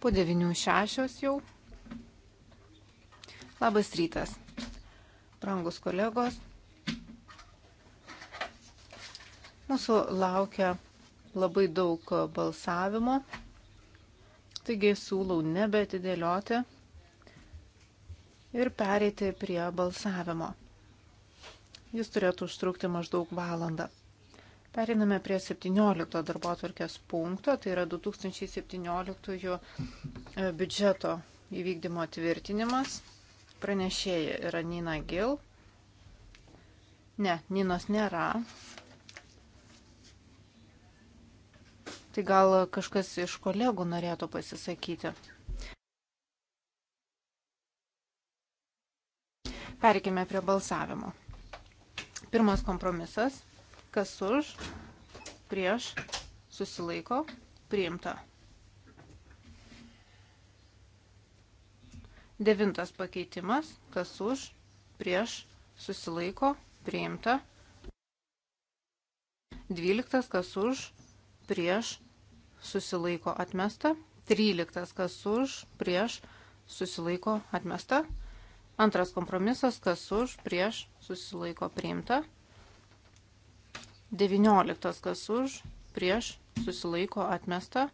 Po 9.06 jau. Labas rytas, brangus kolegos. Mūsų laukia labai daug balsavimo, taigi siūlau nebetidėlioti ir pereiti prie balsavimo. Jis turėtų užtrukti maždaug valandą. Periname prie 17 darbo atvarkės punkto, tai yra 2017 e, biudžeto įvykdymo tvirtinimas. Pranešėja yra Nina Gil. Ne, Ninos nėra. Tai gal kažkas iš kolegų norėtų pasisakyti. Perkime prie balsavimo. Pirmas kompromisas. Kas už, prieš, susilaiko, priimta. Devintas pakeitimas, kas už, prieš, susilaiko, priimta. Dvyliktas, kas už, prieš, susilaiko, atmesta. Tryliktas, kas už, prieš, susilaiko, atmesta. Antras kompromisas, kas už, prieš, susilaiko, priimta. 19 kas už, prieš, susilaiko atmesta.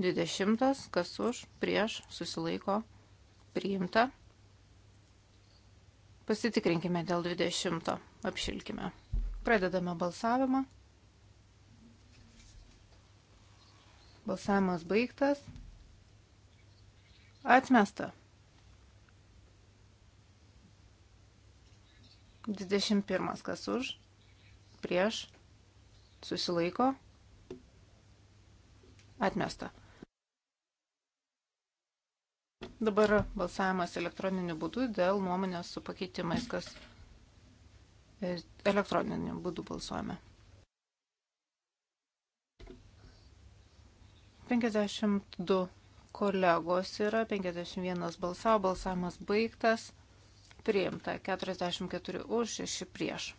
20 kas už, prieš, susilaiko priimta. Pasitikrinkime dėl 20. Apšilkime. Pradedame balsavimą. Balsavimas baigtas. Atmesta. 21. Kas už? prieš, susilaiko, atmesta. Dabar balsavimas elektroniniu būdu dėl nuomonės su pakeitimais, kas elektroniniu būdu balsuojame. 52 kolegos yra, 51 balsavo, balsavimas baigtas, priimta 44 už, 6 prieš.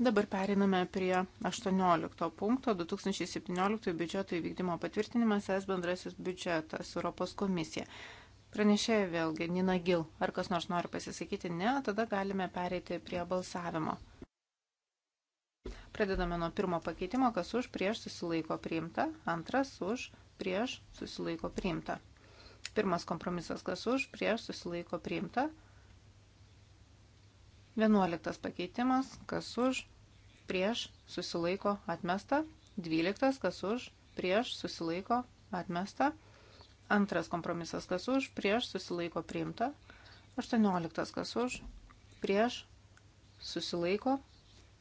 Dabar periname prie 18 punkto 2017 biudžeto įvykdymo patvirtinimas es bendrasis biudžetas Europos komisija. Pranešėja vėlgi Nina Gil. Ar kas nors nori pasisakyti? Ne, tada galime pereiti prie balsavimo. Pradedame nuo pirmo pakeitimo, kas už prieš susilaiko priimta, antras už prieš susilaiko priimta. Pirmas kompromisas, kas už prieš susilaiko priimta, 11 pakeitimas, kas už, prieš, susilaiko, atmesta. 12 kas už, prieš, susilaiko, atmesta. Antras kompromisas kas už, prieš, susilaiko, priimta. 18 kas už, prieš, susilaiko.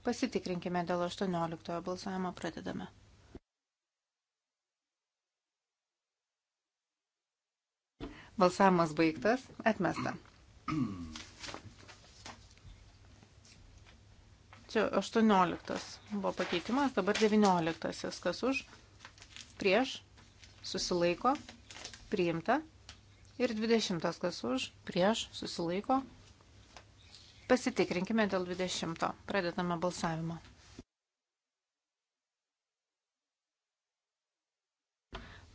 Pasitikrinkime dėl 18 balsavimo, pradedame. Balsavimas baigtas, atmesta. Čia 18 buvo pakeitimas, dabar 19. Kas už, prieš, susilaiko, priimta. Ir 20. Kas už, prieš, susilaiko. Pasitikrinkime dėl 20. Pradedame balsavimą.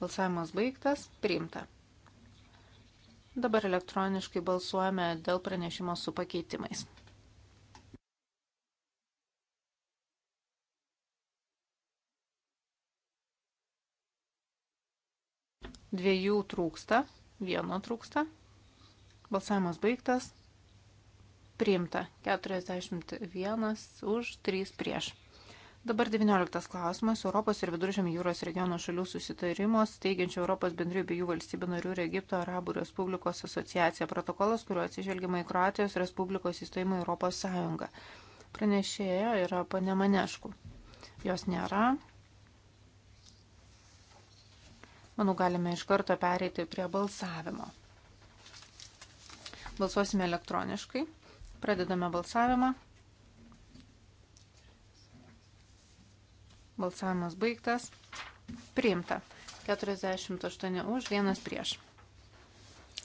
Balsavimas baigtas, priimta. Dabar elektroniškai balsuojame dėl pranešimo su pakeitimais. Dviejų trūksta. Vieno trūksta. Balsavimas baigtas. Priimta. 41 už 3 prieš. Dabar 19 klausimas. Europos ir Viduržėmio jūros regiono šalių susitarimos, teigiančio Europos bendrijų bei jų valstybių narių ir Egipto Arabų Respublikos asociacija protokolas, kuriuo atsižvelgiama į Kroatijos Respublikos įstojimą Europos Sąjungą. Pranešėjo yra pane Maneškų. Jos nėra. Manau, galime iš karto pereiti prie balsavimo. Balsuosime elektroniškai. Pradedame balsavimą. Balsavimas baigtas. Priimta. 48 už, 1 prieš.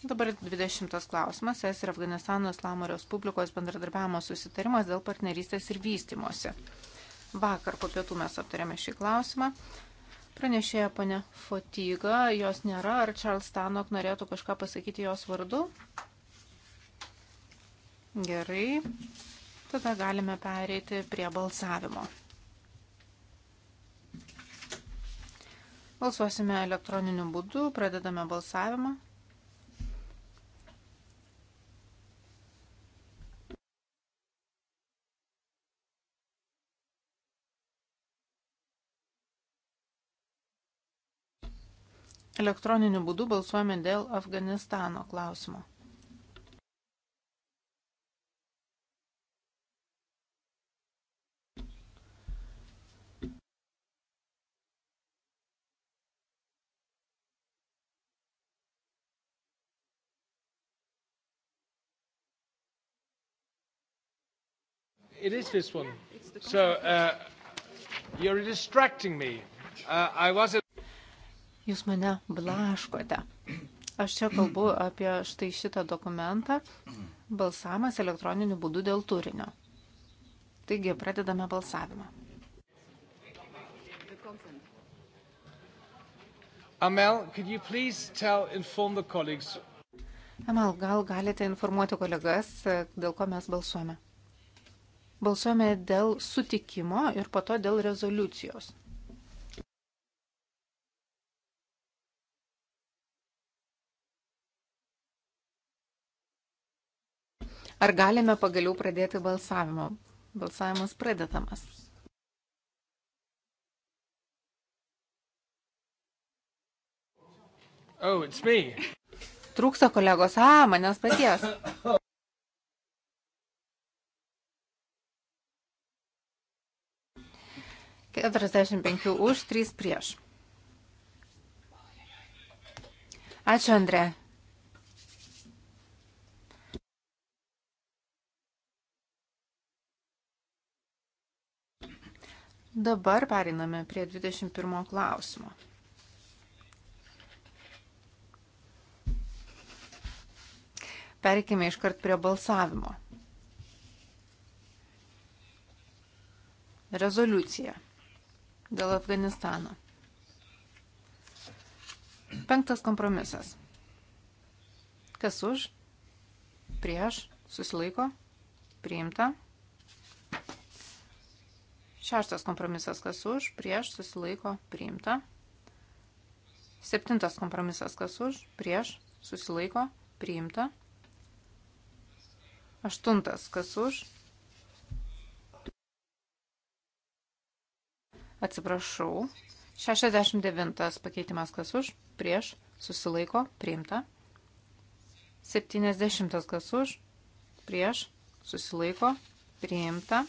Dabar 20 klausimas. Es ir Afganistano Islamo Respublikos bendradarbiavimo susitarimas dėl partnerystės ir vystimosi. Vakar po pietų mes aptarėme šį klausimą. Pranešėja ponia Fotyga, jos nėra. Ar Charles Tanok norėtų kažką pasakyti jos vardu? Gerai. Tada galime pereiti prie balsavimo. Balsuosime elektroniniu būdu, pradedame balsavimą. Elektroniniu būdu balsuojame dėl Afganistano klausimo. It is this one. So uh, you're distracting me. Uh, I was. A Jūs mane blaškote. Aš čia kalbu apie štai šitą dokumentą. Balsavimas elektroniniu būdu dėl turinio. Taigi, pradedame balsavimą. Amel, could you please tell, inform the colleagues? Amel, gal galite informuoti kolegas, dėl ko mes balsuojame? Balsuojame dėl sutikimo ir po to dėl rezoliucijos. Ar galime pagaliau pradėti balsavimą? Balsavimas pradedamas. Oh, it's me. Trūksta kolegos. A, manęs paties. Keturiasdešimt penkių už, trys prieš. Ačiū, Andre. Dabar periname prie 21 klausimo. Perikime iškart prie balsavimo. Rezoliucija dėl Afganistano. Penktas kompromisas. Kas už? Prieš? Susilaiko? Priimta? Šeštas kompromisas kas už, prieš susilaiko priimta. Septintas kompromisas kas už, prieš susilaiko priimta. Aštuntas kas už. Atsiprašau. 69 pakeitimas kas už, prieš susilaiko priimta. 70 kas už, prieš susilaiko priimta.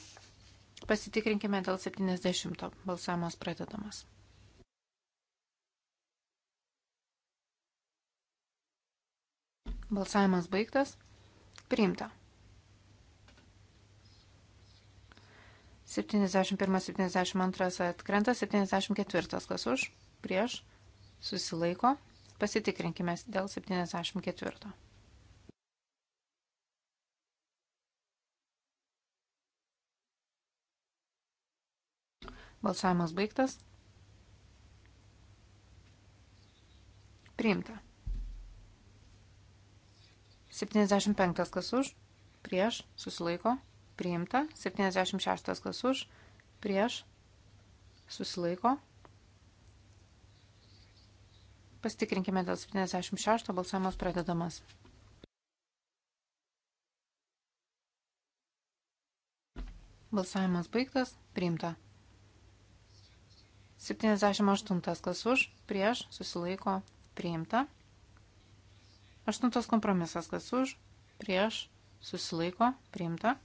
Pasitikrinkime dėl 70. Balsavimas pradedamas. Balsavimas baigtas. Priimta. 71, 72 atkrenta, 74 kas už, prieš, susilaiko. Pasitikrinkime dėl 74. Balsavimas baigtas. Priimta. 75 kas už, prieš, susilaiko, priimta. 76 kas už, prieš, susilaiko. Pastikrinkime dėl 76 balsavimas pradedamas. Balsavimas baigtas, priimta. 78 kas už, prieš, susilaiko, priimta. 8 kompromisas kas už, prieš, susilaiko, priimta.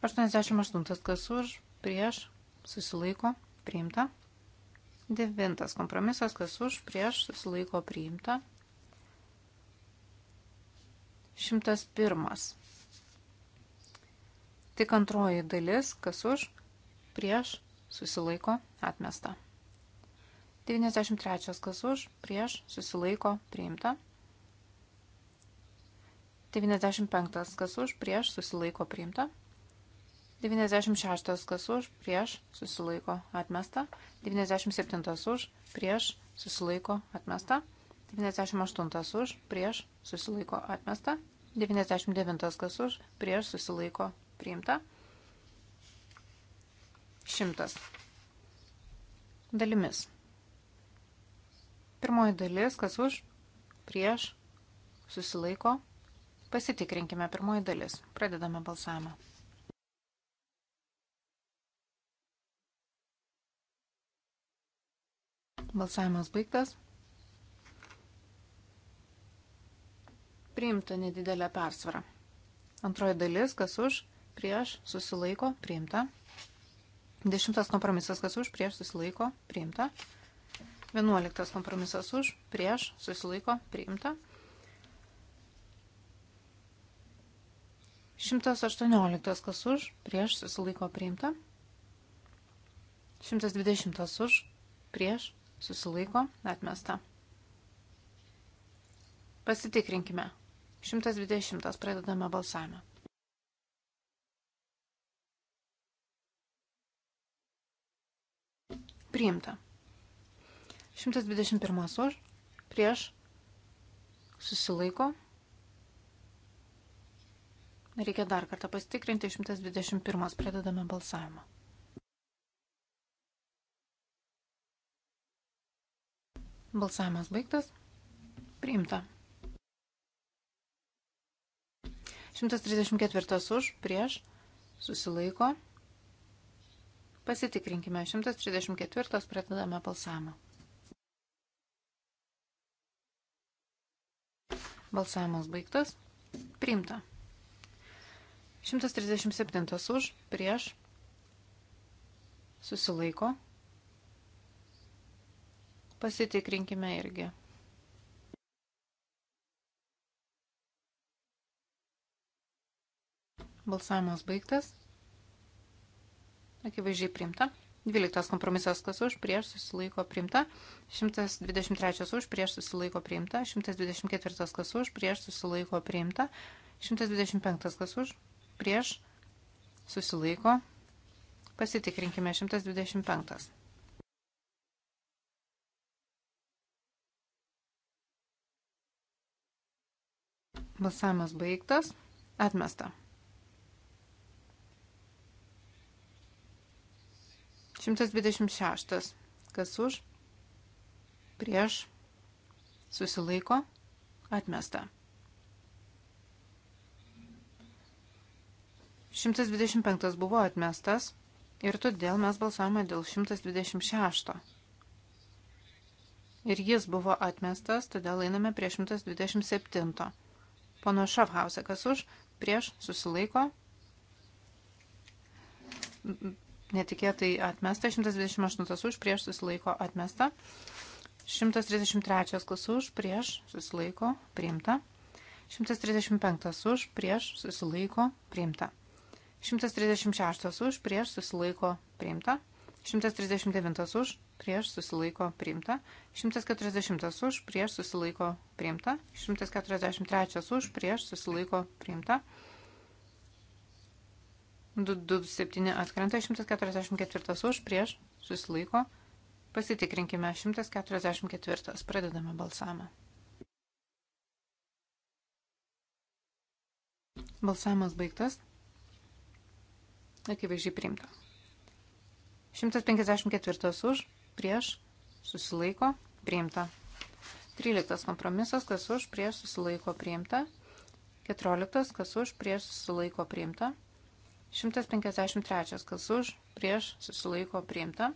88 kas už, prieš, susilaiko, priimta. 9 kompromisas kas už, prieš, susilaiko, priimta. 101. Tik antroji dalis, kas už, prieš, susilaiko, atmesta. 93 kas už, prieš, susilaiko, priimta. 95 kas už, prieš, susilaiko, priimta. 96 kas už, prieš, susilaiko, atmesta. 97 už, prieš, susilaiko, atmesta. 98 už, prieš, susilaiko, atmesta. 99 kas už, prieš, susilaiko, priimta. 100. Dalimis. Pirmoji dalis, kas už, prieš, susilaiko. Pasitikrinkime pirmoji dalis. Pradedame balsavimą. Balsavimas baigtas. Priimta nedidelė persvara. Antroji dalis, kas už, prieš, susilaiko, priimta. Priimta. Dešimtas kompromisas, kas už, prieš susilaiko, priimta. Vienuoliktas kompromisas už, prieš susilaiko, priimta. 118 kas už, prieš susilaiko priimta. 120 už, prieš susilaiko atmesta. Pasitikrinkime. 120 pradedame balsavimą. Priimta. 121 už, prieš, susilaiko. Reikia dar kartą pasitikrinti. 121 pradedame balsavimą. Balsavimas baigtas. Priimta. 134 už, prieš, susilaiko. Pasitikrinkime. 134 pradedame balsavimą. Balsavimas baigtas. Priimta. 137 už, prieš, susilaiko. Pasitikrinkime irgi. Balsavimas baigtas akivaizdžiai primta. 12 kompromisas kas už, prieš susilaiko priimta, 123 už, prieš susilaiko priimta, 124 kas už, prieš susilaiko priimta, 125 kas už, prieš susilaiko. Pasitikrinkime 125. Balsavimas baigtas, atmesta. 126. Kas už? Prieš. Susilaiko. Atmesta. 125 buvo atmestas ir todėl mes balsuojame dėl 126. Ir jis buvo atmestas, todėl einame prie 127. Pono Šafhausekas už, prieš susilaiko netikėtai atmesta, 128 už, prieš susilaiko atmesta, 133 kas už, prieš susilaiko priimta, 135 už, prieš susilaiko priimta, 136 už, prieš susilaiko priimta, 139 už, prieš susilaiko priimta, 140 už, prieš susilaiko priimta, 143 už, prieš susilaiko priimta. 227 atkrenta, 144 už, prieš, susilaiko. Pasitikrinkime 144. Pradedame balsamą. Balsavimas baigtas. Akivaizdžiai priimta. 154 už, prieš, susilaiko, priimta. 13 kompromisas, kas už, prieš, susilaiko, priimta. 14 kas už, prieš, susilaiko, priimta. 153. Kas už, prieš, susilaiko, priimta.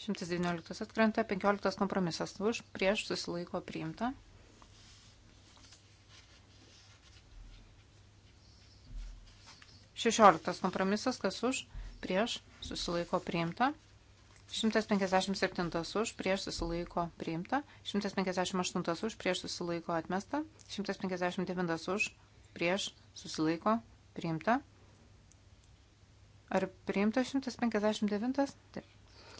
119 atkrenta, 15 kompromisas už, prieš, susilaiko, priimta. 16 kompromisas, kas už, prieš, susilaiko, priimta. 157 už, prieš susilaiko priimta, 158 už, prieš susilaiko atmesta, 159 už, prieš susilaiko, priimta. Ar priimta 159? Taip.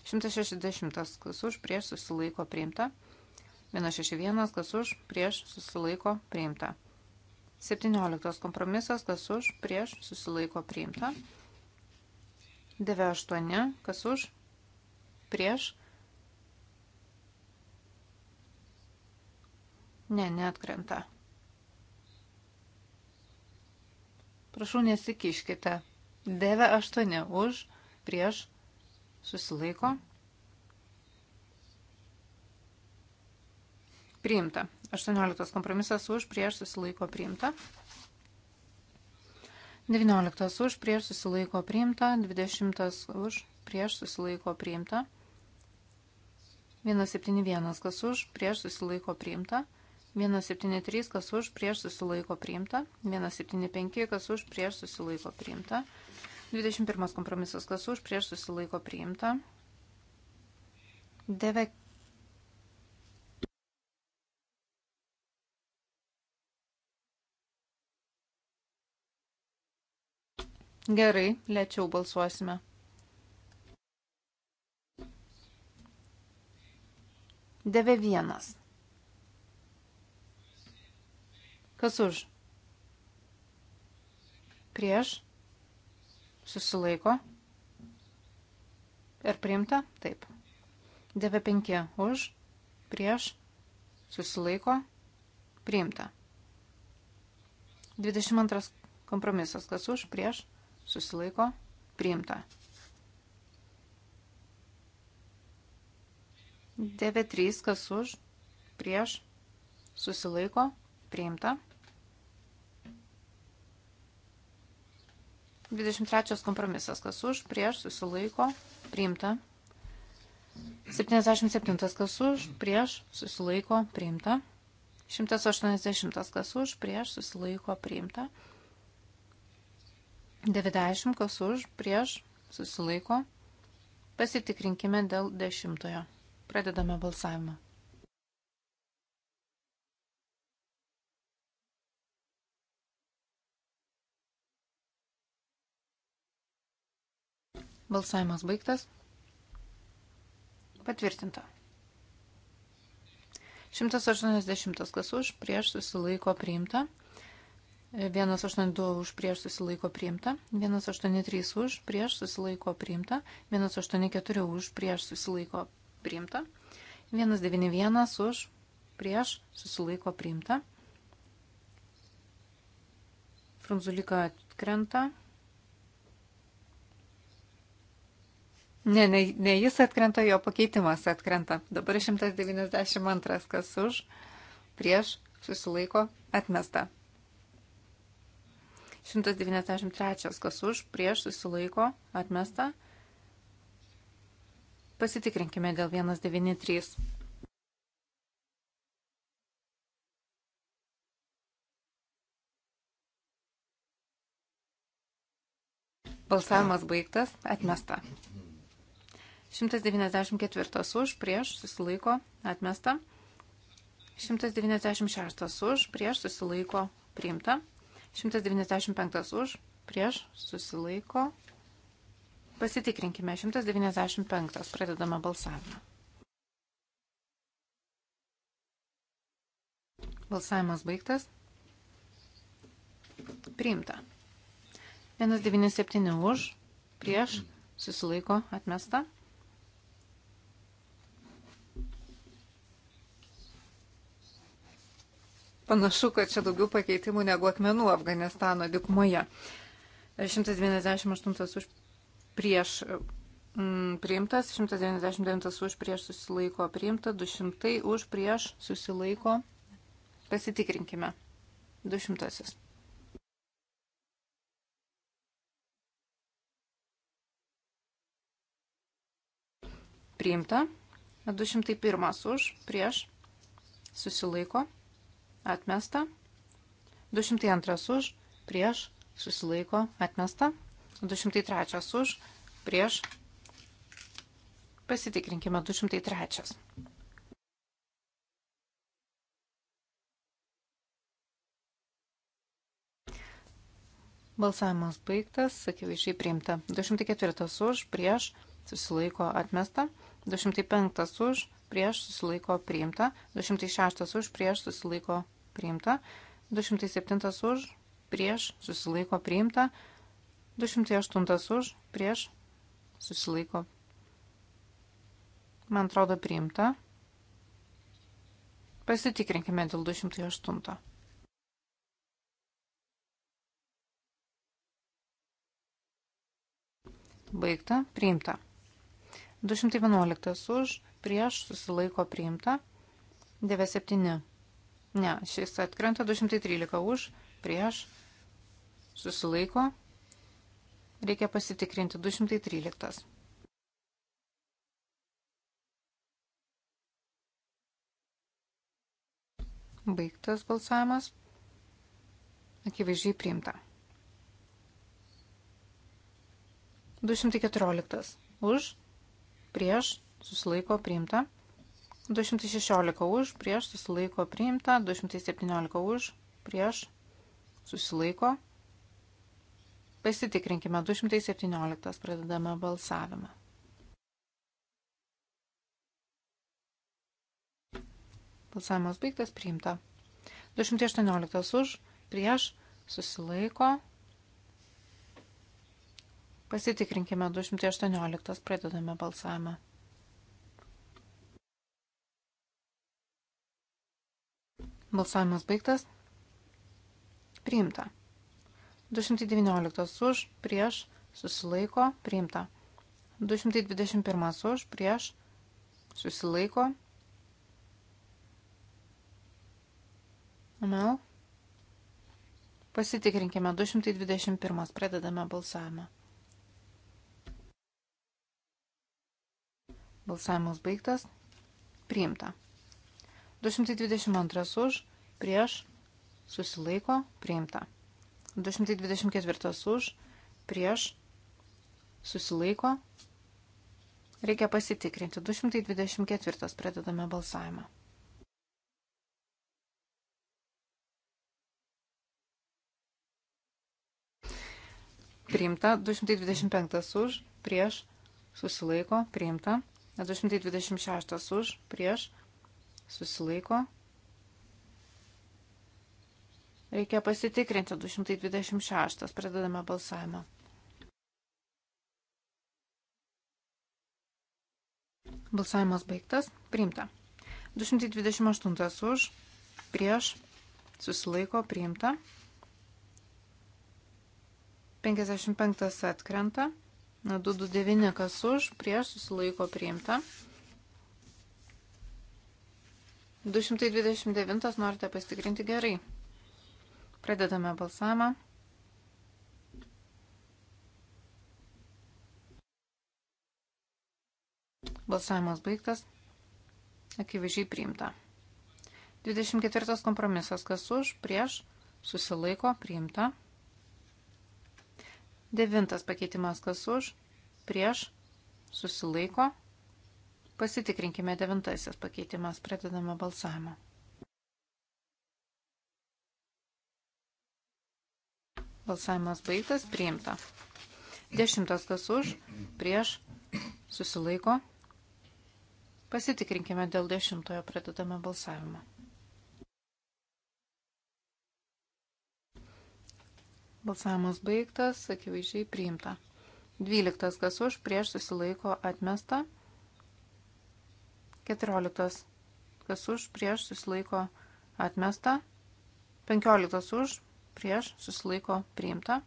160, kas už, prieš susilaiko, priimta. 161, kas už, prieš susilaiko, priimta. 17 kompromisas, kas už, prieš susilaiko, priimta. 98, kas už, prieš. Ne, neatkrenta. Prašau, nesikiškite. Deve 8 už, prieš, susilaiko. Priimta. 18 kompromisas už, prieš, susilaiko, priimta. 19 už, prieš, susilaiko, priimta. 20 už, prieš, susilaiko, priimta. 171 kas už, prieš, susilaiko, priimta. 173, kas už, prieš susilaiko priimta. 175, kas už, prieš susilaiko priimta. 21 kompromisas, kas už, prieš susilaiko priimta. 9. Gerai, lėčiau balsuosime. Deve vienas. Kas už? Prieš? Susilaiko? Ir priimta? Taip. 95 už? Prieš? Susilaiko? Priimta. 22 kompromisas. Kas už? Prieš? Susilaiko? Priimta. 9-3, kas už, prieš, susilaiko, priimta. 23 kompromisas, kas už, prieš, susilaiko, priimta. 77 kas už, prieš, susilaiko, priimta. 180 kas už, prieš, susilaiko, priimta. 90 kas už, prieš, susilaiko. Pasitikrinkime dėl dešimtojo. Pradedame balsavimą. Balsavimas baigtas. Patvirtinta. 180 kas už, prieš susilaiko priimta. 182 už, prieš susilaiko priimta. 183 už, prieš susilaiko priimta. 184 už, prieš susilaiko priimta. 191 už, prieš susilaiko priimta. Frunzulika atkrenta. Ne, ne, ne jis atkrenta, jo pakeitimas atkrenta. Dabar 192, kas už, prieš, susilaiko, atmesta. 193, kas už, prieš, susilaiko, atmesta. Pasitikrinkime dėl 193. Balsavimas baigtas, atmesta. 194 už, prieš, susilaiko, atmesta. 196 už, prieš, susilaiko, priimta. 195 už, prieš, susilaiko. Pasitikrinkime 195. Pradedame balsavimą. Balsavimas baigtas. Priimta. 197 už, prieš, susilaiko, atmesta. Panašu, kad čia daugiau pakeitimų negu akmenų Afganistano dikumoje. 198 už prieš mm, priimtas, 199 už prieš susilaiko priimta, 200 už prieš susilaiko. Pasitikrinkime. 200. Priimta. 201 už prieš susilaiko atmesta. 202 už, prieš, susilaiko, atmesta. 203 už, prieš. Pasitikrinkime 203. Balsavimas baigtas, akivaizdžiai priimta. 204 už, prieš, susilaiko atmesta. 205 už, prieš, susilaiko priimta. 206 už, prieš, susilaiko priimta, 207 už, prieš, susilaiko priimta, 208 už, prieš, susilaiko. Man atrodo priimta. Pasitikrinkime dėl 208. Baigta, priimta. 211 už, prieš, susilaiko priimta, 97 Ne, šis atkrenta 213 už, prieš, susilaiko. Reikia pasitikrinti 213. Baigtas balsavimas. Akivaizdžiai priimta. 214. Už, prieš, susilaiko, priimta. 216 už, prieš susilaiko priimta, 217 už, prieš susilaiko. Pasitikrinkime, 217 pradedame balsavimą. Balsavimas baigtas, priimta. 218 už, prieš susilaiko. Pasitikrinkime, 218 pradedame balsavimą. Balsavimas baigtas. Priimta. 219 už, prieš, susilaiko, priimta. 221 už, prieš, susilaiko. Mel. Pasitikrinkime 221. Pradedame balsavimą. Balsavimas baigtas. Priimta. 222 už, prieš, susilaiko, priimta. 224 už, prieš, susilaiko. Reikia pasitikrinti. 224 pradedame balsavimą. Priimta 225 už, prieš, susilaiko, priimta. 226 už, prieš, susilaiko. Reikia pasitikrinti 226. Pradedame balsavimą. Balsavimas baigtas. Priimta. 228 už, prieš, susilaiko, priimta. 55 atkrenta. 229 kas už, prieš, susilaiko, priimta. 229 norite pasitikrinti gerai. Pradedame balsavimą. Balsavimas baigtas. Akivaizdžiai priimta. 24 kompromisas. Kas už, prieš, susilaiko, priimta. 9 pakeitimas. Kas už, prieš, susilaiko, priimta Pasitikrinkime devintasis pakeitimas, pradedame balsavimą. Balsavimas baigtas, priimta. Dešimtas kas už, prieš, susilaiko. Pasitikrinkime dėl dešimtojo, pradedame balsavimą. Balsavimas baigtas, akivaizdžiai priimta. Dvyliktas kas už, prieš, susilaiko, atmesta. 14. Kas už, prieš, susilaiko, atmesta. 15. Už, prieš, susilaiko, priimta.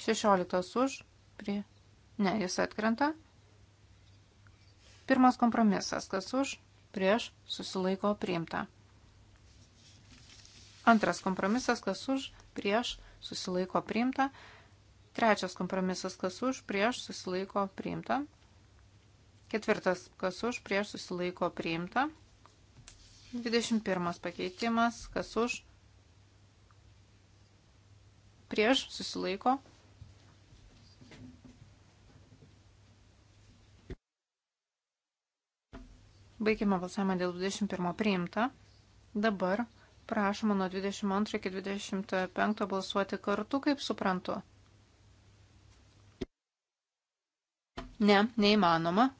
16. Už, prie... Ne, jis atkrenta. Pirmas kompromisas. Kas už, prieš, susilaiko, priimta. Antras kompromisas. Kas už, prieš, susilaiko, priimta. Trečias kompromisas. Kas už, prieš, susilaiko, priimta. Ketvirtas, kas už, prieš susilaiko priimta. 21 pakeitimas, kas už, prieš susilaiko. Baigime balsavimą dėl 21 priimta. Dabar prašoma nuo 22 iki 25 balsuoti kartu, kaip suprantu. Ne, neįmanoma.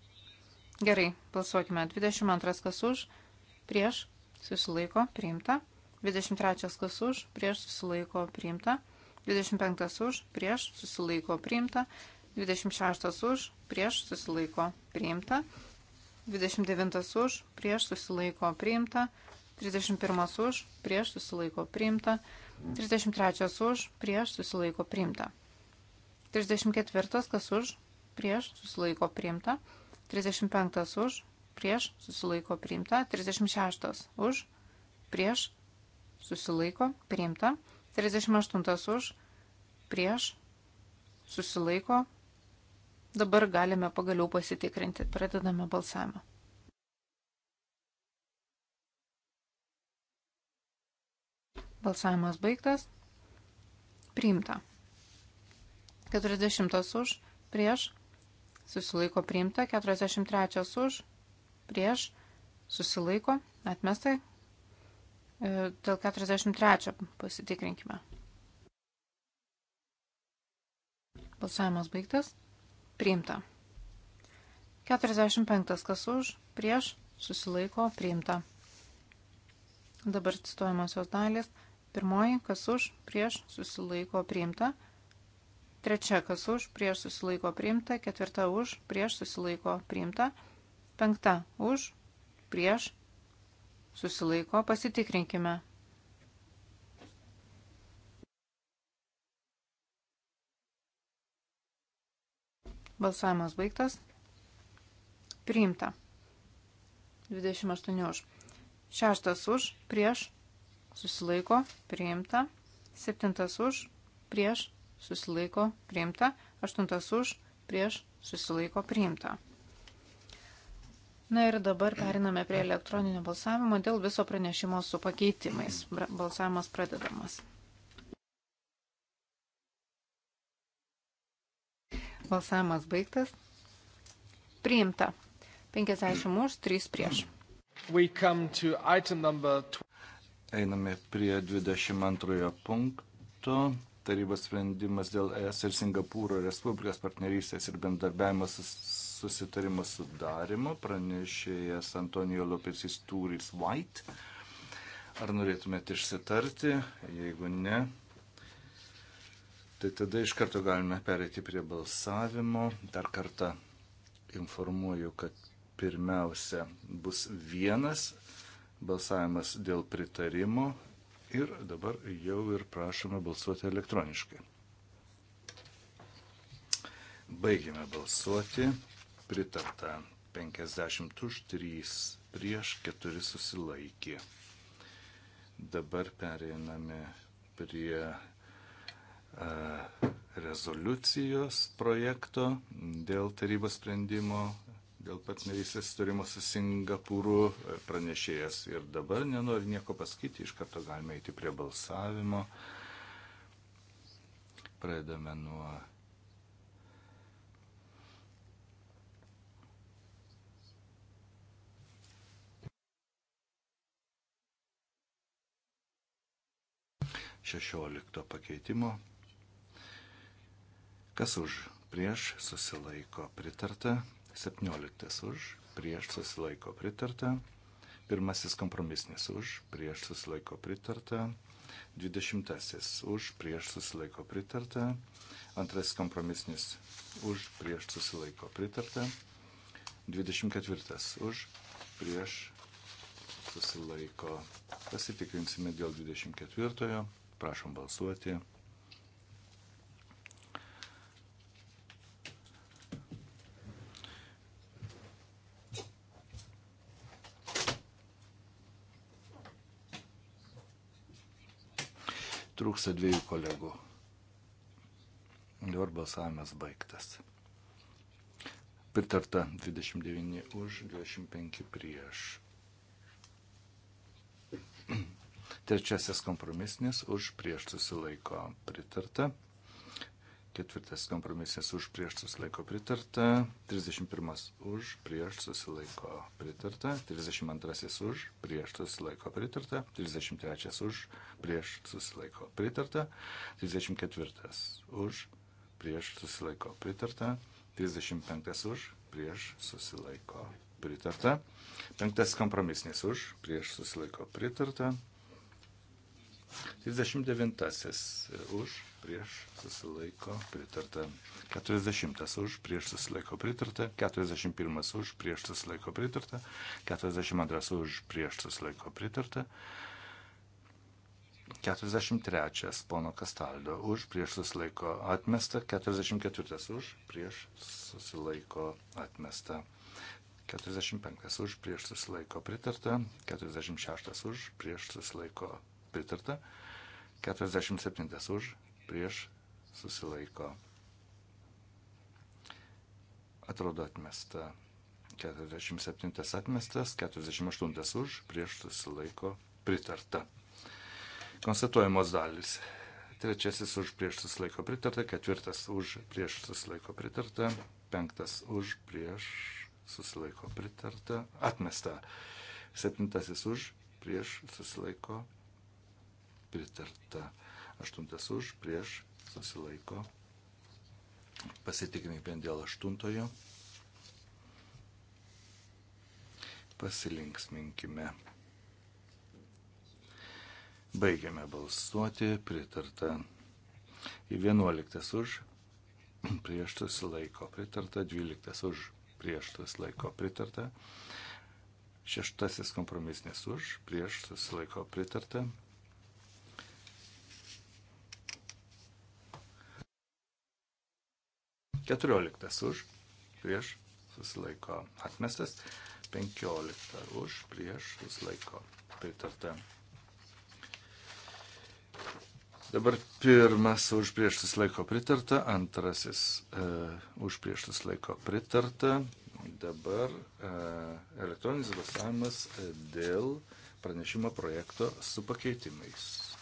Gerai, balsuokime. 22 kas už, prieš, susilaiko, priimta. 23 kas už, prieš, susilaiko, priimta. 25 už, prieš, susilaiko, priimta. 26 už, prieš, susilaiko, priimta. 29 už, prieš, susilaiko, priimta. 31 už, prieš, susilaiko, priimta. 33 už, prieš, susilaiko, priimta. 34 kas už, prieš, susilaiko, priimta. 35 už, prieš, susilaiko priimta. 36 už, prieš, susilaiko priimta. 38 už, prieš, susilaiko. Dabar galime pagaliau pasitikrinti. Pradedame balsavimą. Balsavimas baigtas. Priimta. 40 už, prieš, susilaiko priimta, 43 už, prieš, susilaiko, atmesta. E, dėl 43 pasitikrinkime. Balsavimas baigtas. Priimta. 45 kas už, prieš, susilaiko, priimta. Dabar cituojamosios dalis. Pirmoji, kas už, prieš, susilaiko, priimta. Priimta. Trečia, kas už, prieš susilaiko priimta. Ketvirta, už, prieš susilaiko priimta. Penkta, už, prieš susilaiko pasitikrinkime. Balsavimas baigtas. Priimta. 28 už. Šeštas už, prieš, susilaiko, priimta. Septintas už, prieš, susilaiko priimta, aštuntas už, prieš susilaiko priimta. Na ir dabar periname prie elektroninio balsavimo dėl viso pranešimo su pakeitimais. Balsavimas pradedamas. Balsavimas baigtas. Priimta. 50 už, 3 prieš. Einame prie 22 punkto tarybos sprendimas dėl ES ir Singapūro Respublikos partnerystės ir bendarbiavimo susitarimo sudarimo, pranešėjas Antonijo Lopesis Tūris White. Ar norėtumėte išsitarti? Jeigu ne, tai tada iš karto galime pereiti prie balsavimo. Dar kartą informuoju, kad pirmiausia bus vienas balsavimas dėl pritarimo Ir dabar jau ir prašome balsuoti elektroniškai. Baigime balsuoti. Pritarta 50 už 3 prieš 4 susilaikė. Dabar pereiname prie rezoliucijos projekto dėl tarybos sprendimo dėl partnerystės sutarimo su Singapūru e, pranešėjas ir dabar nenori nieko pasakyti, iš karto galime eiti prie balsavimo. Pradedame nuo šešiolikto pakeitimo. Kas už prieš susilaiko pritarta? 17 už, prieš susilaiko pritarta. Pirmasis kompromisnis už, prieš susilaiko pritarta. 20 už, prieš susilaiko pritarta. Antrasis kompromisnis už, prieš susilaiko pritarta. 24 už, prieš susilaiko. Pasitikrinsime dėl 24. Prašom balsuoti. trūksta dviejų kolegų. Dabar balsavimas baigtas. Pritarta 29 už, 25 prieš. Trečiasis kompromisinis už prieš susilaiko pritarta. Ketvirtas kompromisas už prieš susilaiko pritarta. 31 už prieš susilaiko pritarta. 32 už prieš susilaiko pritarta. 33 už prieš susilaiko pritarta. 34 už prieš susilaiko pritarta. 35 už prieš susilaiko pritarta. Penktas kompromisnis už prieš susilaiko pritarta. 39 už, prieš susilaiko pritarta. 40 už, prieš susilaiko pritarta. 41 už, prieš susilaiko pritarta. 42 už, prieš susilaiko pritarta. 43 pono Kastaldo už, prieš susilaiko atmesta, 44 už, prieš susilaiko atmesta, 45 už, prieš susilaiko pritarta, 46 už, prieš susilaiko pritarta, 47 už, prieš susilaiko. Atrodo atmesta. 47 atmestas, 48 už, prieš susilaiko pritarta. Konstatuojamos dalis. Trečiasis už prieš susilaiko pritarta, ketvirtas už prieš susilaiko pritarta, penktas už prieš susilaiko pritarta, atmesta. Septintasis už prieš susilaiko pritarta pritarta. Aštuntas už, prieš, susilaiko. Pasitikime vien dėl aštuntojo. Pasilinksminkime. Baigiame balsuoti, pritarta. Į 11 už, prieš susilaiko, pritarta. 12 už, prieš susilaiko, pritarta. Šeštasis kompromisnis už, prieš susilaiko pritarta. 14 už, prieš susilaiko atmestas, 15 už, prieš susilaiko pritarta. Dabar pirmas už prieš susilaiko pritarta, antrasis e, už prieš susilaiko pritarta. Dabar e, elektroninis balsavimas e, dėl pranešimo projekto su pakeitimais.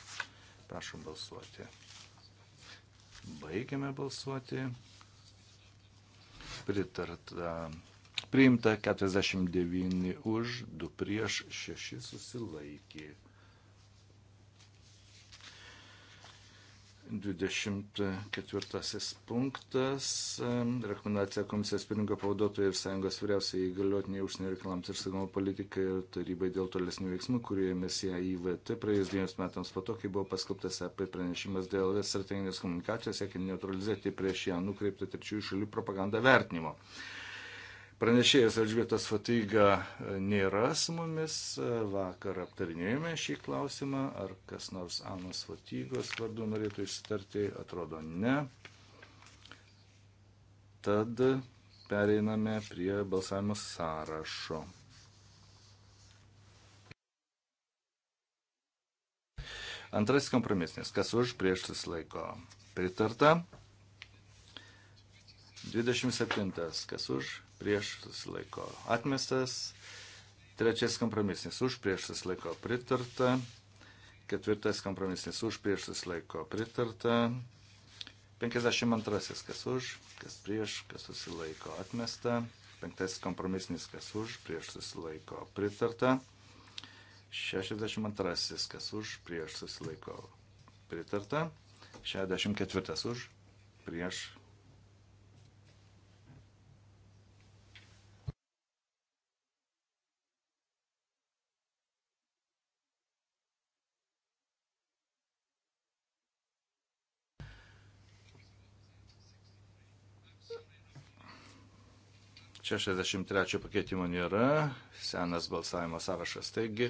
Prašom balsuoti. Baigiame balsuoti pritarta. E, priimta 49 už, 2 prieš, 6 susilaikė. 24 punktas. Rekomendacija komisijos pirmininko pavaduotojai ir sąjungos vyriausiai įgaliotiniai užsienio reikalams ir saugumo politikai ir tarybai dėl tolesnių veiksmų, kurie mesija IVT praėjus dviems metams po to, kai buvo paskelbtas apie pranešimas dėl strateginės komunikacijos, siekiant neutralizuoti prieš ją nukreiptą trečiųjų šalių propagandą vertinimo. Pranešėjas Alžbietas Fatiga e, nėra su mumis. E, vakar aptarinėjome šį klausimą. Ar kas nors Anos Fatigos vardu norėtų išsitarti? Atrodo ne. Tad pereiname prie balsavimo sąrašo. Antrasis kompromisnis. Kas už prieš susilaiko? Pritarta. 27. Kas už prieš susilaiko atmestas. Trečias kompromisnis už prieš susilaiko pritarta. Ketvirtas kompromisnis už prieš susilaiko pritarta. 52 kas už, kas prieš, kas susilaiko atmesta. Penktasis kompromisnis kas už, prieš susilaiko pritarta. 62 kas už, prieš susilaiko pritarta. 64 už, prieš 63 pakeitimo nėra, senas balsavimo sąrašas. Taigi,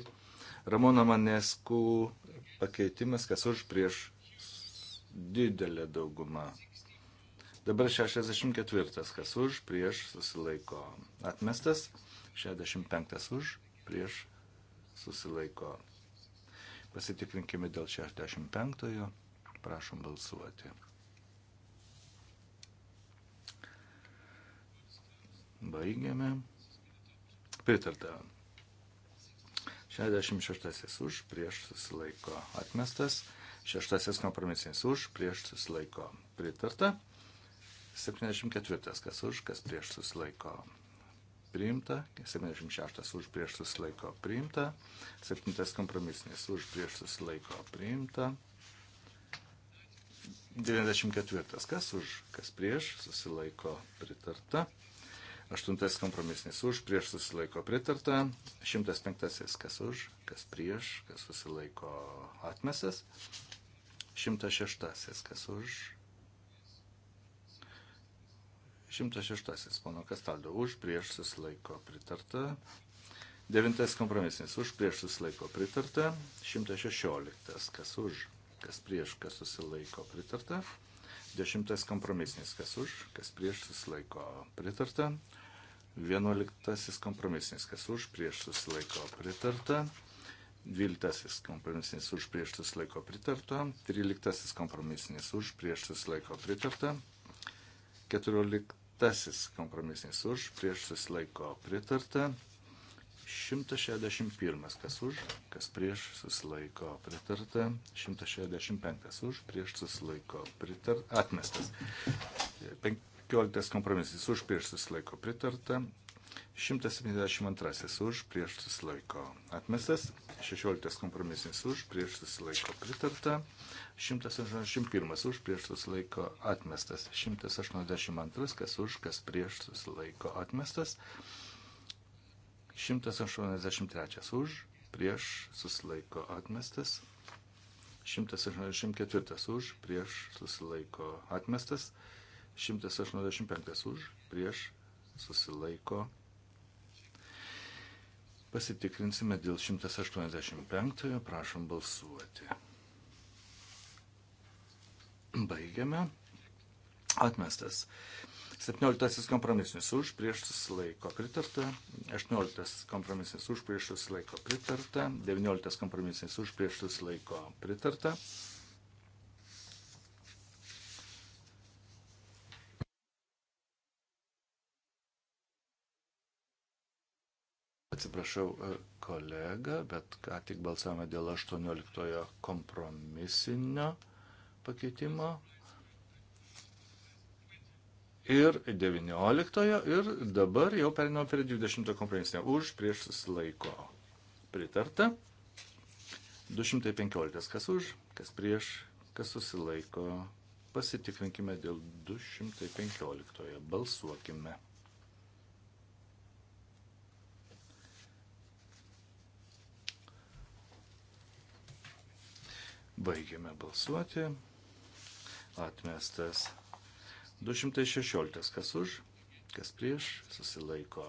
Ramona Maneskų pakeitimas, kas už prieš didelę daugumą. Dabar 64, kas už prieš susilaiko atmestas, 65 už prieš susilaiko. Pasitikrinkime dėl 65, prašom balsuoti. Baigiame. Pritarta. 66 už, prieš susilaiko atmestas. Šeštasis kompromisinis už, prieš susilaiko pritarta. 74 kas už, kas prieš susilaiko priimta. 76 už, prieš susilaiko priimta. 7 kompromisinis už, prieš susilaiko priimta. 94 kas už, kas prieš susilaiko pritarta. Aštuntas kompromisnis už, prieš susilaiko pritarta. Šimtas penktasis kas už, kas prieš, kas susilaiko atmesas. Šimtas šeštasis kas už. Šimtas šeštasis pono Kastaldo už, prieš susilaiko pritarta. Devintas kompromisinis už, prieš susilaiko pritarta. Šimtas šešioliktas kas už, kas prieš, kas susilaiko pritarta. Dešimtas kompromisinis kas už, kas prieš susilaiko pritarta. 11 kompromisinis, kas už prieš susilaiko pritarta. 12 kompromisinis už prieš susilaiko pritarta. 13 kompromisinis už prieš susilaiko pritarta. 14 kompromisinis už prieš susilaiko pritarta. 161, kas už, kas prieš susilaiko pritarta, 165 už, prieš susilaiko pritarta, atmestas. 5 15 kompromisas už prieš susilaiko pritarta. 172 už prieš susilaiko atmestas, 16 kompromisinis už prieš susilaiko pritarta, 181 už prieš susilaiko atmestas, 182 kas už kas prieš susilaiko atmestas, 183 už prieš susilaiko atmestas, 184 už prieš susilaiko atmestas, 184 185 už, prieš, susilaiko. Pasitikrinsime dėl 185, prašom balsuoti. Baigiame. Atmestas. 17 kompromisinis už, prieš susilaiko pritarta, 18 kompromisinis už, prieš susilaiko pritarta, 19 kompromisinis už, prieš susilaiko pritarta, Atsiprašau e, kolega, bet ką tik balsavome dėl 18 kompromisinio pakeitimo. Ir 19 ir dabar jau perinau prie 20 kompromisinio. Už prieš susilaiko. Pritarta. 215 kas už, kas prieš, kas susilaiko. Pasitikrinkime dėl 215. Balsuokime. Baigėme balsuoti. Atmestas 216, kas už, kas prieš, susilaiko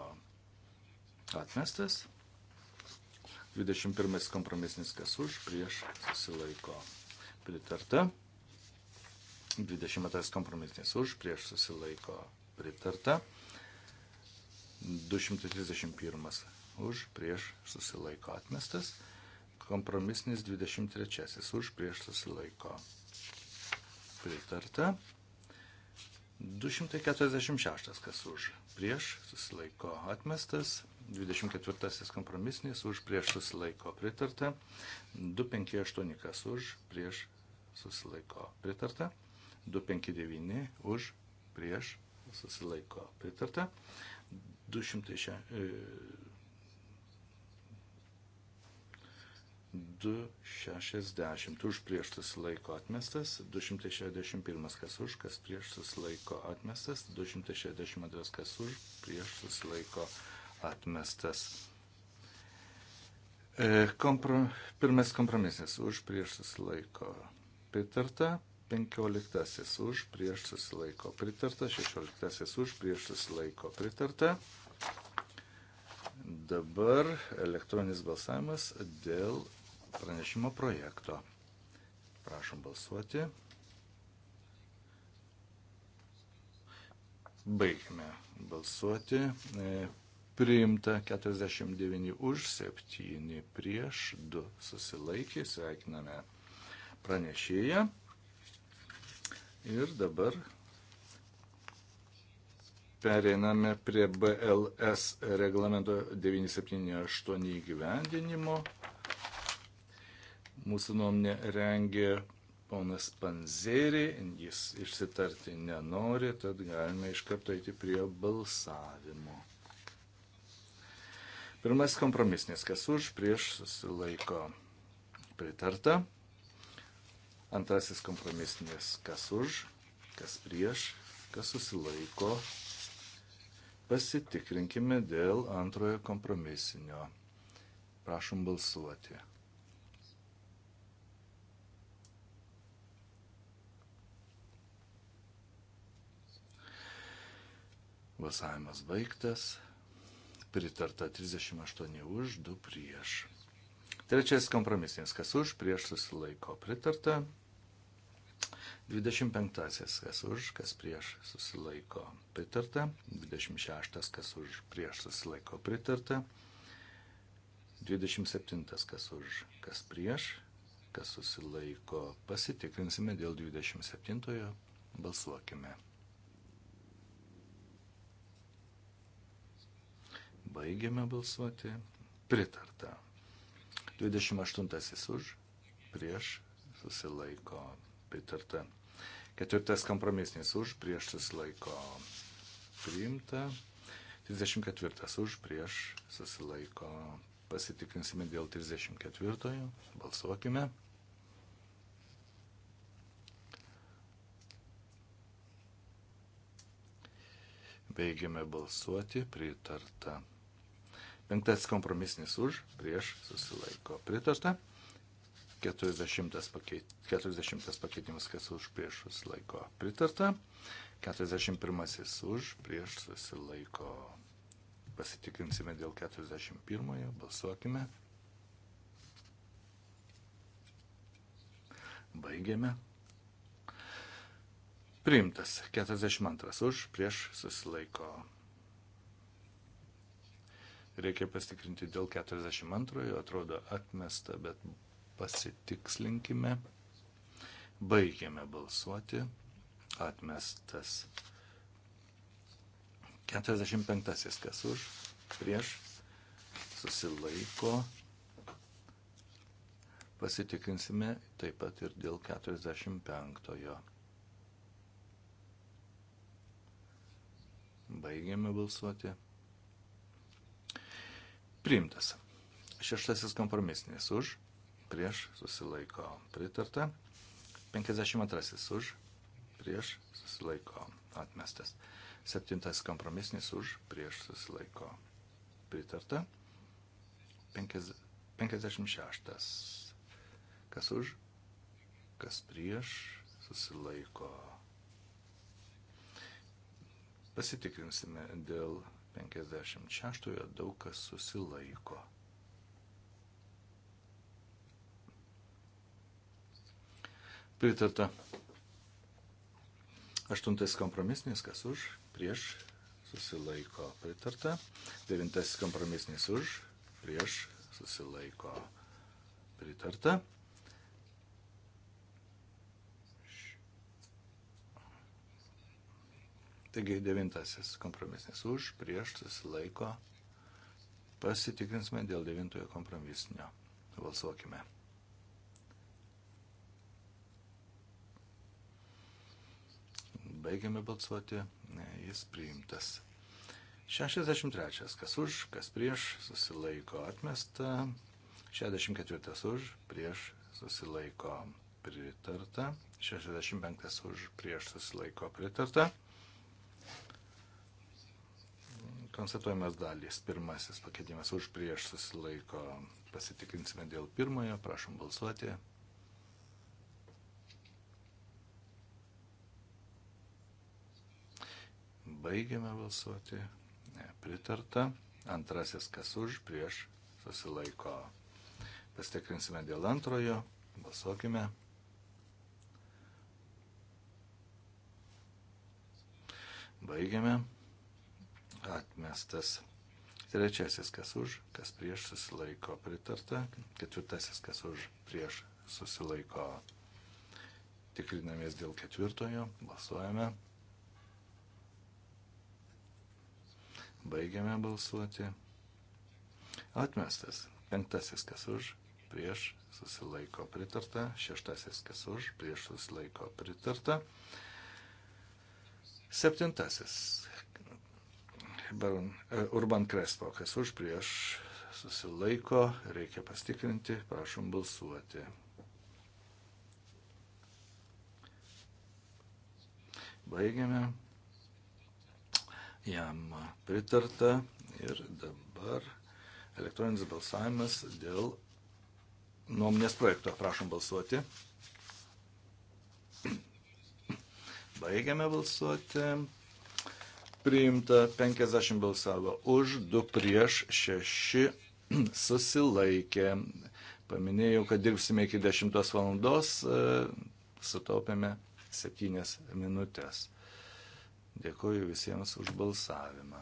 atmestas. 21 kompromisinis, kas už, prieš, susilaiko pritarta. 22 kompromisinis už, prieš, susilaiko pritarta. 231 už, prieš, susilaiko atmestas. Kompromisnis 23 už prieš susilaiko. Pritarta. 246 kas už prieš susilaiko atmestas. 24 kompromisnis už prieš susilaiko pritarta. 258 kas už prieš susilaiko pritarta. 259 už prieš susilaiko pritarta. 200, 260 už prieš susilaiko atmestas, 261 kas už, kas prieš susilaiko atmestas, 262 kas už, prieš susilaiko atmestas. E, kompro, pirmas kompromisas už prieš susilaiko pritarta, 15 už prieš susilaiko pritarta, 16 už prieš susilaiko pritarta. Dabar elektroninis balsavimas dėl pranešimo projekto. Prašom balsuoti. Baigime balsuoti. E, priimta 49 už, 7 prieš, 2 susilaikė. Sveikiname pranešėją. Ir dabar pereiname prie BLS reglamento 978 gyvendinimo Mūsų nuomonė rengė ponas Panzerį, jis išsitarti nenori, tad galime iš karto eiti prie balsavimo. Pirmas kompromisnis, kas už, prieš susilaiko pritarta. Antrasis kompromisinis, kas už, kas prieš, kas susilaiko. Pasitikrinkime dėl antrojo kompromisinio. Prašom balsuoti. Balsavimas baigtas. Pritarta 38 už, 2 prieš. Trečias kompromisinis, kas už, prieš susilaiko pritarta. 25. kas už, kas prieš susilaiko pritarta. 26. kas už, prieš susilaiko pritarta. 27. kas už, kas prieš, kas susilaiko. Pasitikrinsime dėl 27. Balsuokime. Baigiame balsuoti. Pritarta. 28 už, prieš susilaiko. Pritarta. Ketvirtas kompromisinis už, prieš susilaiko. Priimta. 34 už, prieš susilaiko. Pasitikrinsime dėl 34. Balsuokime. Baigiame balsuoti, pritarta. Penktas kompromisinis už, prieš susilaiko pritarta. 40 pakeit, 40 pakeitimas, kas už prieš susilaiko pritarta. 41 už prieš susilaiko. Pasitikrinsime dėl 41, balsuokime. Baigiame. Priimtas 42 už prieš susilaiko Reikia pasitikrinti dėl 42, atrodo atmesta, bet pasitikslinkime. Baigėme balsuoti. Atmestas. 45. Kas už? Prieš. Susilaiko. Pasitikrinsime taip pat ir dėl 45. Baigėme balsuoti priimtas. Šeštasis kompromisinis už, prieš susilaiko pritarta. 52 už, prieš susilaiko atmestas. Septintas kompromisinis už, prieš susilaiko pritarta. 56. Kas už, kas prieš susilaiko. Pasitikrinsime dėl 56 daug kas susilaiko. Pritarta. Aštuntas kompromisnis, kas už, prieš, susilaiko. Pritarta. Devintas kompromisnis už, prieš, susilaiko. Pritarta. Taigi devintasis kompromisnis už, prieš, susilaiko. Pasitikrinsime dėl devintojo kompromisinio. Balsuokime. Baigiame balsuoti. Ne, jis priimtas. 63. Kas už, kas prieš, susilaiko atmesta. 64 už, prieš, susilaiko pritarta. 65 už, prieš, susilaiko pritarta. Konstatuojamas dalys. Pirmasis pakeitimas už prieš susilaiko. Pasitikrinsime dėl pirmojo. Prašom balsuoti. Baigiame balsuoti. Ne, pritarta. Antrasis kas už prieš susilaiko. Pasitikrinsime dėl antrojo. Balsuokime. Baigiame atmestas. Trečiasis, kas už, kas prieš susilaiko pritarta. Ketvirtasis, kas už, prieš susilaiko. Tikrinamės dėl ketvirtojo, balsuojame. Baigiame balsuoti. Atmestas. Penktasis, kas už, prieš susilaiko pritarta. Šeštasis, kas už, prieš susilaiko pritarta. Septintasis, Baron, e, Urban Krespo, kas už prieš susilaiko, reikia pastikrinti, prašom balsuoti. Baigiame. Jam pritarta ir dabar elektroninis balsavimas dėl nuomonės projekto. Prašom balsuoti. Baigiame balsuoti priimta 50 balsavo už, 2 prieš, 6 susilaikė. Paminėjau, kad dirbsime iki 10 valandos, e, sutaupėme 7 minutės. Dėkuoju visiems už balsavimą.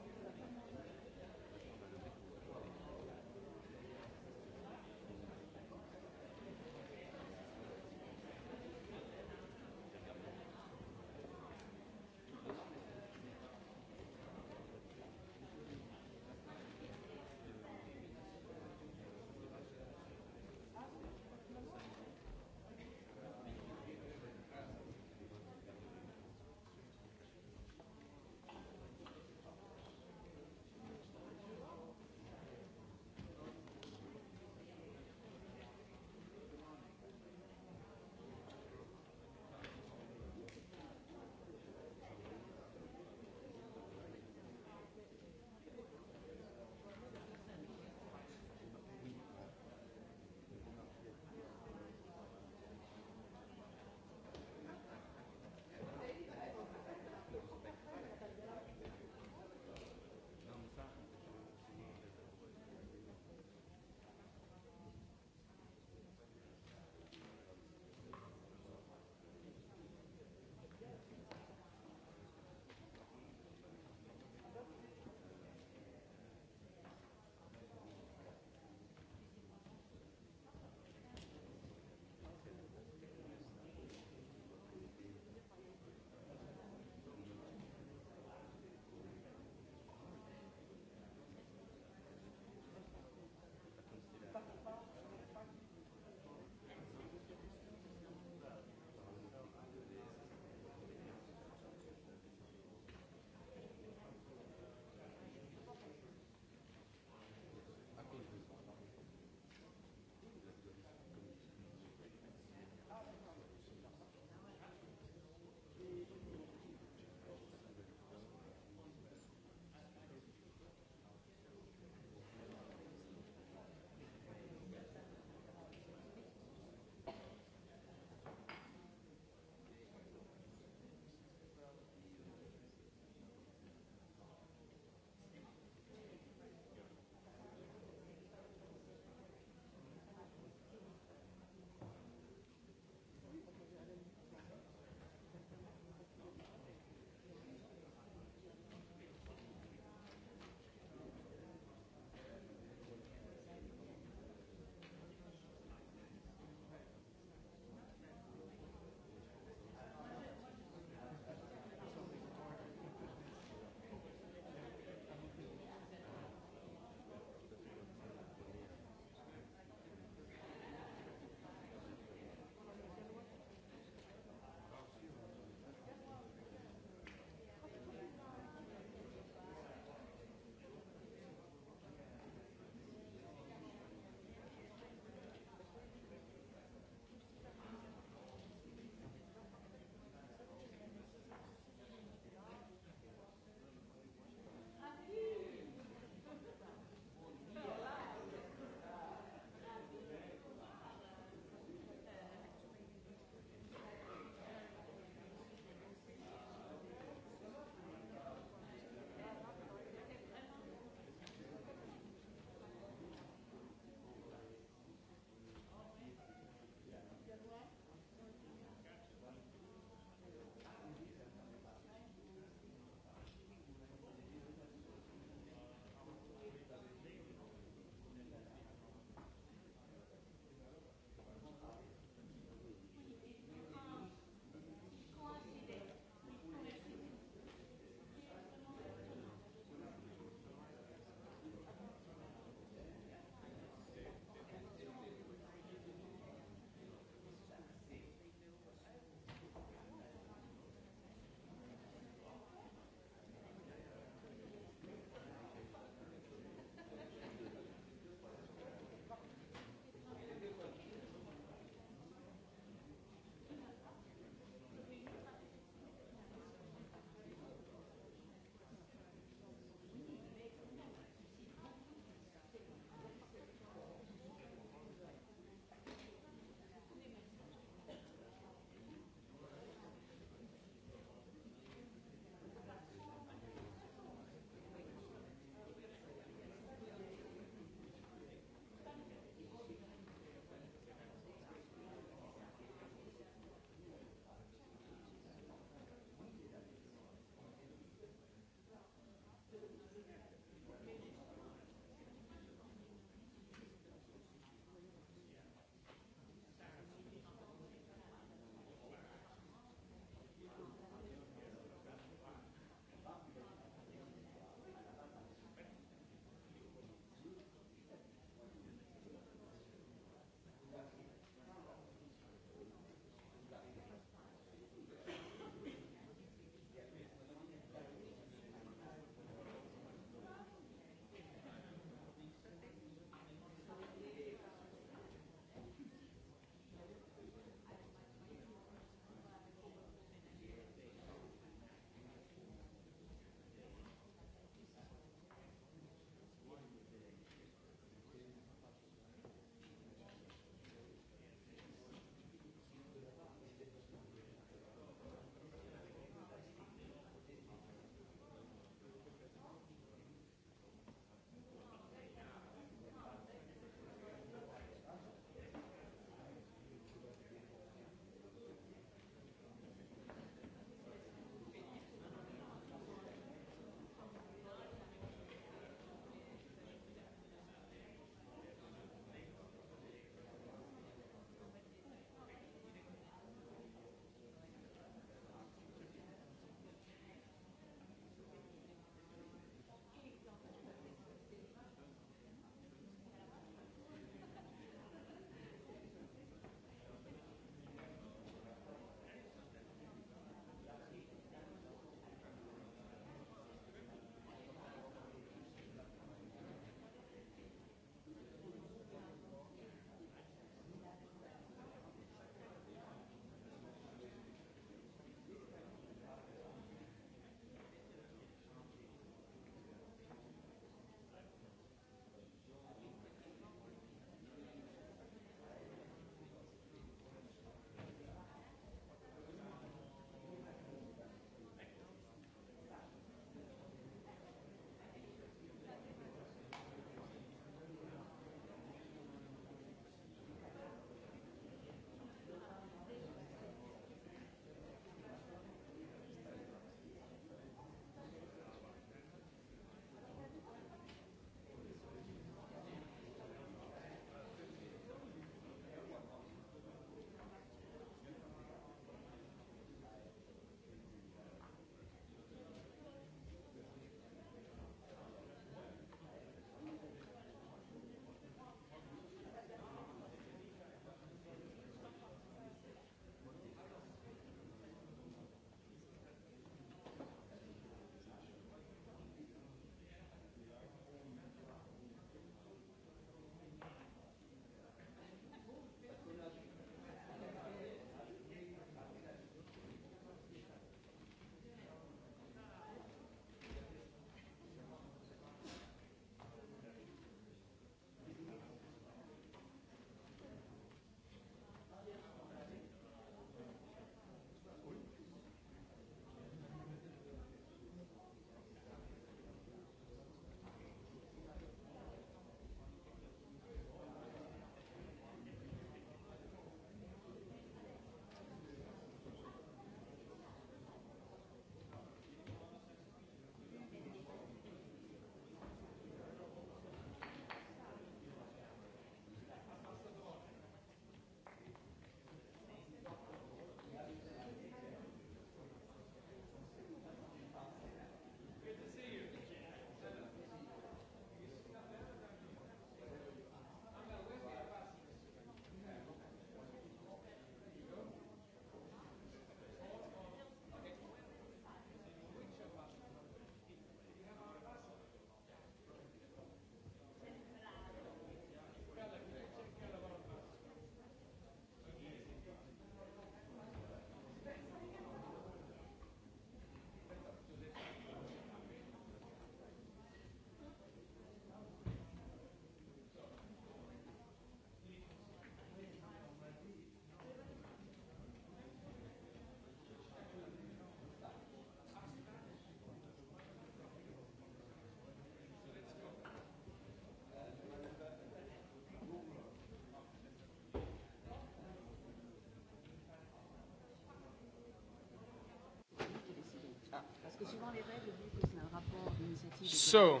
Parce que suivant les règles, vu que c'est un rapport d'initiative. So,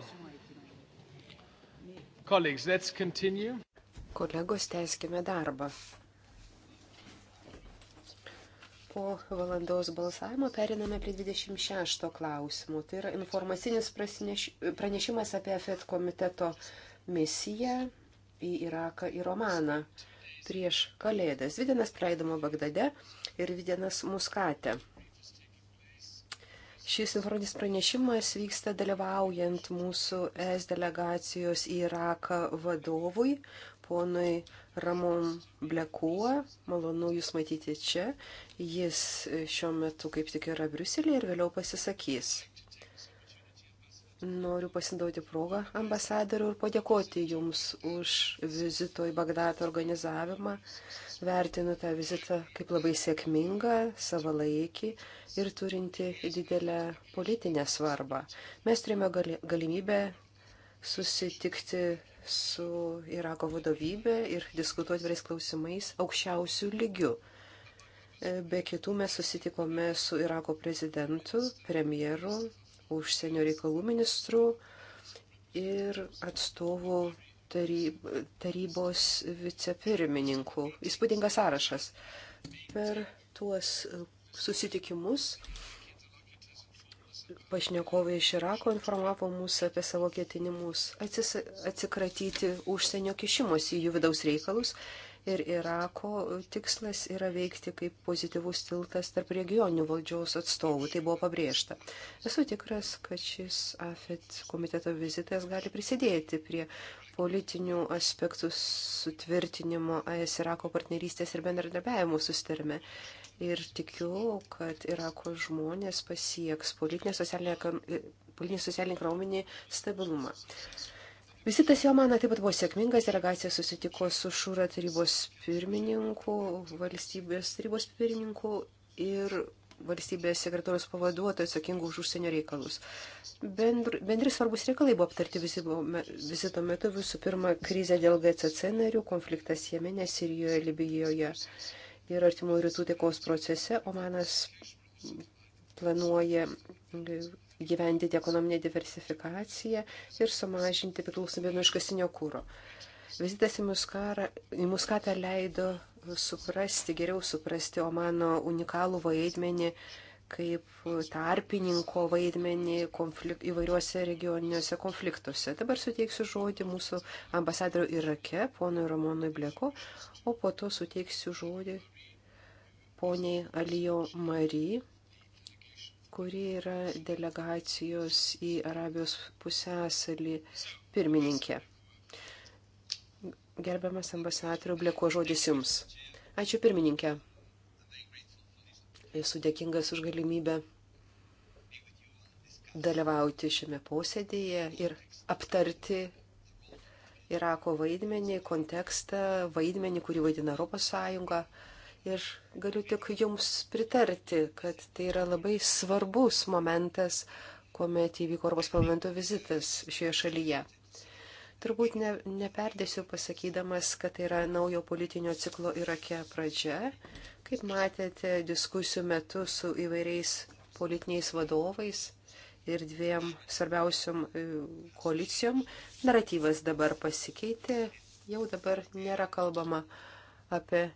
colleagues, let's continue. Kolegos, tęskime darbą. Po valandos balsavimo periname prie 26 klausimų. Tai yra informacinis pranešimas apie FED komiteto misiją į Iraką ir Romaną prieš Kalėdas. Dvi dienas praleidome Bagdade ir dvi dienas Muskate. Šis sinchroninis pranešimas vyksta dalyvaujant mūsų ES delegacijos į Iraką vadovui, ponui Ramon Blekua. Malonu Jūs matyti čia. Jis e, šiuo metu kaip tik yra Briuselėje ir vėliau pasisakys. Noriu pasinaudoti progą ambasadoriu ir padėkoti Jums už vizito į Bagdatą organizavimą. Vertinu tą vizitą kaip labai sėkmingą, savalaikį ir turinti didelę politinę svarbą. Mes turime galimybę susitikti su Irako vadovybė ir diskutuoti vairiais klausimais aukščiausių lygių. Be kitų mes susitikome su Irako prezidentu, premjeru, užsienio reikalų ministru ir atstovų taryb, tarybos vicepirmininku. Įspūdingas sąrašas. Per tuos susitikimus pašnekovai iš Irako informavo mus apie savo ketinimus atsikratyti užsienio kišimus į jų vidaus reikalus ir Irako tikslas yra veikti kaip pozityvus tiltas tarp regioninių valdžiaus atstovų. Tai buvo pabrėžta. Esu tikras, kad šis AFET komiteto vizitas gali prisidėti prie politinių aspektų sutvirtinimo AS Irako partnerystės ir bendradarbiavimo sustarime. Ir tikiu, kad Irako žmonės pasieks politinę socialinę politinį socialinį ekonominį stabilumą. Visitas Jomana taip pat buvo sėkmingas, delegacija susitiko su Šūra tarybos pirmininku, valstybės tarybos pirmininku ir valstybės sekretoriaus pavaduotoju atsakingu už užsienio reikalus. Bendri, bendri svarbus reikalai buvo aptarti visi, vizito metu, visų pirma, krizė dėl GCC narių, konfliktas Jemenė, Sirijoje, Libijoje ir Artimųjų rytų taikos procese. Omanas planuoja gyvendyti ekonominę diversifikaciją ir sumažinti priklausomybę nuo iškasinio kūro. Vizitas į Muskatą leido suprasti, geriau suprasti Omano unikalų vaidmenį kaip tarpininko vaidmenį konflikt, įvairiuose regioniniuose konfliktuose. Dabar suteiksiu žodį mūsų ambasadoriu Irake, ponui Ramonui Bleko, o po to suteiksiu žodį poniai Alijo Marijai kuri yra delegacijos į Arabijos pusęsalį pirmininkė. Gerbiamas ambasadoriu, blėko žodis jums. Ačiū pirmininkė. Esu dėkingas už galimybę dalyvauti šiame posėdėje ir aptarti Irako vaidmenį, kontekstą, vaidmenį, kurį vaidina Europos Sąjunga Ir galiu tik jums pritarti, kad tai yra labai svarbus momentas, kuomet įvyko Europos parlamento vizitas šioje šalyje. Turbūt ne, neperdėsiu pasakydamas, kad tai yra naujo politinio ciklo Irake pradžia. Kaip matėte, diskusijų metu su įvairiais politiniais vadovais ir dviem svarbiausiom e, koalicijom naratyvas dabar pasikeitė, jau dabar nėra kalbama apie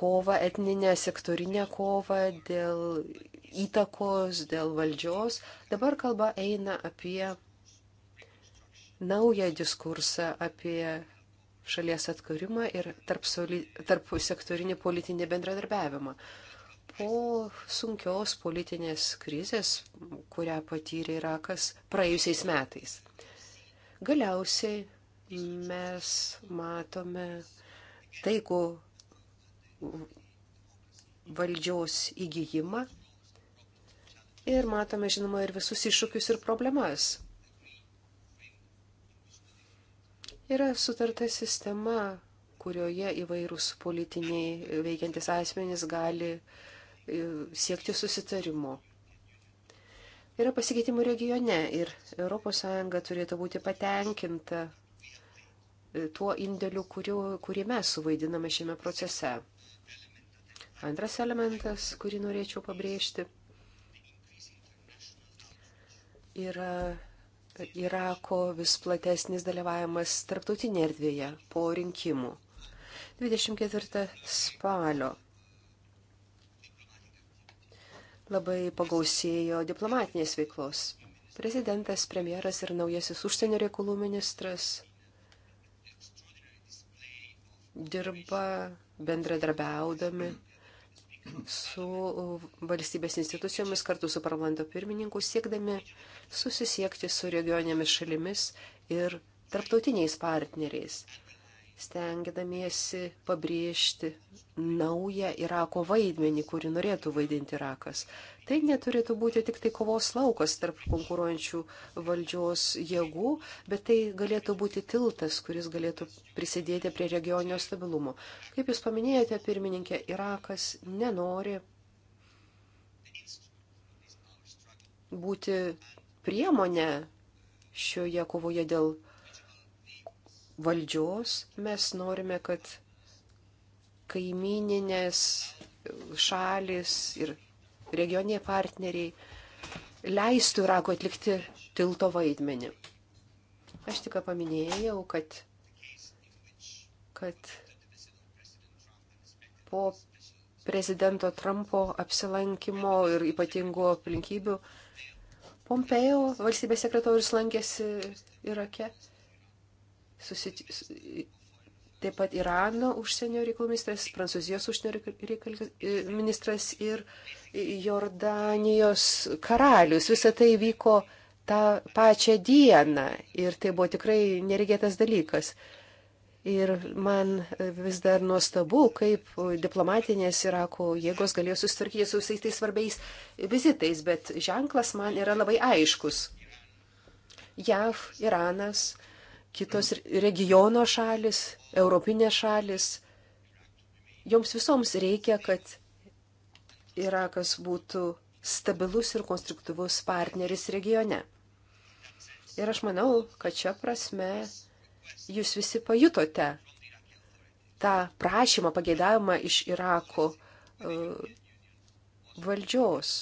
kovą, etninę sektorinę kovą dėl įtakos, dėl valdžios. Dabar kalba eina apie naują diskursą, apie šalies atkūrimą ir tarp, soli, tarp sektorinį politinį bendradarbiavimą. Po sunkios politinės krizės, kurią patyrė Irakas praėjusiais metais. Galiausiai mes matome taikų valdžios įgyjimą ir matome, žinoma, ir visus iššūkius ir problemas. Yra sutarta sistema, kurioje įvairūs politiniai veikiantis asmenys gali e, siekti susitarimo. Yra pasikeitimų regione ir ES turėtų būti patenkinta e, tuo indėliu, kurį mes suvaidiname šiame procese. Antras elementas, kurį norėčiau pabrėžti, yra Irako vis platesnis dalyvavimas tarptautinėje erdvėje po rinkimų. 24 spalio labai pagausėjo diplomatinės veiklos. Prezidentas, premjeras ir naujasis užsienio reikalų ministras dirba bendradarbiaudami. Mm su valstybės institucijomis kartu su parlamento pirmininku siekdami susisiekti su regioninėmis šalimis ir tarptautiniais partneriais, stengdamiesi pabrėžti naują Irako vaidmenį, kurį norėtų vaidinti Irakas. Tai neturėtų būti tik tai kovos laukas tarp konkuruojančių valdžios jėgų, bet tai galėtų būti tiltas, kuris galėtų prisidėti prie regioninio stabilumo. Kaip Jūs paminėjote, pirmininkė, Irakas nenori būti priemonė šioje kovoje dėl valdžios, mes norime, kad kaimininės šalis ir regioniniai partneriai leistų Irako atlikti tilto vaidmenį. Aš tik paminėjau, kad, kad po prezidento Trumpo apsilankimo ir ypatingų aplinkybių Pompeo valstybės sekretorius lankėsi Irake. Ir susit... taip pat Irano užsienio reikalų ministras, Prancūzijos užsienio reikalų ministras ir Jordanijos karalius. Visą tai vyko tą pačią dieną ir tai buvo tikrai neregėtas dalykas. Ir man e, vis dar nuostabu, kaip diplomatinės Irako jėgos galėjo susitvarkyti su visais tais svarbiais vizitais, bet ženklas man yra labai aiškus. JAV, Iranas kitos regiono šalis, europinės šalis. Joms visoms reikia, kad Irakas būtų stabilus ir konstruktyvus partneris regione. Ir aš manau, kad čia prasme jūs visi pajutote tą prašymą, pageidavimą iš Irako uh, valdžios.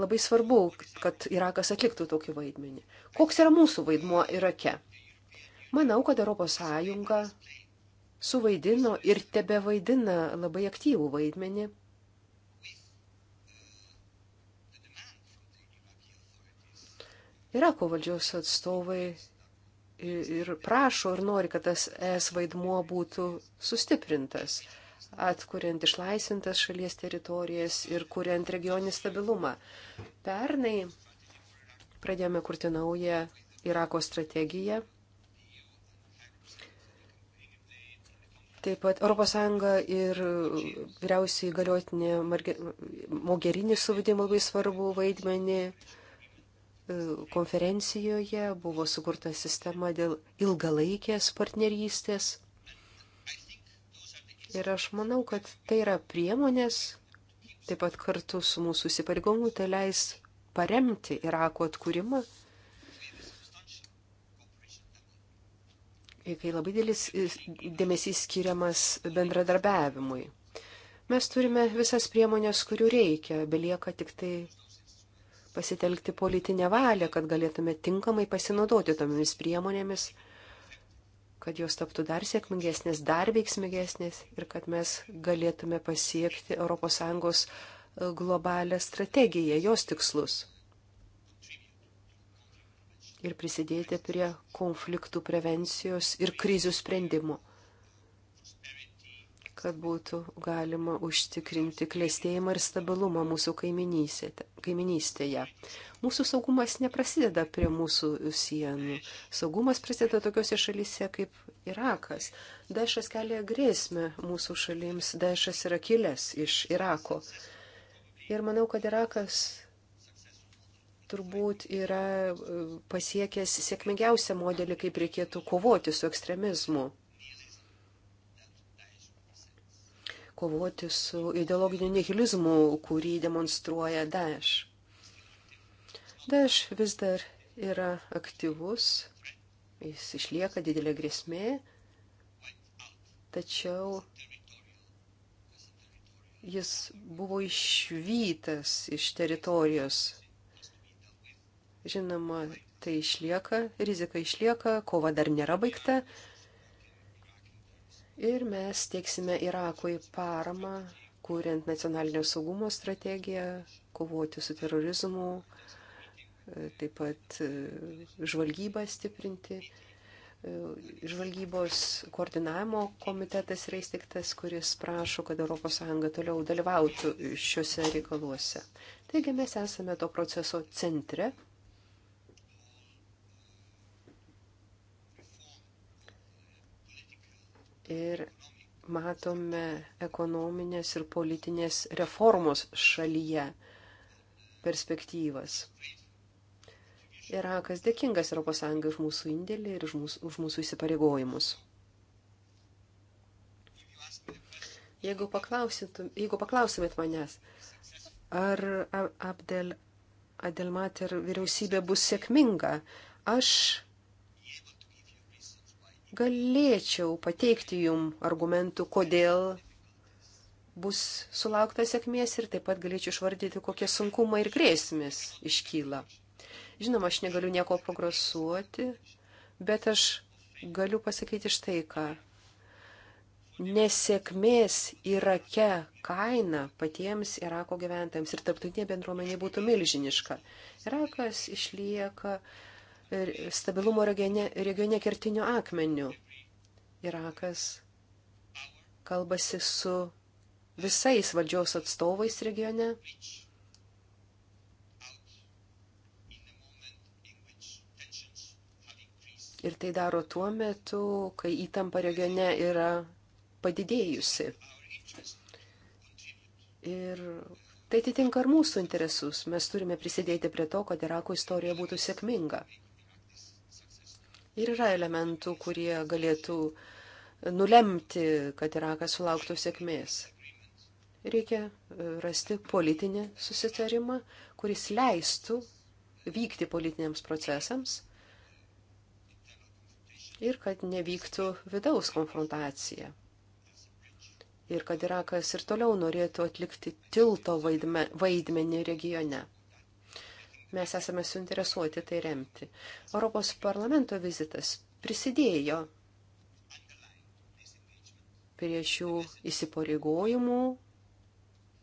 Labai svarbu, kad Irakas atliktų tokį vaidmenį. Koks yra mūsų vaidmuo Irake? Manau, kad ES suvaidino ir tebe vaidina labai aktyvų vaidmenį. Irako valdžios atstovai ir prašo ir nori, kad tas es vaidmuo būtų sustiprintas, atkuriant išlaisintas šalies teritorijas ir kuriant regioninį stabilumą. Pernai pradėjome kurti naują Irako strategiją Taip pat ES ir vyriausiai galiotinė Mogerinė suvaidino labai svarbu vaidmenį. E, konferencijoje buvo sukurta sistema dėl ilgalaikės partnerystės. Ir aš manau, kad tai yra priemonės, taip pat kartu su mūsų įsipareigomu, tai leis paremti Irako atkūrimą kai labai dėlis dėmesys skiriamas bendradarbiavimui. Mes turime visas priemonės, kurių reikia, belieka tik tai pasitelkti politinę valią, kad galėtume tinkamai pasinaudoti tomis priemonėmis, kad jos taptų dar sėkmingesnės, dar veiksmingesnės ir kad mes galėtume pasiekti ES e, globalę strategiją, jos tikslus ir prisidėti prie konfliktų prevencijos ir krizių sprendimų, kad būtų galima užtikrinti klėstėjimą ir stabilumą mūsų kaiminystėje. Mūsų saugumas neprasideda prie mūsų sienų. Saugumas prasideda tokiuose šalyse kaip Irakas. Daešas kelia grėsmę mūsų šalims. Daešas yra kilęs iš Irako. Ir manau, kad Irakas turbūt yra e, pasiekęs sėkmingiausią modelį, kaip reikėtų kovoti su ekstremizmu. Kovoti su ideologiniu nihilizmu, kurį demonstruoja Daesh. Daesh vis dar yra aktyvus, jis išlieka didelė grėsmė, tačiau jis buvo išvytas iš teritorijos Žinoma, tai išlieka, rizika išlieka, kova dar nėra baigta. Ir mes teiksime Irakui paramą, kuriant nacionalinio saugumo strategiją, kovoti su terorizmu, taip pat e, žvalgybą stiprinti. E, žvalgybos koordinavimo komitetas yra įsteigtas, kuris prašo, kad ES toliau dalyvautų šiuose reikaluose. Taigi mes esame to proceso centre ir matome ekonominės ir politinės reformos šalyje perspektyvas. Irakas dėkingas ES už mūsų indėlį ir už mūsų, už mūsų įsipareigojimus. Jeigu, jeigu paklausimėt manęs, ar Abdel Adelmater vyriausybė bus sėkminga, aš galėčiau pateikti jum argumentų, kodėl bus sulaukta sėkmės ir taip pat galėčiau išvardyti, kokie sunkumai ir grėsmės iškyla. Žinoma, aš negaliu nieko progresuoti, bet aš galiu pasakyti štai ką. Nesėkmės Irake kaina patiems Irako gyventojams ir tarptautinė bendruomenė būtų milžiniška. Irakas išlieka uh, stabilumo regione, regione kertiniu akmeniu. Irakas kalbasi su visais valdžios atstovais regione. Ir tai daro tuo metu, kai įtampa regione yra padidėjusi. Ir tai atitinka ir mūsų interesus. Mes turime prisidėti prie to, kad Irako istorija būtų sėkminga. Ir yra elementų, kurie galėtų nulemti, kad Irakas sulauktų sėkmės. Reikia e, rasti politinį susitarimą, kuris leistų vykti politiniams procesams ir kad nevyktų vidaus konfrontacija. Ir kad Irakas ir toliau norėtų atlikti tilto vaidmenį regione. Mes esame suinteresuoti tai remti. Europos parlamento vizitas prisidėjo prie šių įsipareigojimų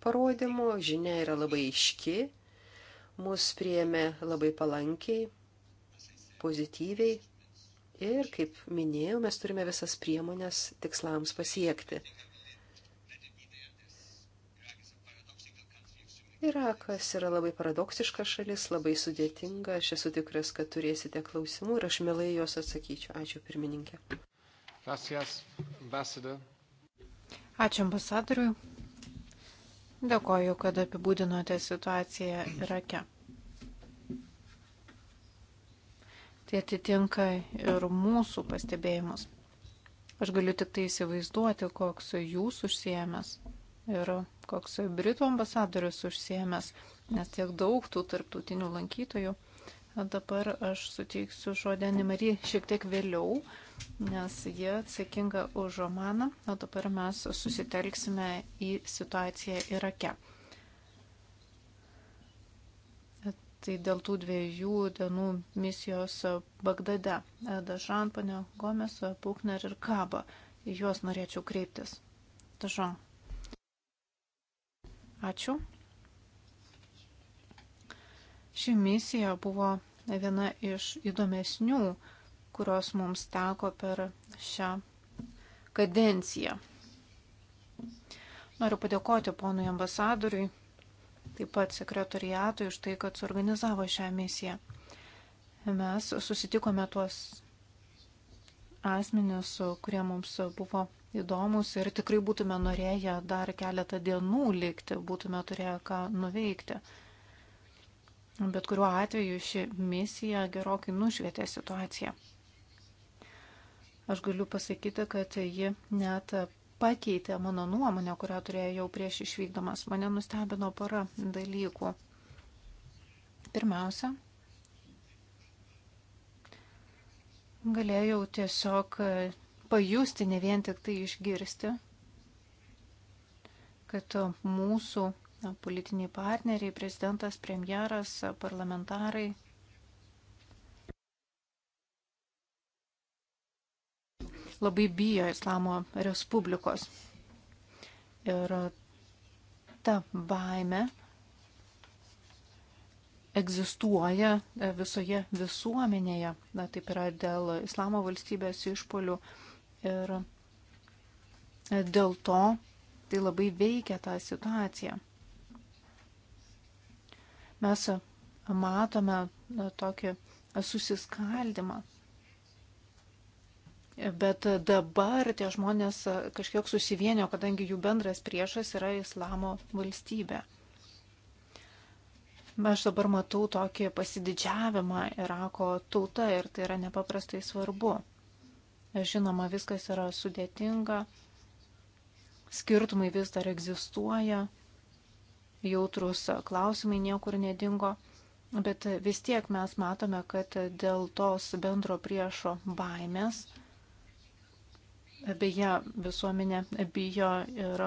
parodymų. Žinia yra labai iški. Mus priėmė labai palankiai, pozityviai. Ir, kaip minėjau, mes turime visas priemonės tikslams pasiekti. Irakas yra labai paradoksiška šalis, labai sudėtinga. Aš esu tikras, kad turėsite klausimų ir aš mielai juos atsakyčiau. Ačiū pirmininkė. Gracias, ambasador. Ačiū ambasadoriui. Dėkoju, kad apibūdinote situaciją Irake. Tai atitinka ir mūsų pastebėjimus. Aš galiu tik tai įsivaizduoti, koks jūs užsiemęs ir koks Britų ambasadorius užsiemęs, nes tiek daug tų tarptautinių lankytojų. Dabar aš suteiksiu žodį Animarį šiek tiek vėliau, nes jie atsakinga už Omaną, o dabar mes susitelksime į situaciją Irake. Tai dėl tų dviejų dienų misijos Bagdade, Dažan, Pane Gomes, Pukner ir Kaba. Į juos norėčiau kreiptis. Dažan. Ačiū. Ši misija buvo viena iš įdomesnių, kurios mums teko per šią kadenciją. Noriu padėkoti ponui ambasadoriui, taip pat sekretoriatui už tai, kad suorganizavo šią misiją. Mes susitikome tuos asmenis, kurie mums buvo įdomus ir tikrai būtume norėję dar keletą dienų likti, būtume turėję ką nuveikti. Bet kuriuo atveju ši misija gerokai nušvietė situaciją. Aš galiu pasakyti, kad ji net pakeitė mano nuomonę, kurią turėjau prieš išvykdamas. Mane nustebino para dalykų. Pirmiausia, Galėjau tiesiog e, pajusti, ne vien tik tai išgirsti, kad e, mūsų politiniai partneriai, prezidentas, premjeras, e, parlamentarai labai bijo Islamo Respublikos. Ir ta baime egzistuoja e, visoje visuomenėje. Na, taip yra dėl islamo valstybės išpolių ir e, dėl to tai labai veikia tą situaciją. Mes matome na, e, tokį susiskaldimą. Bet dabar tie žmonės kažkiek susivienio, kadangi jų bendras priešas yra islamo valstybė. Aš dabar matau tokį pasididžiavimą Irako tauta ir tai yra nepaprastai svarbu. Žinoma, viskas yra sudėtinga, skirtumai vis dar egzistuoja, jautrus klausimai niekur nedingo, bet vis tiek mes matome, kad dėl tos bendro priešo baimės, beje, visuomenė bijo ir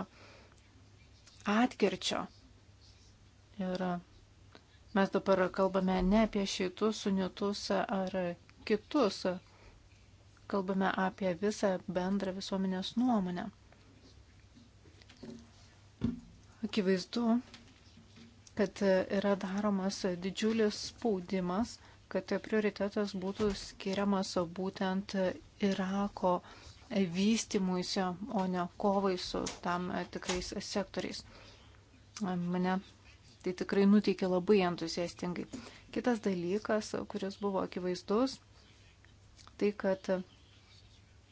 atkirčio. Ir Mes dabar kalbame ne apie šitus, sunitus ar kitus. Kalbame apie visą bendrą visuomenės nuomonę. Akivaizdu, kad yra daromas didžiulis spaudimas, kad prioritetas būtų skiriamas būtent Irako vystimuisi, o ne kovai su tam tikrais sektoriais. Mane Tai tikrai nuteikė labai entuziastingai. Kitas dalykas, kuris buvo akivaizdus, tai kad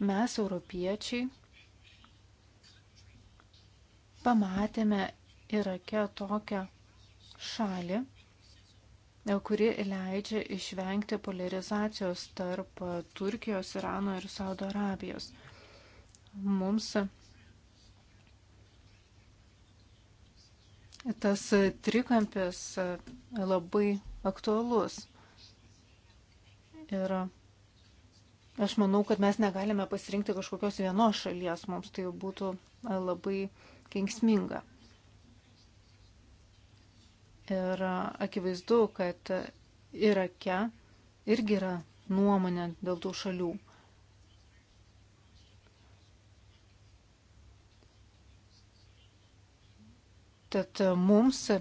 mes, europiečiai, pamatėme Irake tokią šalį, kuri leidžia išvengti polarizacijos tarp Turkijos, Irano ir Saudo Arabijos. Mums tas trikampis labai aktualus. Ir aš manau, kad mes negalime pasirinkti kažkokios vienos šalies, mums tai būtų labai kengsminga. Ir akivaizdu, kad Irake irgi yra nuomonė dėl tų šalių. Tad mums e,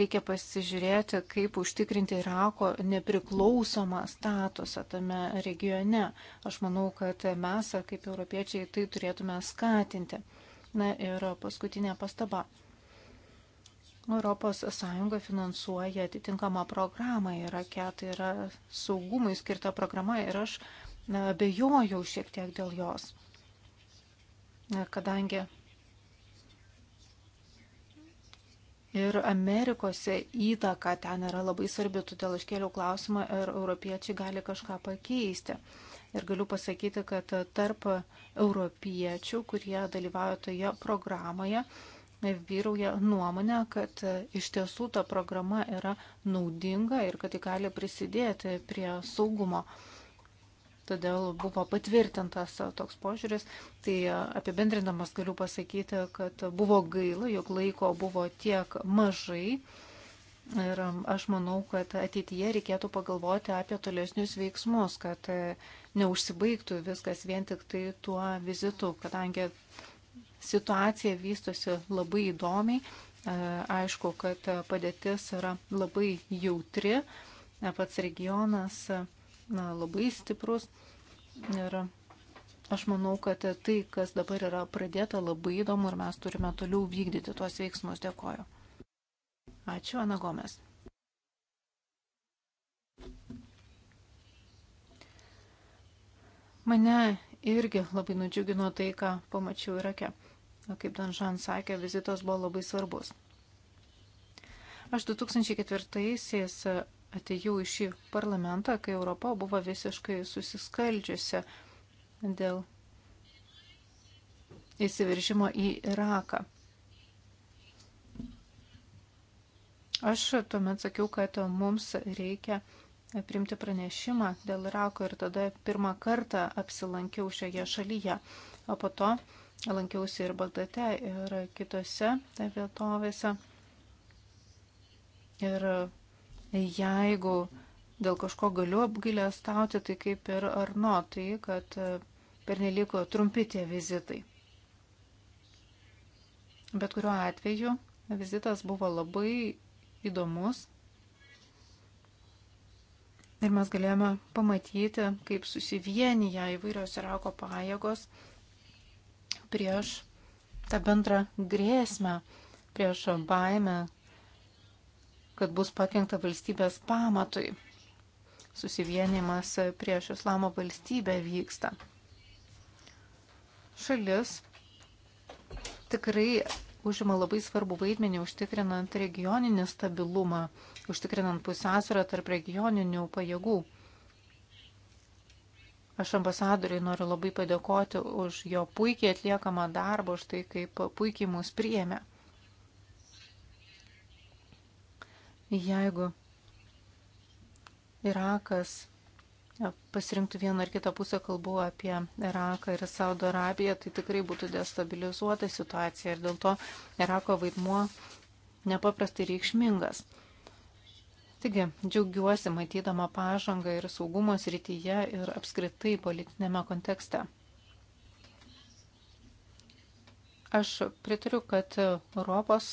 reikia pasižiūrėti, kaip užtikrinti Irako nepriklausomą statusą tame regione. Aš manau, kad mes, kaip europiečiai, tai turėtume skatinti. Na ir paskutinė pastaba. ES finansuoja atitinkamą programą Irake, tai yra saugumui skirta programa ir aš abejojau šiek tiek dėl jos, kadangi Ir Amerikose įtaka ten yra labai svarbi, todėl aš kėliau klausimą, ar europiečiai gali kažką pakeisti. Ir galiu pasakyti, kad tarp europiečių, kurie dalyvauja toje programoje, vyrauja nuomonė, kad iš tiesų ta programa yra naudinga ir kad ji gali prisidėti prie saugumo todėl buvo patvirtintas toks požiūris. Tai apibendrindamas galiu pasakyti, kad buvo gaila, jog laiko buvo tiek mažai. Ir aš manau, kad ateityje reikėtų pagalvoti apie tolesnius veiksmus, kad neužsibaigtų viskas vien tik tai tuo vizitu, kadangi situacija vystosi labai įdomiai. Aišku, kad padėtis yra labai jautri, pats regionas na, labai stiprus. Ir aš manau, kad tai, kas dabar yra pradėta, labai įdomu ir mes turime toliau vykdyti tuos veiksmus. Dėkoju. Ačiū, Ana Gomes. Mane irgi labai nudžiugino tai, ką pamačiau Irake. Kaip Danžan sakė, vizitas buvo labai svarbus. Aš 2004-aisiais atėjau į šį parlamentą, kai Europa buvo visiškai susiskaldžiusi dėl įsiveržimo į Iraką. Aš tuomet sakiau, kad mums reikia priimti pranešimą dėl Irako ir tada pirmą kartą apsilankiau šioje šalyje. O po to lankiausi ir Bagdate, ir kitose vietovėse. Ir Jeigu dėl kažko galiu apgailę stauti, tai kaip ir ar nuo tai, kad e, perneliko trumpi tie vizitai. Bet kuriuo atveju vizitas buvo labai įdomus ir mes galėjome pamatyti, kaip susivienyje įvairios Irako pajėgos prieš tą bendrą grėsmę, prieš baimę, kad bus pakengta valstybės pamatui. Susivienimas prieš islamo valstybę vyksta. Šalis tikrai užima labai svarbu vaidmenį užtikrinant regioninį stabilumą, užtikrinant pusiausvyrą tarp regioninių pajėgų. Aš ambasadoriai noriu labai padėkoti už jo puikiai atliekamą darbą, už tai, kaip puikiai mus priėmė. Jeigu Irakas pasirinktų vieną ar kitą pusę, kalbu apie Iraką ir Saudo Arabiją, tai tikrai būtų destabilizuota situacija ir dėl to Irako vaidmuo nepaprastai reikšmingas. Taigi, džiaugiuosi matydama pažangą ir saugumos rytyje ir apskritai politinėme kontekste. Aš pritariu, kad ES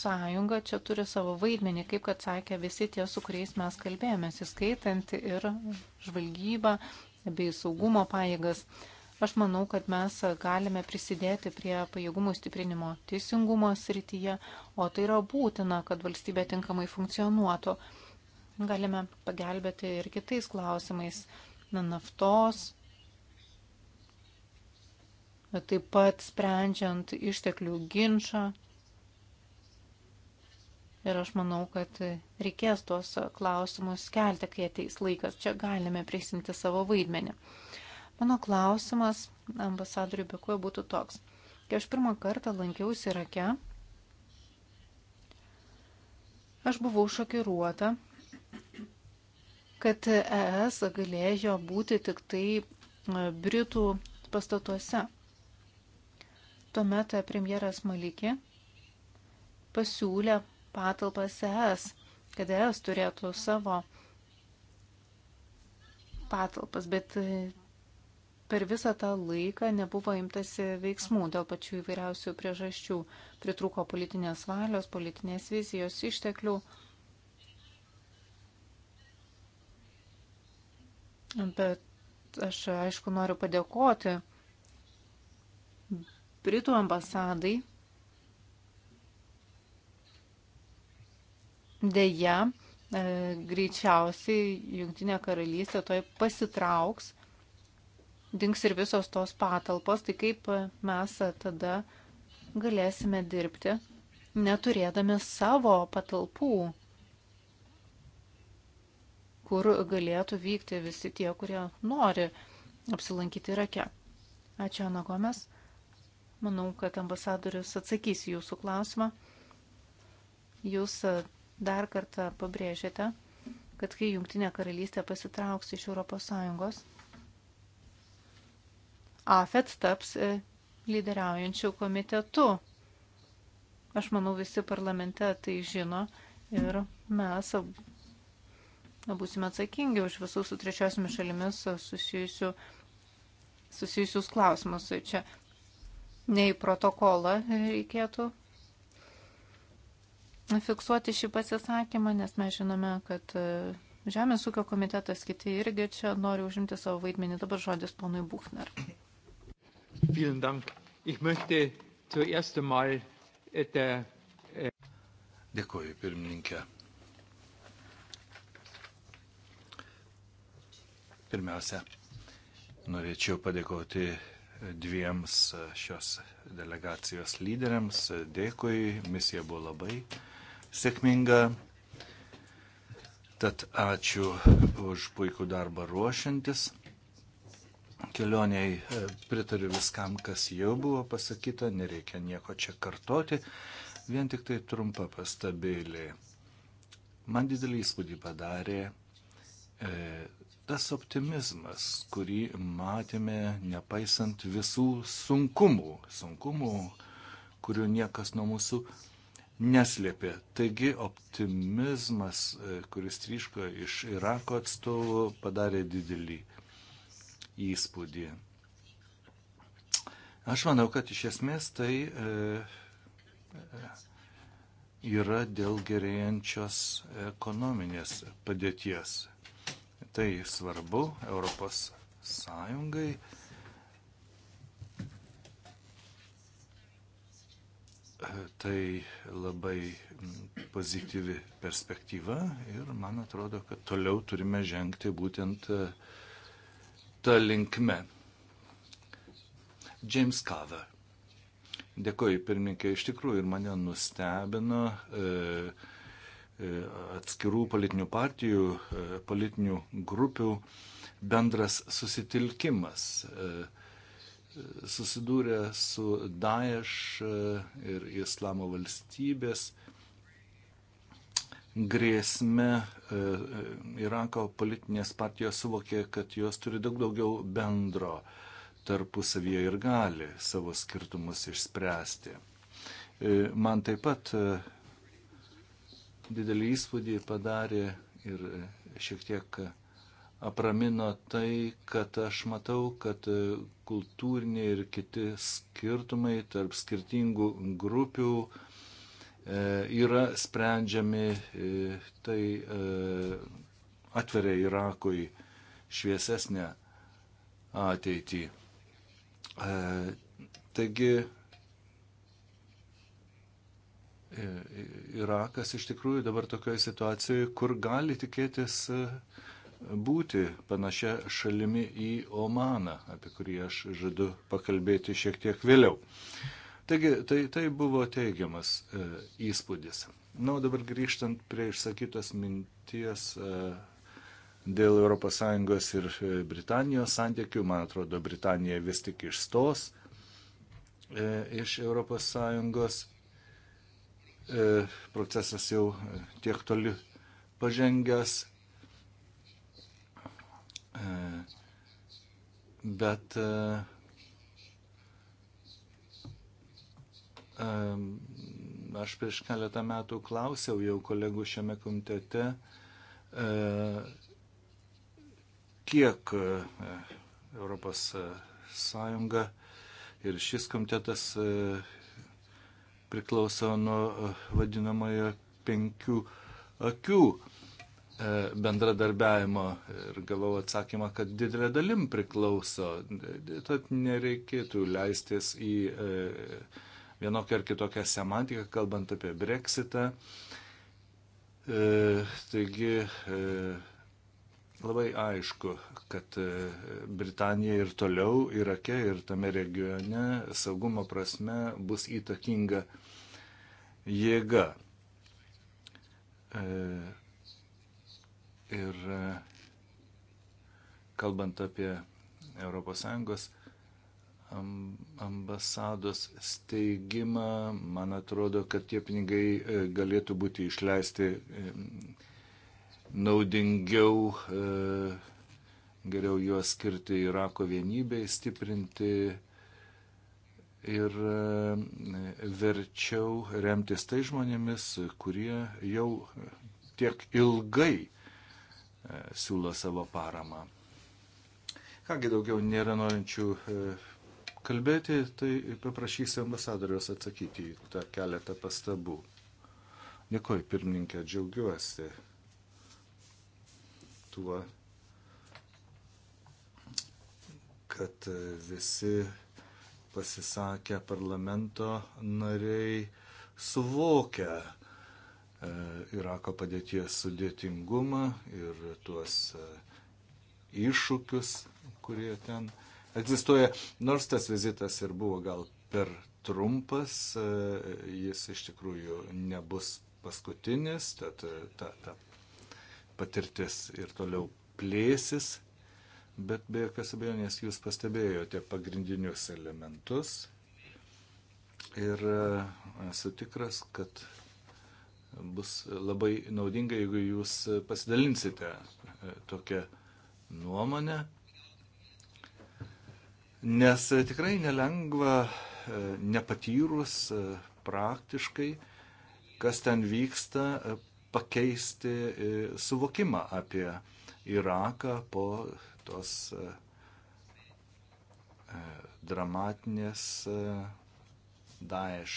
čia turi savo vaidmenį, kaip kad sakė visi tie, su kuriais mes kalbėjomės, įskaitant ir žvalgybą bei saugumo pajėgas. Aš manau, kad mes galime prisidėti prie pajėgumų stiprinimo teisingumo srityje, o tai yra būtina, kad valstybė tinkamai funkcionuotų. Galime pagelbėti ir kitais klausimais - naftos, taip pat sprendžiant išteklių ginčą. Ir aš manau, kad reikės tuos klausimus kelti, kai ateis laikas. Čia galime prisimti savo vaidmenį. Mano klausimas ambasadoriui Bekuoju būtų toks. Kai aš pirmą kartą lankiausi Irake, aš buvau šokiruota, kad ES galėjo būti tik tai Britų pastatuose. Tuomet premjeras Malikė pasiūlė patalpas ES, kad ES e turėtų savo patalpas, bet per visą tą laiką nebuvo imtasi veiksmų dėl pačių įvairiausių priežasčių. Pritruko politinės valios, politinės vizijos išteklių. Bet aš aišku noriu padėkoti Britų ambasadai dėja e, greičiausiai Junktinė karalystė toj pasitrauks, dinks ir visos tos patalpos, tai kaip mes tada galėsime dirbti, neturėdami savo patalpų, kur galėtų vykti visi tie, kurie nori apsilankyti rake. Ačiū, Ana Gomes. Manau, kad ambasadorius atsakys jūsų klausimą. Jūs e, dar kartą pabrėžėte, kad kai Junktinė karalystė pasitrauks iš ES, AFET taps e, lyderiaujančių komitetu. Aš manau, visi parlamente tai žino ir mes būsime atsakingi už visus su trečiosiomis šalimis e, susijusių, susijusius klausimus. Čia nei protokolą reikėtų fiksuoti šį pasisakymą, nes mes žinome, kad e, Žemės ūkio komitetas kiti irgi čia nori užimti savo vaidmenį. Dabar žodis ponui Buchner. Äh, äh, Dėkuoju, pirmininkė. Pirmiausia, norėčiau padėkoti dviems šios delegacijos lyderiams. Dėkui, misija buvo labai sėkminga. Tad ačiū už puikų darbą ruošiantis. Kelioniai e, pritariu viskam, kas jau buvo pasakyta, nereikia nieko čia kartoti. Vien tik tai trumpa pastabėlė. Man didelį įspūdį padarė e, tas optimizmas, kurį matėme nepaisant visų sunkumų, sunkumų, kurių niekas nuo mūsų neslėpė. Taigi optimizmas, e, kuris tryško iš Irako atstovų, padarė didelį įspūdį. Aš manau, kad iš esmės tai e, e yra dėl gerėjančios ekonominės padėties Tai svarbu Europos Sąjungai. tai labai pozityvi perspektyva ir man atrodo, kad toliau turime žengti būtent e, tą linkmę. James Kava. Dėkoju, pirmininkė, iš tikrųjų ir mane nustebino. E, E, atskirų politinių partijų, e, politinių grupių bendras susitelkimas. E, Susidūrę su Daesh ir Islamo valstybės grėsme Irako politinės partijos suvokė, kad jos turi daug daugiau bendro tarpusavyje ir gali savo skirtumus išspręsti. Man taip pat Didelį įspūdį padarė ir šiek tiek apramino tai, kad aš matau, kad kultūriniai ir kiti skirtumai tarp skirtingų grupių e, yra sprendžiami, e, tai e, atveria Irakui šviesesnę ateitį. Taigi Irakas iš tikrųjų dabar tokioje situacijoje, kur gali tikėtis e, būti panašia šalimi į Omaną, apie kurį aš žadu pakalbėti šiek tiek vėliau. Taigi, tai, tai buvo teigiamas e, įspūdis. Na, o dabar grįžtant prie išsakytos minties e, dėl ES ir e, Britanijos santykių, man atrodo, Britanija vis tik išstos e, iš ES E, procesas jau e, tiek toli pažengęs, e, bet aš prieš keletą metų klausiau jau kolegų šiame komitete, kiek Europos Sąjunga ir šis komitetas priklauso nuo e, vadinamojo penkių akių e, bendradarbiavimo ir gavau atsakymą, kad didelė dalim priklauso. Tad nereikėtų leistis į e, vienokią ar kitokią semantiką, kalbant apie breksitą. Taigi labai aišku, kad e, Britanija ir toliau Irake ir tame regione saugumo prasme bus įtakinga jėga. E, ir e, kalbant apie ES ambasados steigimą, man atrodo, kad tie pinigai galėtų būti išleisti naudingiau e, geriau juos skirti Irako vienybei, stiprinti ir e, verčiau remtis tai žmonėmis, kurie jau tiek ilgai e, siūlo savo paramą. Kągi daugiau nėra norinčių kalbėti, tai paprašysiu ambasadorius atsakyti į tą keletą pastabų. Dėkuoju, pirmininkė, džiaugiuosi tuo, kad visi pasisakę parlamento nariai suvokia e, Irako padėties sudėtingumą ir tuos e, iššūkius, kurie ten egzistuoja. Nors tas vizitas ir buvo gal per trumpas, e, jis iš tikrųjų nebus paskutinis, tad ta, ta patirtis ir toliau plėsis, bet be jokios abejonės jūs pastebėjote pagrindinius elementus ir e, esu tikras, kad bus labai naudinga, jeigu jūs pasidalinsite e, tokią nuomonę, nes tikrai nelengva e, nepatyrus praktiškai, kas ten vyksta, pakeisti e, suvokimą apie Iraką po tos e, e, dramatinės Daesh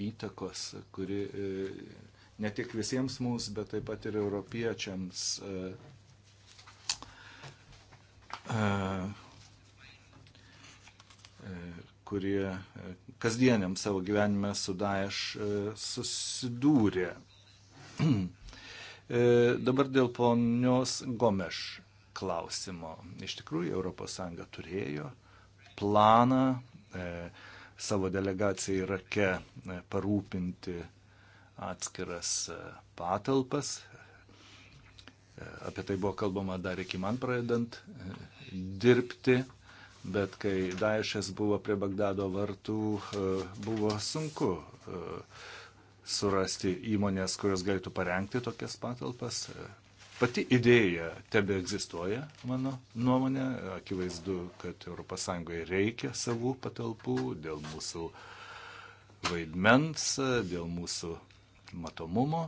įtakos, kuri ne tik visiems mums, bet taip pat ir europiečiams kurie kasdieniam savo gyvenime su Daesh susidūrė. E, dabar dėl ponios Gomeš klausimo. Iš tikrųjų, ES turėjo planą e, savo delegacijai Irake e, parūpinti atskiras e, patalpas. Apie tai buvo kalbama dar iki man pradedant dirbti, bet kai Daešas buvo prie Bagdado vartų, buvo sunku surasti įmonės, kurios galėtų parengti tokias patalpas. Pati idėja tebe egzistuoja, mano nuomonė. Akivaizdu, kad ES reikia savų patalpų dėl mūsų vaidmens, dėl mūsų matomumo.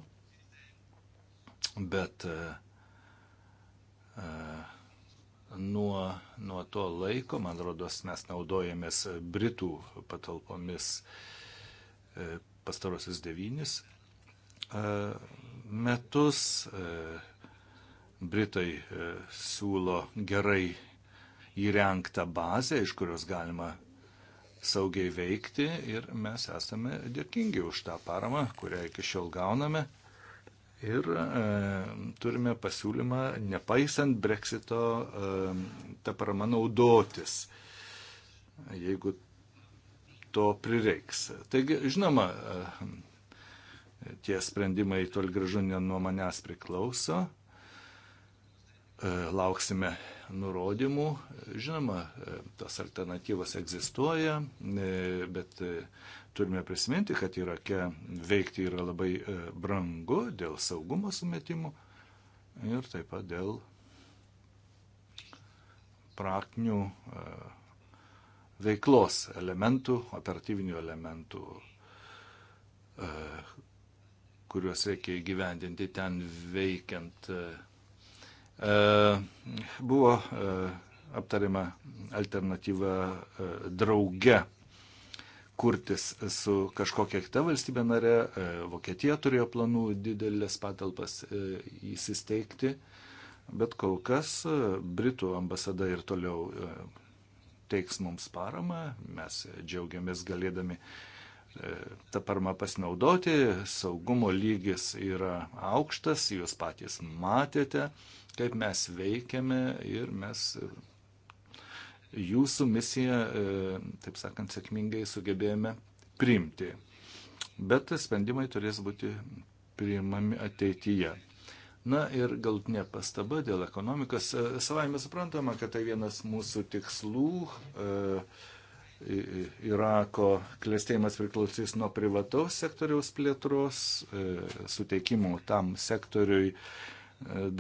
Bet e, nuo, nuo to laiko, man rodos, mes naudojamės Britų patalpomis e, pastarosius devynis e, metus. E, Britai e, siūlo gerai įrengtą bazę, iš kurios galima saugiai veikti ir mes esame dėkingi už tą paramą, kurią iki šiol gauname. Ir e, turime pasiūlymą, nepaisant breksito, e, tą paramą naudotis. Jeigu to prireiks. Taigi, žinoma, e, tie sprendimai toli gražu ne nuo manęs priklauso. E, lauksime nurodymų. Žinoma, e, tas alternatyvas egzistuoja, bet turime prisiminti, kad Irake veikti yra labai brangu dėl saugumo sumetimų ir taip pat dėl praktinių veiklos elementų, operatyvinių elementų, e, kuriuos reikia įgyvendinti ten veikiant. E, e, buvo aptariama alternatyva drauge kurtis su kažkokia kita valstybė nare. Vokietija turėjo planų didelės patalpas įsisteigti, bet kol kas Britų ambasada ir toliau teiks mums paramą, mes džiaugiamės galėdami e, tą paramą pasinaudoti, saugumo lygis yra aukštas, jūs patys matėte, kaip mes veikiame ir mes e, jūsų misiją, e, taip sakant, sėkmingai sugebėjome priimti. Bet sprendimai turės būti priimami ateityje. Na ir galtinė pastaba dėl ekonomikos. E, savaime suprantama, kad tai vienas mūsų tikslų. E, Irako klėstėjimas priklausys nuo privataus sektoriaus plėtros, e, suteikimo tam sektoriui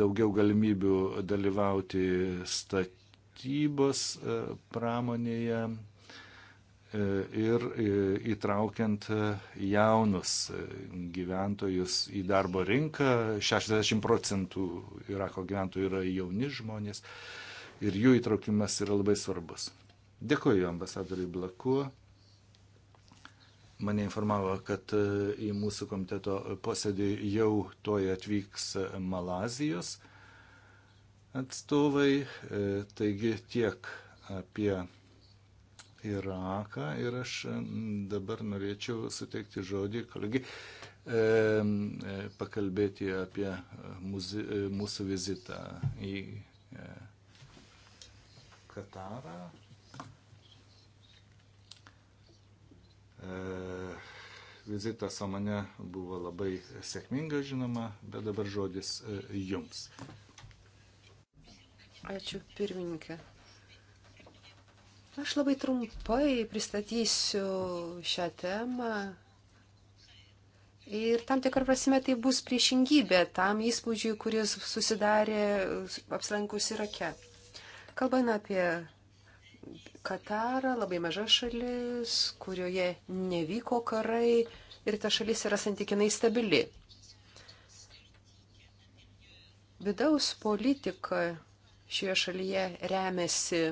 daugiau galimybių dalyvauti statybos pramonėje, ir e, įtraukiant e, jaunus e, gyventojus į darbo rinką. 60 procentų Irako gyventojų yra jauni žmonės ir jų įtraukimas yra labai svarbus. Dėkuoju ambasadoriui Blakuo. Mane informavo, kad į mūsų komiteto posėdį jau toj atvyks Malazijos atstovai. Taigi tiek apie Iraką ir aš dabar norėčiau suteikti žodį kolegi e, e pakalbėti apie e, muzi, e, mūsų vizitą į e, Katarą. E, vizitas Omane buvo labai sėkmingas, žinoma, bet dabar žodis jums. Ačiū pirmininkė. Aš labai trumpai pristatysiu šią temą. Ir tam tikrą prasme tai bus priešingybė tam įspūdžiui, kuris susidarė apsilankus Irake. Kalbant apie Katarą, labai maža šalis, kurioje nevyko karai ir ta šalis yra santykinai stabili. Vidaus politika šioje šalyje remiasi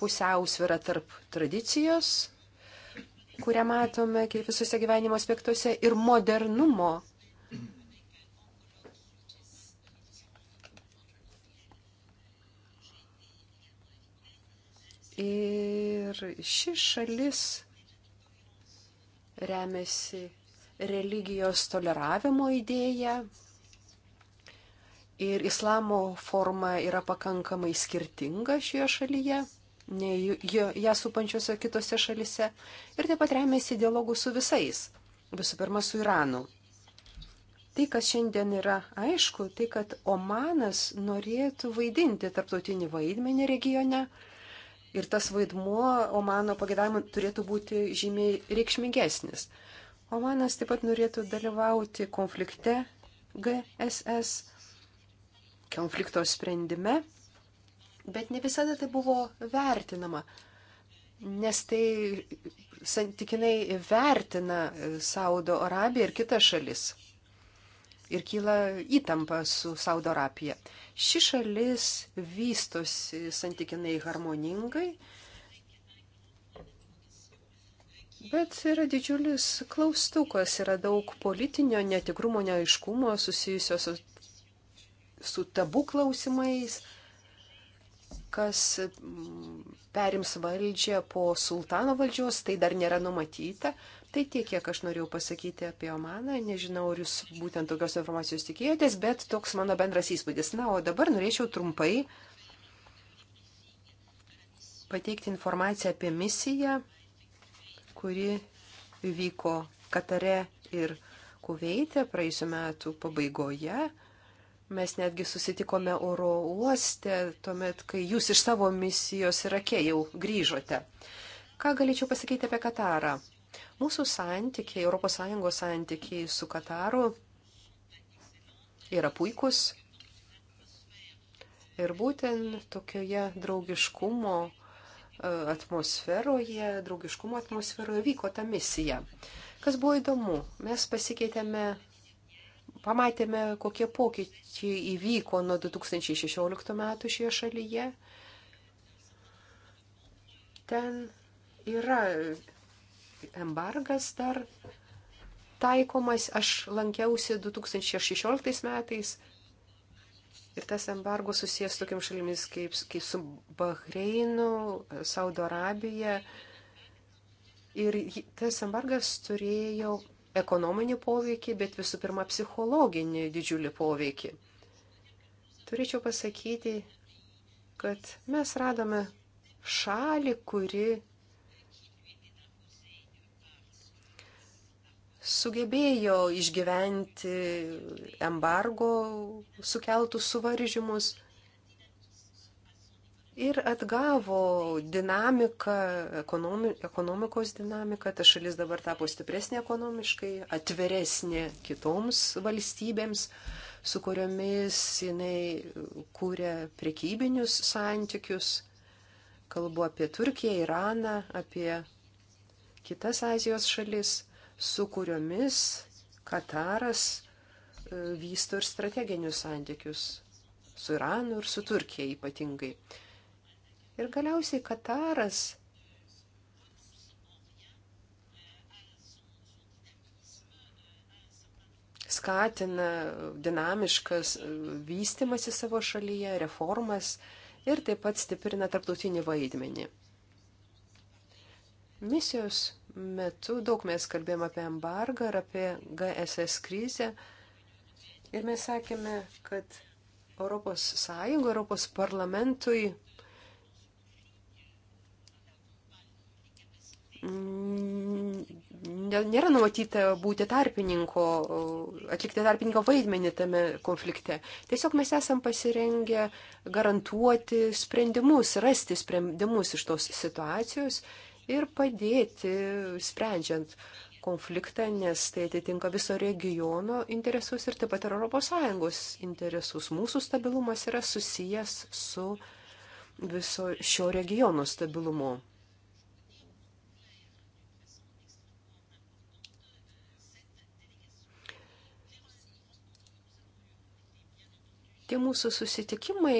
pusiausvyrą tarp tradicijos, kurią matome visose gyvenimo aspektuose, ir modernumo. Ir ši šalis remiasi religijos toleravimo idėja, ir islamo forma yra pakankamai skirtinga šioje šalyje nei ją supančiose kitose šalise. Ir taip pat remiasi dialogų su visais, visų pirma su Iranu. Tai, kas šiandien yra aišku, tai, kad Omanas norėtų vaidinti tarptautinį vaidmenį regione ir tas vaidmuo Omano pagėdavimu turėtų būti žymiai reikšmingesnis. Omanas taip pat norėtų dalyvauti konflikte GSS, konflikto sprendime bet ne visada tai buvo vertinama, nes tai santykinai vertina Saudo Arabija ir kitas šalis. Ir kyla įtampa su Saudo Arabija. Ši šalis vystosi santykinai harmoningai, bet yra didžiulis klaustukas, yra daug politinio netikrumo, neaiškumo susijusio su, su tabu klausimais kas mm, perims valdžią po sultano valdžios, tai dar nėra numatyta. Tai tiek, kiek aš norėjau pasakyti apie Omaną. Nežinau, ar jūs būtent tokios informacijos tikėjotės, bet toks mano bendras įspūdis. Na, o dabar norėčiau trumpai pateikti informaciją apie misiją, kuri vyko Katare ir Kuveitė praėjusiu metu pabaigoje. Mes netgi susitikome oro uoste, tuomet, kai jūs iš savo misijos Irake jau grįžote. Ką galėčiau pasakyti apie Katarą? Mūsų santykiai, ES santykiai su Kataru yra puikus. Ir būtent tokioje draugiškumo e, atmosferoje, draugiškumo atmosferoje vyko ta misija. Kas buvo įdomu, mes pasikeitėme pamatėme, kokie pokyčiai įvyko nuo 2016 metų šioje šalyje. Ten yra embargas dar taikomas. Aš lankiausi 2016 metais ir tas embargo susijęs tokiam šalimis kaip, kaip su Bahreinu, Saudo Arabija. Ir tas embargas turėjo ekonominį poveikį, bet visų pirma psichologinį didžiulį poveikį. Turėčiau pasakyti, kad mes radome šalį, kuri sugebėjo išgyventi embargo sukeltus suvaržymus ir atgavo dinamiką, ekonomi, ekonomikos dinamiką, ta šalis dabar tapo stipresnė ekonomiškai, atveresnė kitoms valstybėms, su kuriomis jinai kūrė prekybinius santykius. Kalbu apie Turkiją, Iraną, apie kitas Azijos šalis, su kuriomis Kataras e, vysto ir strateginius santykius su Iranu ir su Turkija ypatingai. Ir galiausiai Kataras skatina dinamiškas vystimasi savo šalyje, reformas ir taip pat stiprina tarptautinį vaidmenį. Misijos metu daug mes kalbėjome apie embargą ir apie GSS krizę ir mes sakėme, kad Europos Sąjungo, Europos parlamentui Mm, nėra numatyta būti tarpininko, atlikti tarpininko vaidmenį tame konflikte. Tiesiog mes esam pasirengę garantuoti sprendimus, rasti sprendimus iš tos situacijos ir padėti sprendžiant konfliktą, nes tai atitinka viso regiono interesus ir taip pat ir ES interesus. Mūsų stabilumas yra susijęs su viso šio regiono stabilumu. Tie mūsų susitikimai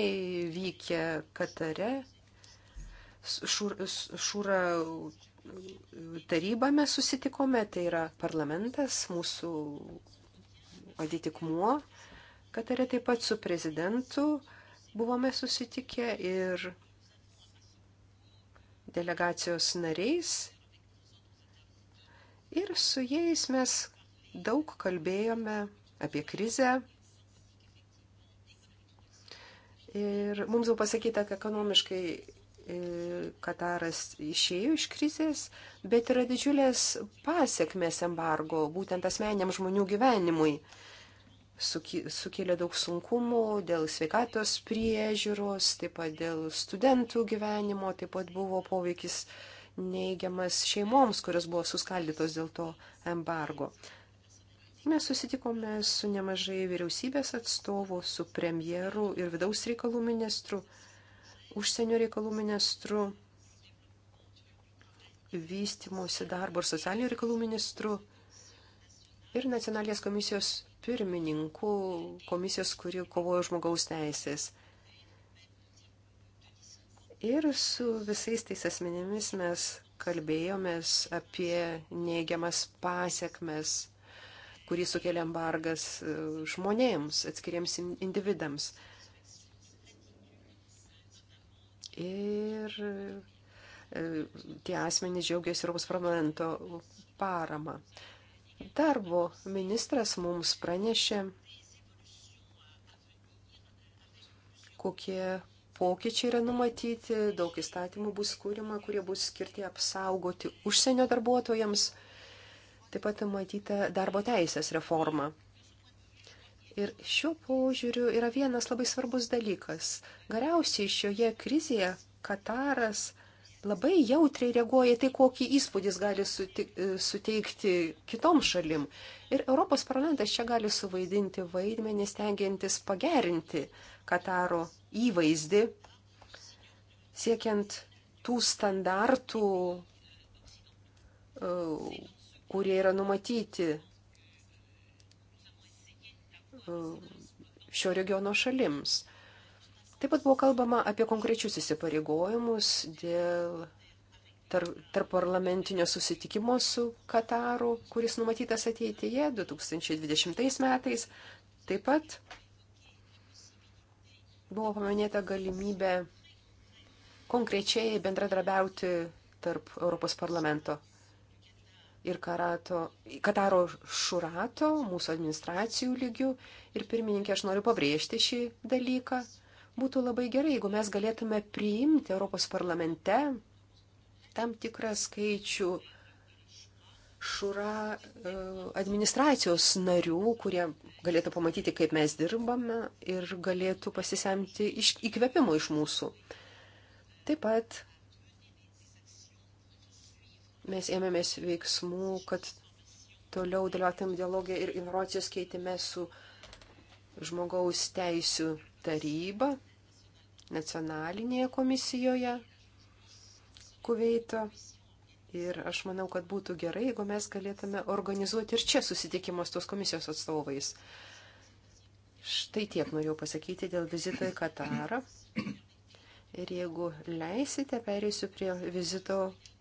vykė Katare, Šūra tarybą mes susitikome, tai yra parlamentas, mūsų atitikmuo, Katare taip pat su prezidentu buvome susitikę ir delegacijos nariais. Ir su jais mes daug kalbėjome apie krizę, Ir mums jau pasakyta, kad ekonomiškai e, Kataras išėjo iš krizės, bet yra didžiulės pasiekmes embargo būtent asmeniam žmonių gyvenimui. Sukėlė daug sunkumų dėl sveikatos priežiūros, taip pat dėl studentų gyvenimo, taip pat buvo poveikis neigiamas šeimoms, kurios buvo suskaldytos dėl to embargo. Mes susitikome su nemažai vyriausybės atstovų, su premjeru ir vidaus reikalų ministru, užsienio reikalų ministru, vystimosi darbo ir socialinių reikalų ministru ir nacionalinės komisijos pirmininku, komisijos, kuri kovojo žmogaus teisės. Ir su visais tais asmenėmis mes kalbėjomės apie neigiamas pasiekmes kurį sukelia embargas e, žmonėms, atskiriems individams. Ir e, tie asmenys džiaugiasi Europos parlamento parama. Darbo ministras mums pranešė, kokie pokyčiai yra numatyti, daug įstatymų bus kūrima, kurie bus skirti apsaugoti užsienio darbuotojams. Taip pat matyta darbo teisės reforma. Ir šiuo požiūriu yra vienas labai svarbus dalykas. Galiausiai šioje krizėje Kataras labai jautriai reaguoja tai, kokį įspūdis gali suteikti kitom šalim. Ir Europos parlamentas čia gali suvaidinti vaidmenį, stengiantis pagerinti Kataro įvaizdį, siekiant tų standartų, kurie yra numatyti e, šio regiono šalims. Taip pat buvo kalbama apie konkrečius įsipareigojimus dėl tarp parlamentinio susitikimo su Kataru, kuris numatytas ateityje 2020 metais. Taip pat buvo paminėta galimybė konkrečiai bendradarbiauti tarp Europos parlamento ir Karato, Kataro Šurato, mūsų administracijų lygių. Ir pirmininkė, aš noriu pabrėžti šį dalyką. Būtų labai gerai, jeigu mes galėtume priimti Europos parlamente tam tikrą skaičių šura e, administracijos narių, kurie galėtų pamatyti, kaip mes dirbame ir galėtų pasisemti iš, įkvėpimo iš mūsų. Taip pat mes ėmėmės veiksmų, kad toliau dalyvautumėm dialogę ir informacijos keitime su žmogaus teisų taryba nacionalinėje komisijoje Kuveito. Ir aš manau, kad būtų gerai, jeigu mes galėtume organizuoti ir čia susitikimus tos komisijos atstovais. Štai tiek norėjau pasakyti dėl vizito į Katarą. Ir jeigu leisite, pereisiu prie vizito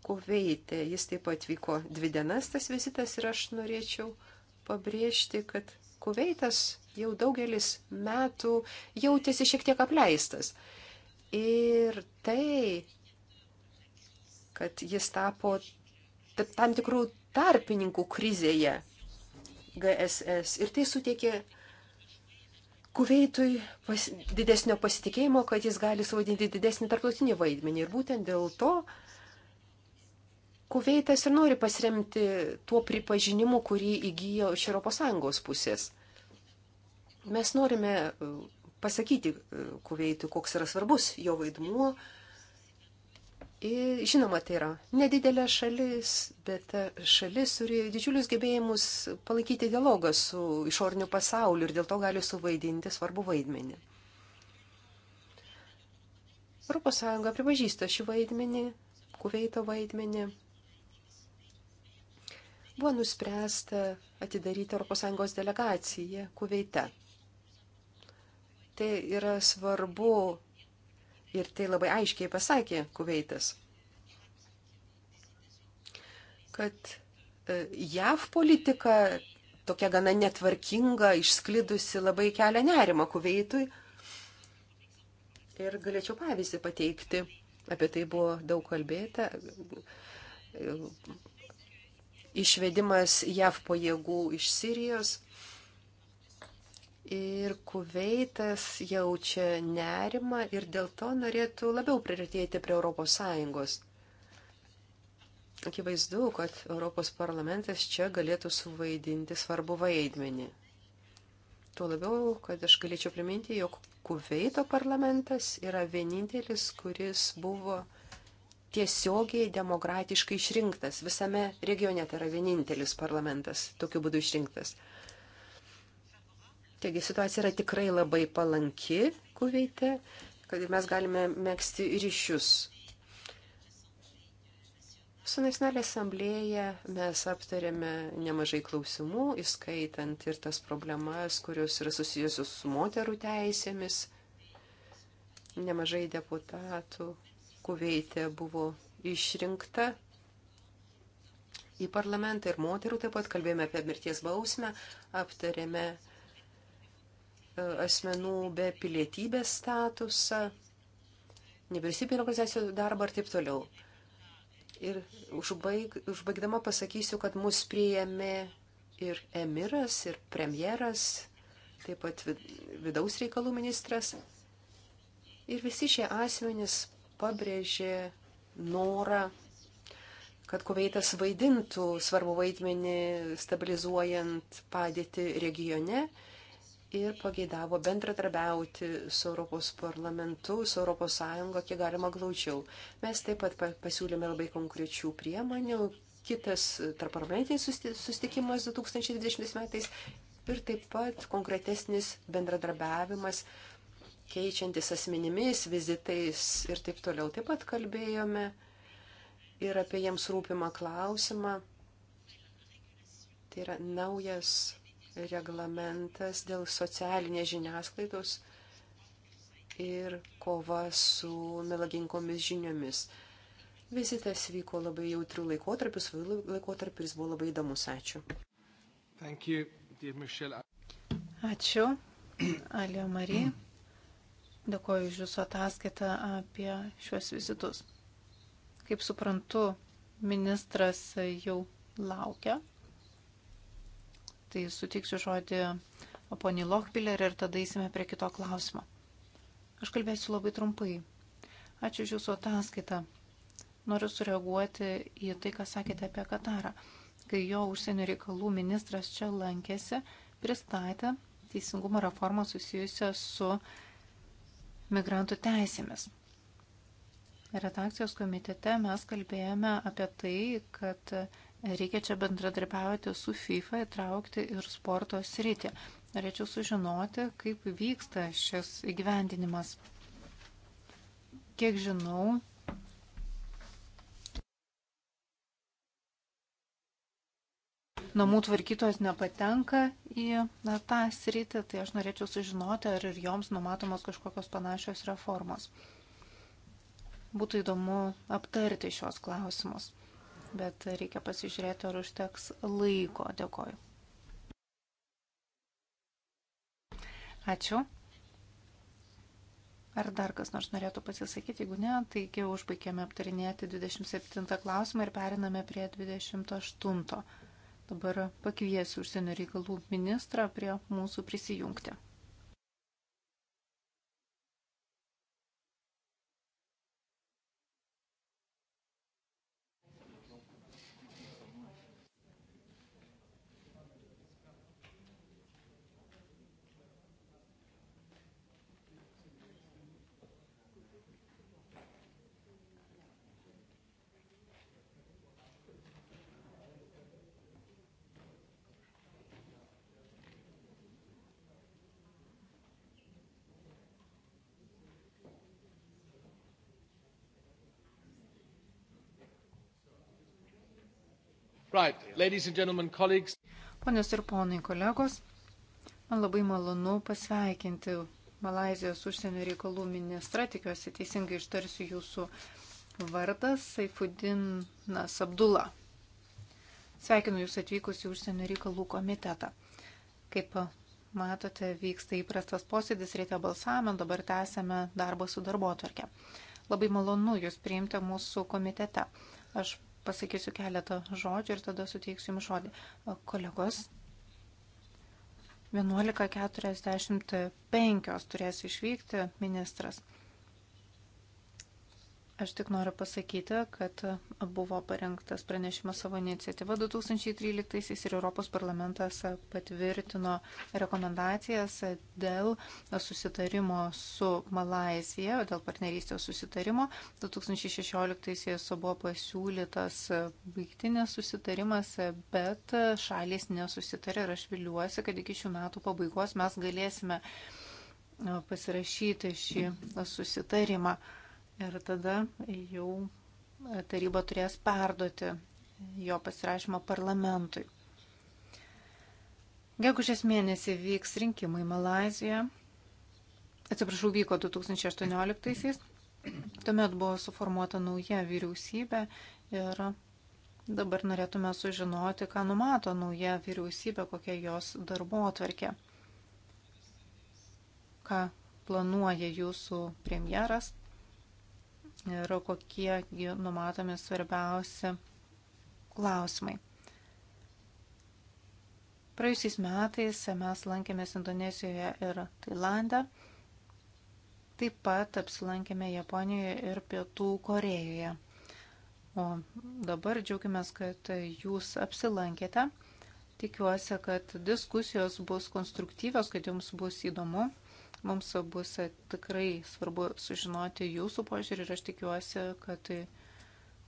Kuveite. Jis taip pat vyko dvi dienas tas vizitas ir aš norėčiau pabrėžti, kad Kuveitas jau daugelis metų jautėsi šiek tiek apleistas. Ir tai, kad jis tapo tam tikrų tarpininkų krizėje GSS ir tai suteikė Kuveitui pas, didesnio pasitikėjimo, kad jis gali suvaidinti didesnį tarptautinį vaidmenį. Ir būtent dėl to Kuveitas ir nori pasiremti tuo pripažinimu, kurį įgyjo iš ES pusės. Mes norime uh, pasakyti uh, Kuveitui, koks yra svarbus jo vaidmuo Ir žinoma, tai yra nedidelė šalis, bet ta e, šalis turi didžiulius gebėjimus palaikyti dialogą su išorniu pasauliu ir dėl to gali suvaidinti svarbu vaidmenį. ES pripažįsta šį vaidmenį, kuveito vaidmenį. Buvo nuspręsta atidaryti ES delegaciją kuveite. Tai yra svarbu Ir tai labai aiškiai pasakė Kuveitas, kad e, JAV politika tokia gana netvarkinga, išsklidusi labai kelia nerima Kuveitui. Ir galėčiau pavyzdį pateikti, apie tai buvo daug kalbėta. Išvedimas JAV pajėgų iš Sirijos Ir Kuveitas jaučia nerimą ir dėl to norėtų labiau priartėti prie ES. Akivaizdu, kad Europos parlamentas čia galėtų suvaidinti svarbu vaidmenį. Tuo labiau, kad aš galėčiau priminti, jog Kuveito parlamentas yra vienintelis, kuris buvo tiesiogiai demokratiškai išrinktas. Visame regione tai yra vienintelis parlamentas tokiu būdu išrinktas. Taigi situacija yra tikrai labai palanki kuveite, kad mes galime mėgsti ryšius. Su Nacionalinė asamblėje mes aptarėme nemažai klausimų, įskaitant ir tas problemas, kurios yra susijusios su moterų teisėmis. Nemažai deputatų kuveitė buvo išrinkta į parlamentą ir moterų taip pat kalbėjome apie mirties bausmę, aptarėme asmenų be pilietybės statusą, nevyriausybinio organizacijų darbą ir taip toliau. Ir užbaig, užbaigdama pasakysiu, kad mus prieėmė ir emiras, ir premjeras, taip pat vidaus reikalų ministras. Ir visi šie asmenys pabrėžė norą, kad Kuveitas vaidintų svarbu vaidmenį stabilizuojant padėtį regione ir pageidavo bendradarbiauti su Europos parlamentu, su Europos Sąjunga, kiek galima glaučiau. Mes taip pat pasiūlėme labai konkrečių priemonių. Kitas tarparlamentinis susitikimas 2020 metais ir taip pat konkretesnis bendradarbiavimas, keičiantis asmenimis, vizitais ir taip toliau. Taip pat kalbėjome ir apie jiems rūpimą klausimą. Tai yra naujas reglamentas dėl socialinės žiniasklaidos ir kova su melagingomis žiniomis. Vizitas vyko labai jautrių laikotarpių, svajų laikotarpių, jis buvo labai įdomus. Ačiū. You, Ačiū, Alio Marija. Dėkoju už Jūsų ataskaitą apie šiuos vizitus. Kaip suprantu, ministras jau laukia tai sutiksiu žodį poniai Lochbiller ir tada įsime prie kito klausimo. Aš kalbėsiu labai trumpai. Ačiū iš jūsų ataskaitą. Noriu sureaguoti į tai, ką sakėte apie Katarą. Kai jo užsienio reikalų ministras čia lankėsi, pristatė teisingumo reformą susijusią su migrantų teisėmis. Redakcijos komitete mes kalbėjome apie tai, kad Reikia čia bendradarbiauti su FIFA, įtraukti ir sporto sritį. Norėčiau sužinoti, kaip vyksta šis įgyvendinimas. Kiek žinau, namų tvarkytojas nepatenka į na, tą sritį, tai aš norėčiau sužinoti, ar ir joms numatomos kažkokios panašios reformos. Būtų įdomu aptarti šios klausimus bet reikia pasižiūrėti, ar užteks laiko. Dėkoju. Ačiū. Ar dar kas nors norėtų pasisakyti? Jeigu ne, taigi užbaigėme aptarinėti 27 klausimą ir periname prie 28. Dabar pakviesiu užsienio reikalų ministrą prie mūsų prisijungti. Right, ladies and gentlemen, colleagues. Ponios ir ponai, kolegos, man labai malonu pasveikinti Malazijos užsienio reikalų ministrą, tikiuosi teisingai ištarsiu jūsų vardas, Saifudinas Abdula. Sveikinu Jūs atvykus į užsienio reikalų komitetą. Kaip matote, vyksta įprastas posėdis, reikia balsavimą, dabar tęsėme darbą su darbo atvarkė. Labai malonu Jūs priimti mūsų komitete. Aš pasakysiu keletą žodžių ir tada suteiksiu jums žodį. Kolegos, 11.45 turės išvykti ministras. Aš tik noriu pasakyti, kad buvo parengtas pranešimas savo iniciatyva 2013 ir Europos parlamentas patvirtino rekomendacijas dėl susitarimo su Malazija, dėl partnerystės susitarimo. 2016 buvo pasiūlytas baigtinės susitarimas, bet šalis nesusitarė ir aš viliuosi, kad iki šių metų pabaigos mes galėsime pasirašyti šį susitarimą. Ir tada jau taryba turės perduoti jo pasirašymą parlamentui. Gegužės mėnesį vyks rinkimai Malazijoje. Atsiprašau, vyko 2018-aisiais. Tuomet buvo suformuota nauja vyriausybė ir dabar norėtume sužinoti, ką numato nauja vyriausybė, kokia jos darbo atverkė. Ką planuoja jūsų premjeras ir kokie numatomi svarbiausi klausimai. Praėjusiais metais mes lankėmės Indonezijoje ir Tailande. Taip pat apsilankėme Japonijoje ir Pietų Korejoje. O dabar džiaugiamės, kad jūs apsilankėte. Tikiuosi, kad diskusijos bus konstruktyvios, kad jums bus įdomu. Mums bus e, tikrai svarbu sužinoti jūsų požiūrį ir aš tikiuosi, kad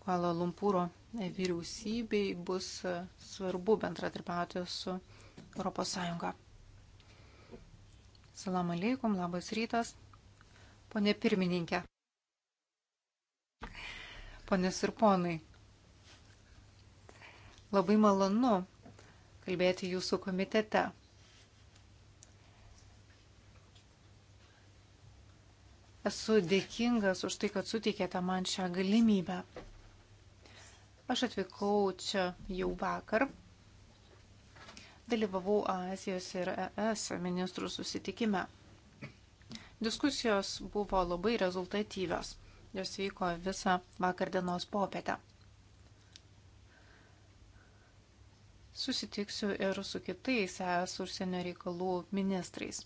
Kuala Lumpūro e, vyriausybei bus e, svarbu bendradarbiauti su ES. Salam aleikum, labas rytas. Pone pirmininkė. Ponės ir ponai. Labai malonu kalbėti jūsų komitete. Esu dėkingas už tai, kad suteikėte man šią galimybę. Aš atvykau čia jau vakar. Dalyvavau Azijos ir ES ministrų susitikime. Diskusijos buvo labai rezultatyvios. Jos vyko visą vakardienos popietę. susitiksiu ir su kitais es užsienio reikalų ministrais.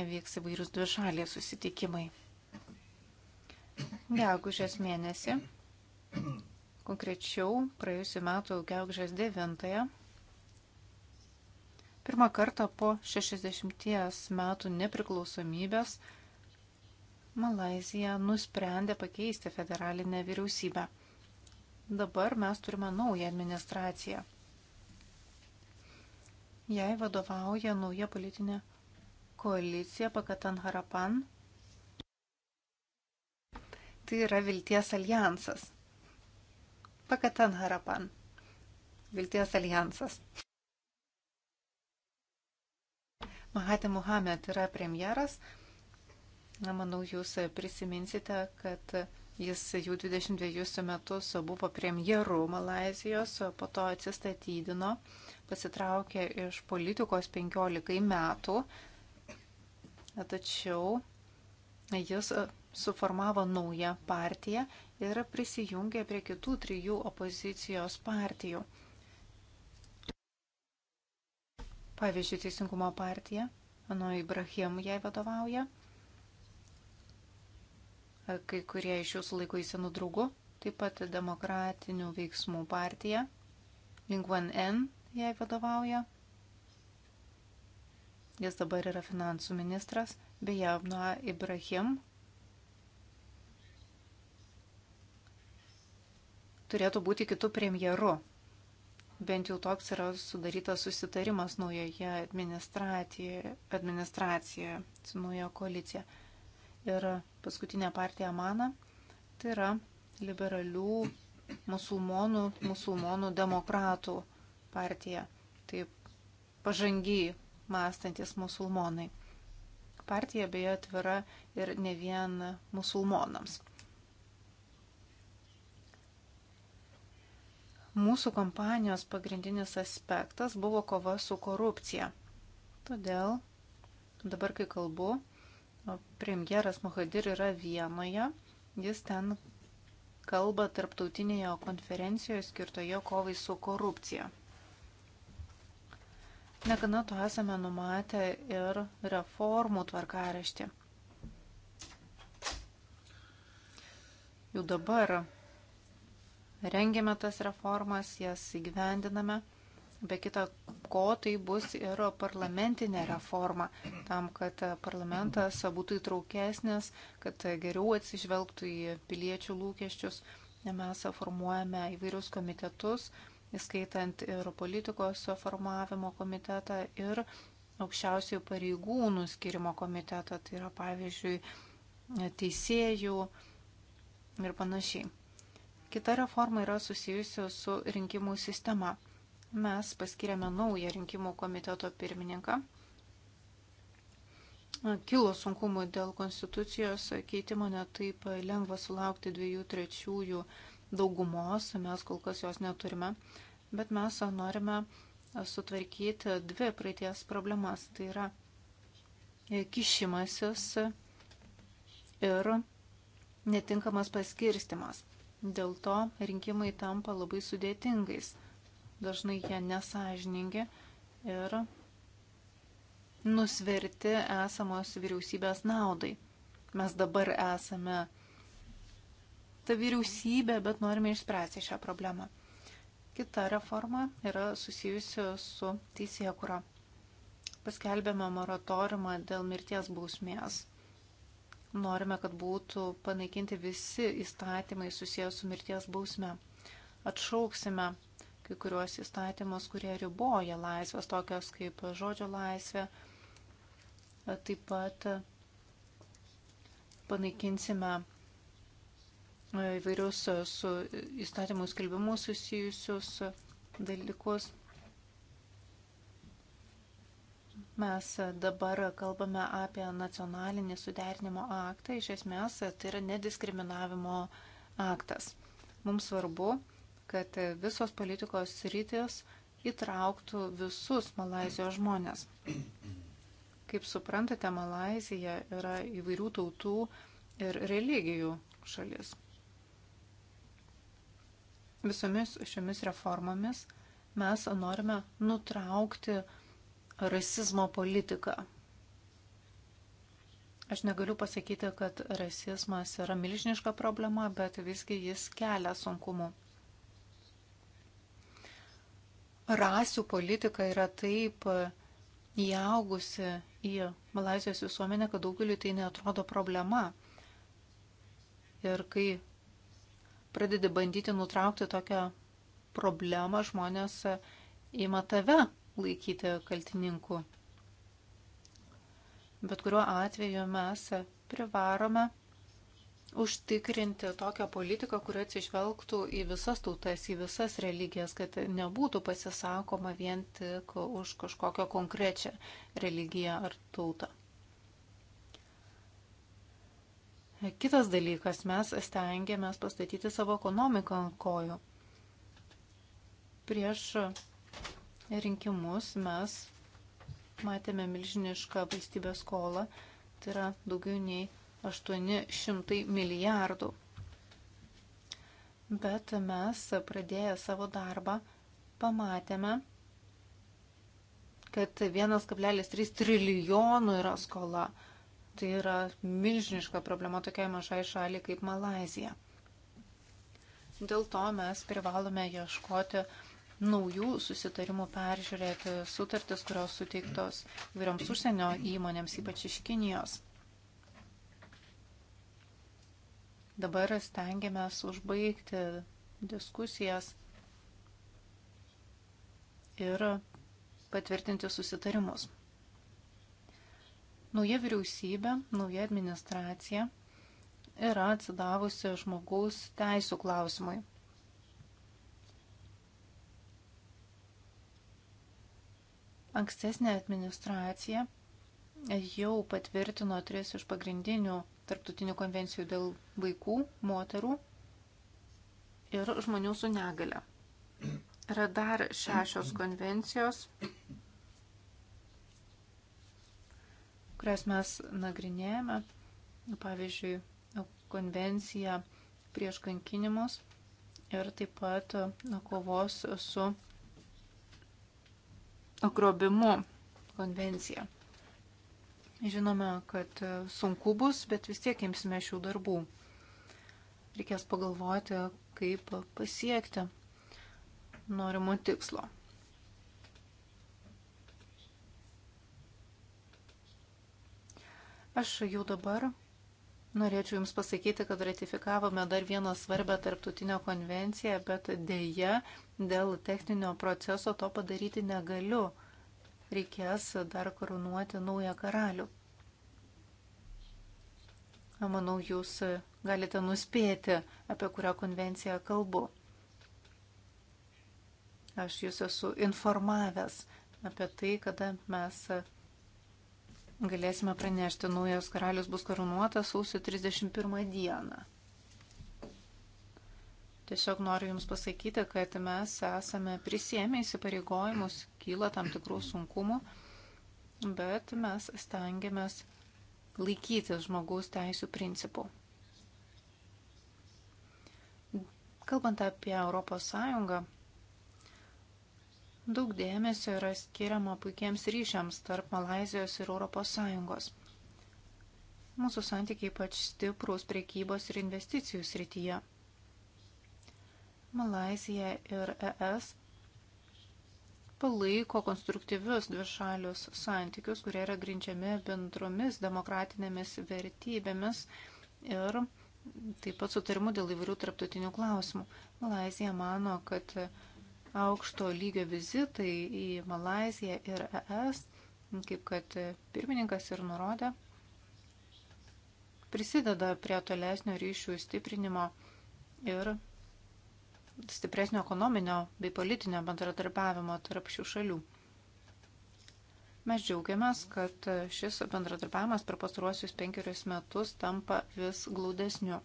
Nevyks įvairius dvišaliai susitikimai gegužės mėnesį, konkrečiau praėjusiu metu gegužės 9-ąją, pirmą kartą po 60 metų nepriklausomybės Malazija nusprendė pakeisti federalinę vyriausybę. Dabar mes turime naują administraciją. Jai vadovauja nauja politinė koalicija Pakatan Harapan – Tai yra vilties alijansas. Pakatan Harapan. Vilties alijansas. Mahatė Muhamed yra premjeras. Na, manau, jūs prisiminsite, kad jis jų 22 metus buvo premjeru Malazijos, po to atsistatydino, pasitraukė iš politikos 15 metų, tačiau jis suformavo naują partiją ir prisijungė prie kitų trijų opozicijos partijų. Pavyzdžiui, Teisingumo partija, Anu Ibrahim jai vadovauja, kai kurie iš jūsų laiko įsenų draugų, taip pat Demokratinių veiksmų partija, Lingwan N jai vadovauja, jis dabar yra finansų ministras, beje, Abnoa Ibrahim turėtų būti kitų premjeru. Bent jau toks yra sudarytas susitarimas naujoje administracijoje, administracijoje su nauja koalicija. Ir paskutinė partija Mana, tai yra liberalių musulmonų, musulmonų demokratų partija. Tai pažangiai mąstantis musulmonai. Partija beje atvira ir ne vien musulmonams. Mūsų kompanijos pagrindinis aspektas buvo kova su korupcija. Todėl dabar, kai kalbu, premjeras Muhadir yra vienoje, jis ten kalba tarptautinėje konferencijoje skirtoje kovai su korupcija. Negana to esame numatę ir reformų tvarkaraštį. Jau dabar rengiame tas reformas, jas įgyvendiname. Be kita ko, tai bus ir parlamentinė reforma, tam, kad parlamentas būtų įtraukesnis, kad geriau atsižvelgtų į piliečių lūkesčius. Mes formuojame įvairius komitetus, įskaitant ir politikos formavimo komitetą ir aukščiausių pareigūnų skirimo komitetą, tai yra pavyzdžiui teisėjų ir panašiai. Kita reforma yra susijusi su rinkimų sistema. Mes paskiriame naują rinkimų komiteto pirmininką. Kilo sunkumų dėl konstitucijos keitimo, netaip lengva sulaukti dviejų trečiųjų daugumos, mes kol kas jos neturime, bet mes norime sutvarkyti dvi praeities problemas. Tai yra kišimasis ir netinkamas paskirstimas. Dėl to rinkimai tampa labai sudėtingais. Dažnai jie nesažiningi ir nusverti esamos vyriausybės naudai. Mes dabar esame ta vyriausybė, bet norime išspręsti šią problemą. Kita reforma yra susijusi su teisėkura. Paskelbėme moratoriumą dėl mirties bausmės. Norime, kad būtų panaikinti visi įstatymai susijęs su mirties bausme. Atšauksime kai kuriuos įstatymus, kurie riboja laisvės, tokios kaip žodžio laisvė. Taip pat panaikinsime e, įvairius e, su įstatymų skelbimu susijusius dalykus. Mes dabar kalbame apie nacionalinį suderinimo aktą. Iš esmės, tai yra nediskriminavimo aktas. Mums svarbu, kad visos politikos rytis įtrauktų visus Malazijos žmonės. Kaip suprantate, Malazija yra įvairių tautų ir religijų šalis. Visomis šiomis reformomis mes norime nutraukti uh, rasizmo politiką. Aš negaliu pasakyti, kad rasizmas yra milžiniška problema, bet visgi jis kelia sunkumų. Rasių politika yra taip įaugusi į Malazijos visuomenę, kad daugeliu tai netrodo problema. Ir kai pradedi bandyti nutraukti tokią problemą, žmonės ima tave laikyti kaltininku. Bet kuriuo atveju mes privarome užtikrinti tokią politiką, kuri atsižvelgtų į visas tautas, į visas religijas, kad nebūtų pasisakoma vien tik už kažkokią konkrečią religiją ar tautą. Kitas dalykas, mes stengiamės pastatyti savo ekonomiką ant kojų. Prieš rinkimus mes matėme milžinišką valstybės skolą, tai yra daugiau nei 800 milijardų. Bet mes pradėję savo darbą pamatėme, kad 1,3 trilijonų yra skola. Tai yra milžiniška problema tokiai mažai šaliai kaip Malazija. Dėl to mes privalome ieškoti naujų susitarimų peržiūrėti sutartis, kurios suteiktos įvairioms užsienio įmonėms, ypač iš Kinijos. Dabar stengiamės užbaigti diskusijas ir patvirtinti susitarimus. Nauja vyriausybė, nauja administracija yra atsidavusi žmogaus teisų klausimui. Ankstesnė administracija jau patvirtino tris iš pagrindinių tarptautinių konvencijų dėl vaikų, moterų ir žmonių su negale. Yra dar šešios konvencijos, kurias mes nagrinėjame. Pavyzdžiui, konvencija prieš kankinimus ir taip pat kovos su grobimu konvenciją. Žinome, kad e, sunku bus, bet vis tiek imsime šių darbų. Reikės pagalvoti, kaip pasiekti norimo tikslo. Aš jau dabar norėčiau Jums pasakyti, kad ratifikavome dar vieną svarbę tarptautinę konvenciją, bet dėja Dėl techninio proceso to padaryti negaliu. Reikės dar karūnuoti naują karalių. Manau, jūs galite nuspėti, apie kurią konvenciją kalbu. Aš jūs esu informavęs apie tai, kada mes galėsime pranešti, naujas karalius bus karūnuotas sausio 31 dieną. Tiesiog noriu Jums pasakyti, kad mes esame prisėmę įsipareigojimus, kyla tam tikrų sunkumų, bet mes stengiamės laikytis žmogaus teisų principų. Kalbant apie ES, daug dėmesio yra skiriama puikiems ryšiams tarp Malazijos ir ES. Mūsų santykiai ypač stiprūs priekybos ir investicijų srityje. Malazija ir ES palaiko konstruktyvius dvišalius santykius, kurie yra grindžiami bendromis demokratinėmis vertybėmis ir taip pat sutarimu dėl įvairių tarptautinių klausimų. Malazija mano, kad aukšto lygio vizitai į Malaziją ir ES, kaip kad pirmininkas ir nurodė, prisideda prie tolesnio ryšių stiprinimo ir stipresnio ekonominio bei politinio bendradarbiavimo tarp šių šalių. Mes džiaugiamės, kad šis bendradarbiavimas per pastaruosius penkerius metus tampa vis glaudesniu.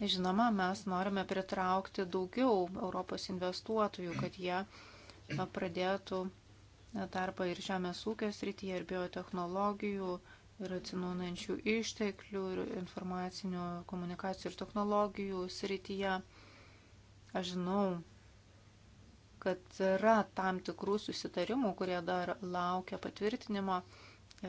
Žinoma, mes norime pritraukti daugiau Europos investuotojų, kad jie pradėtų darbą ir žemės ūkio srityje, ir biotehnologijų, ir atsinaunančių išteklių, ir informacinių komunikacijų ir technologijų srityje. Aš žinau, kad yra tam tikrų susitarimų, kurie dar laukia patvirtinimo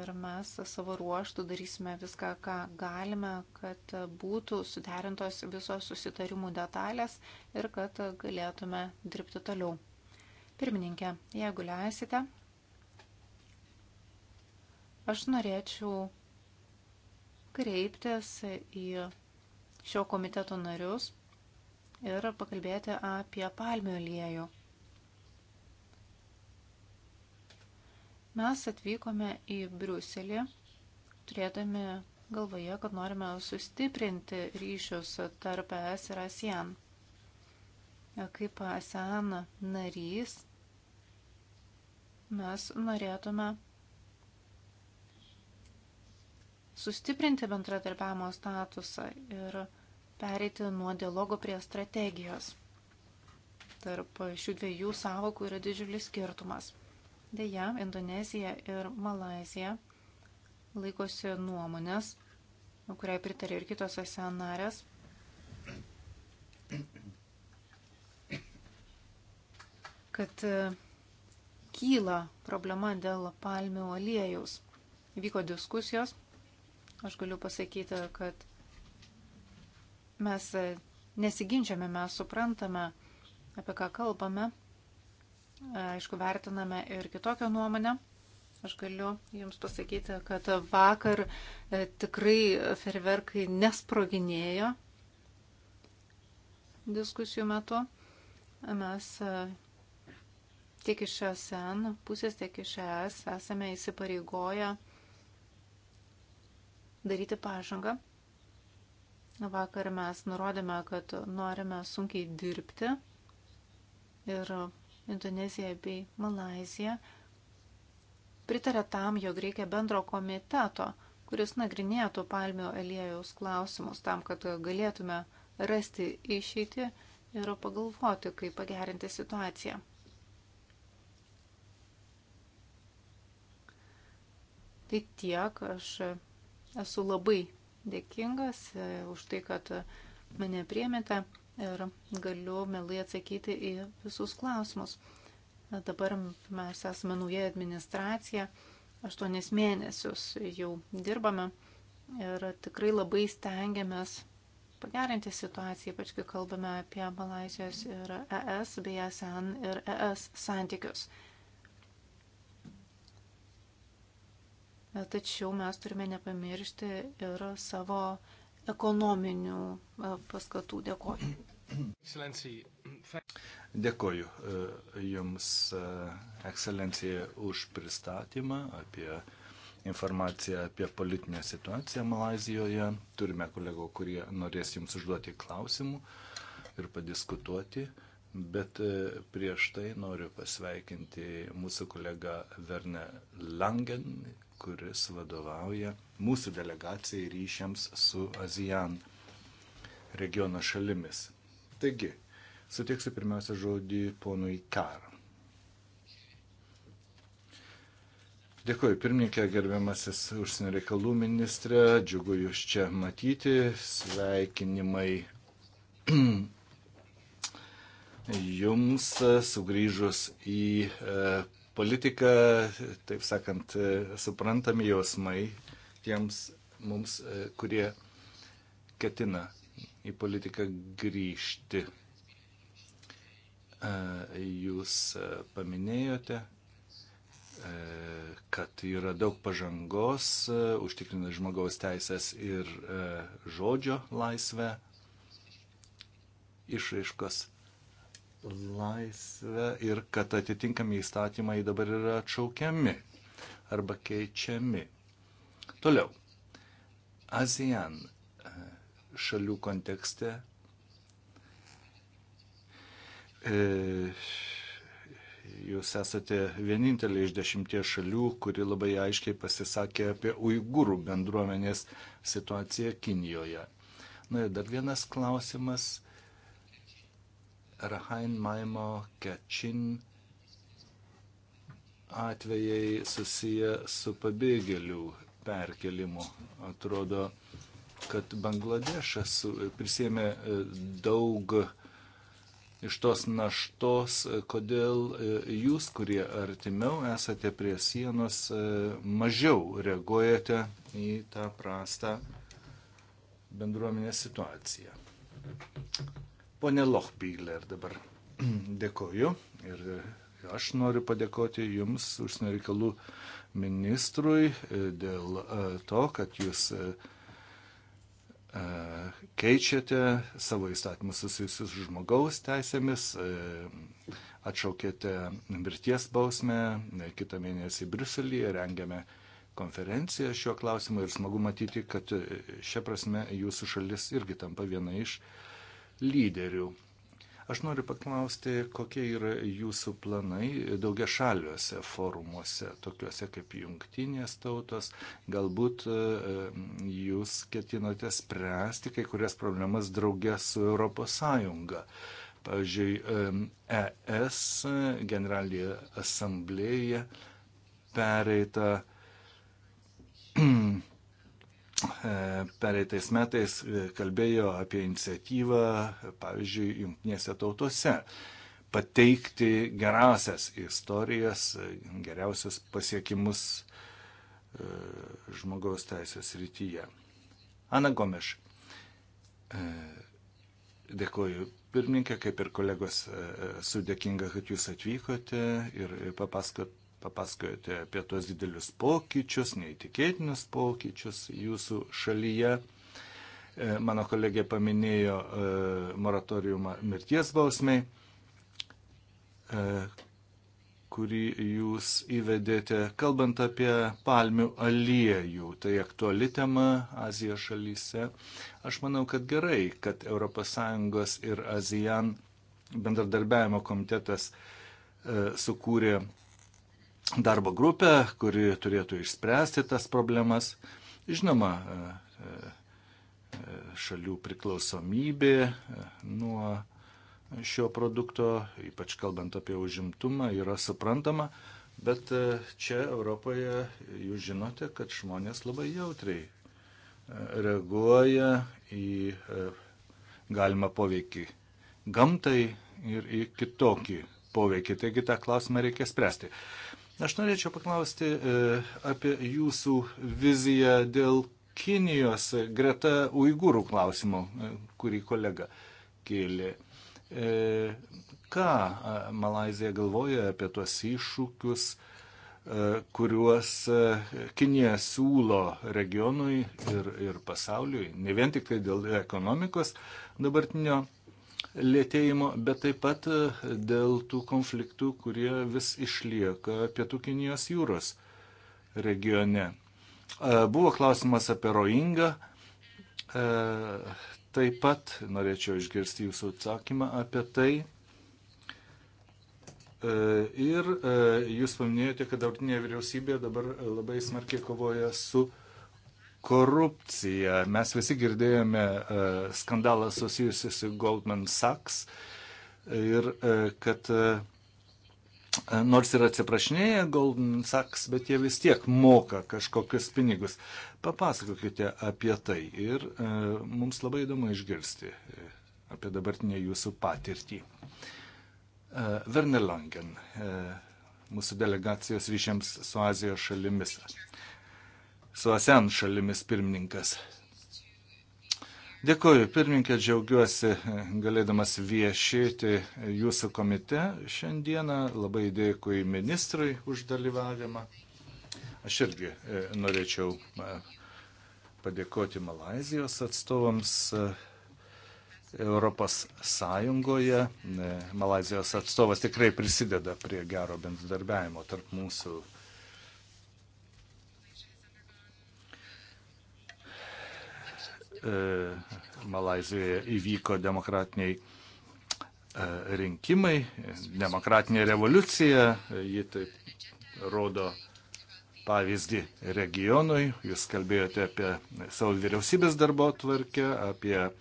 ir mes savo ruoštų darysime viską, ką galime, kad būtų suderintos visos susitarimų detalės ir kad galėtume dirbti toliau. Pirmininkė, jeigu leisite, Aš norėčiau kreiptis į šio komiteto narius ir pakalbėti apie palmių aliejų. Mes atvykome į Briuselį, turėdami galvoje, kad norime sustiprinti ryšius tarp ES ir ASEAN. Kaip ASEAN narys, mes norėtume sustiprinti bendradarbiavimo statusą ir pereiti nuo dialogo prie strategijos. Tarp šių dviejų savokų yra didžiulis skirtumas. Deja, Indonezija ir Malazija laikosi nuomonės, kuriai pritarė ir kitos senarės. kad e, kyla problema dėl palmių aliejaus. Vyko diskusijos Aš galiu pasakyti, kad mes nesiginčiame, mes suprantame, apie ką kalbame. Aišku, vertiname ir kitokią nuomonę. Aš galiu Jums pasakyti, kad vakar e, tikrai ferverkai nesproginėjo diskusijų metu. Mes e, tiek iš SN pusės, tiek iš ES esame įsipareigoję daryti pažangą. Vakar mes nurodėme, kad norime sunkiai dirbti ir Indonezija bei Malazija pritarė tam, jog reikia bendro komiteto, kuris nagrinėtų palmių aliejaus klausimus tam, kad galėtume rasti išeitį ir pagalvoti, kaip pagerinti situaciją. Tai tiek aš Esu labai dėkingas e, už tai, kad mane priemėte ir galiu melai atsakyti į visus klausimus. Dabar mes esame nauja administracija, aštuonis mėnesius jau dirbame ir tikrai labai stengiamės pagerinti situaciją, ypač kai kalbame apie Malazijos ir ES bei ASEAN ir ES santykius. tačiau mes turime nepamiršti ir savo ekonominių e, paskatų. Dėkoju. Dėkoju e, Jums, e, ekscelencija, už pristatymą apie informaciją apie politinę situaciją Malazijoje. Turime kolegų, kurie norės Jums užduoti klausimų ir padiskutuoti. Bet prieš tai noriu pasveikinti mūsų kolegą Verne Langen, kuris vadovauja mūsų delegacijai ryšiams su ASEAN regiono šalimis. Taigi, suteiksiu pirmiausia žodį ponui Kar. Dėkuoju, pirmininkė, gerbiamasis užsienio reikalų ministrė, džiugu jūs čia matyti, sveikinimai jums sugrįžus į e, politika, taip sakant, e, suprantami jausmai tiems mums, e, kurie ketina į politiką grįžti. E, jūs paminėjote, kad yra daug pažangos, užtikrina žmogaus teisės ir žodžio laisvę išraiškos laisvę ir kad atitinkami įstatymai dabar yra atšaukiami arba keičiami. Toliau. ASEAN e, šalių kontekste e, jūs esate vienintelė iš dešimties šalių, kuri labai aiškiai pasisakė apie uigūrų bendruomenės situaciją Kinijoje. Na ir dar vienas klausimas Rahain Maimo Kečin atvejai susiję su pabėgėlių perkelimu. Atrodo, kad Bangladešas prisėmė e, daug e, iš tos naštos, e, kodėl jūs, kurie artimiau esate prie sienos, mažiau reaguojate į tą prastą bendruomenės situaciją. Pone Lochbyler dabar dėkoju ir aš noriu padėkoti Jums užsienio reikalų ministrui dėl e, to, kad Jūs e, e, keičiate savo įstatymus susijusius žmogaus teisėmis, atšaukėte mirties bausmę, kitą mėnesį Briuselėje rengiame konferenciją šiuo klausimu ir smagu matyti, kad šia prasme jūsų šalis irgi tampa viena iš uh, lyderių. Aš noriu paklausti, kokie yra jūsų planai daugia šaliuose forumuose, tokiuose kaip jungtinės tautos. Galbūt e, jūs ketinote spręsti kai kurias problemas draugė su ES. Pavyzdžiui, ES e generalinėje asamblėje pereita pereitais metais e, kalbėjo apie iniciatyvą, pavyzdžiui, jungtinėse tautose pateikti gerasias istorijas, e, geriausias pasiekimus e, žmogaus teisės rytyje. Ana Gomeš. Dėkuoju pirmininkė, kaip ir kolegos, esu dėkinga, kad jūs atvykote ir papasakot papasakojote apie tuos didelius pokyčius, neįtikėtinius pokyčius jūsų šalyje. E, mano kolegė paminėjo e, moratoriumą mirties bausmiai, e, kurį jūs įvedėte, kalbant apie palmių aliejų. Tai aktuali tema Azijos šalyse. Aš manau, kad gerai, kad ES ir ASEAN bendradarbiavimo komitetas sukūrė darbo grupę, kuri turėtų išspręsti tas problemas. Žinoma, e, e, šalių priklausomybė e, nuo šio produkto, ypač kalbant apie užimtumą, yra suprantama, bet čia Europoje jūs žinote, kad žmonės labai jautriai reaguoja į galimą poveikį gamtai ir į kitokį poveikį. Taigi tą klausimą reikia spręsti. Aš norėčiau paklausti e, apie jūsų viziją dėl Kinijos greta uigūrų klausimo, e, kurį kolega kėlė. E, ką Malazija galvoja apie tuos iššūkius, kuriuos Kinija siūlo regionui ir, ir pasauliui, ne vien tik tai dėl ekonomikos dabartinio lėtėjimo, bet taip pat e, dėl tų konfliktų, kurie vis išlieka pietų Kinijos jūros regione. E, buvo klausimas apie Roingą. E, taip pat norėčiau išgirsti jūsų atsakymą apie tai. Ir jūs paminėjote, kad dabartinė vyriausybė dabar labai smarkiai kovoja su korupcija. Mes visi girdėjome e, skandalą susijusi su Goldman Sachs ir e, kad e, nors ir atsiprašinėja Goldman Sachs, bet jie vis tiek moka kažkokius pinigus. Papasakokite apie tai ir mums labai įdomu išgirsti apie dabartinę jūsų patirtį. Werner Langen, mūsų delegacijos ryšiams su Azijos šalimis su ASEAN šalimis pirmininkas. Dėkuoju, pirmininkė, džiaugiuosi e, galėdamas viešyti jūsų komite šiandieną. Labai dėkui ministrui už dalyvavimą. Aš irgi e, norėčiau e, padėkoti Malazijos atstovams Europos Sąjungoje. Malazijos atstovas tikrai prisideda prie gero bendradarbiavimo tarp mūsų E, Malazijoje įvyko demokratiniai e, rinkimai, demokratinė revoliucija, ji taip rodo pavyzdį regionui. Jūs kalbėjote apie savo vyriausybės darbo tvarkę, apie e,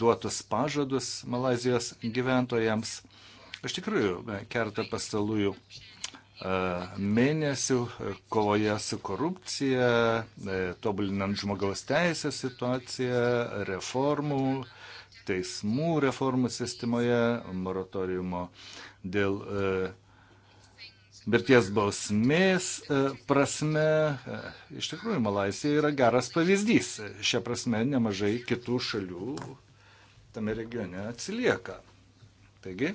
duotus pažadus Malazijos gyventojams. Aš tikrųjų keletą pastalųjų E, mėnesių kovoje su korupcija, e, tobulinant žmogaus teisę situaciją, reformų, teismų reformų sistemoje, moratoriumo dėl e, mirties bausmės prasme. Iš tikrųjų, Malaisija yra geras pavyzdys. Šią prasme nemažai kitų šalių tame regione atsilieka. Taigi,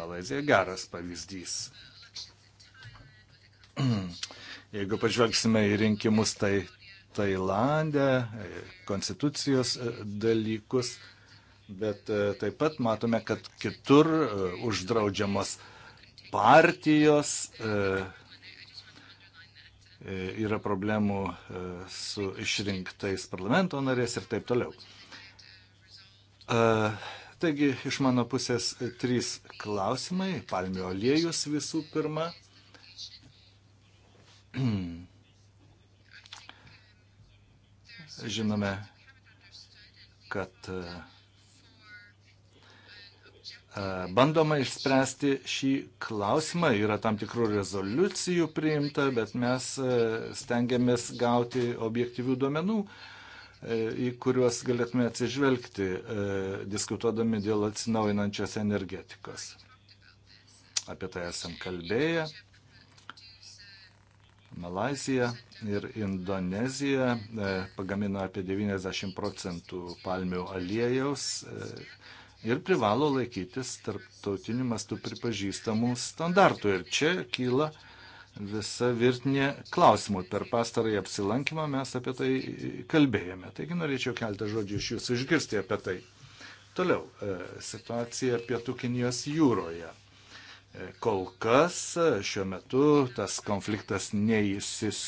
Malaisija geras pavyzdys. Jeigu pažvelgsime į rinkimus, tai Tailandę, konstitucijos e, dalykus, bet e, taip pat matome, kad kitur e, uždraudžiamos partijos, yra problemų su išrinktais parlamento narės ir taip toliau. Taigi iš mano pusės trys klausimai. Palmių aliejus visų pirma. Žinome, kad e, e, bandoma išspręsti šį klausimą, yra tam tikrų rezoliucijų priimta, bet mes e, stengiamės gauti objektyvių duomenų, į kuriuos galėtume atsižvelgti, diskutuodami dėl atsinaujinančios energetikos. Apie tai esam kalbėję. Malazija ir Indonezija e, pagamino apie 90 procentų palmių aliejaus e, ir privalo laikytis tarptautiniu mastu pripažįstamų standartų. Ir čia kyla visa virtinė klausimų. Per pastarąjį apsilankymą mes apie tai kalbėjome. Taigi norėčiau keltą žodžių iš jūsų išgirsti apie tai. Toliau, e, situacija pietų Kinijos jūroje. Kol kas šiuo metu tas konfliktas neįsis,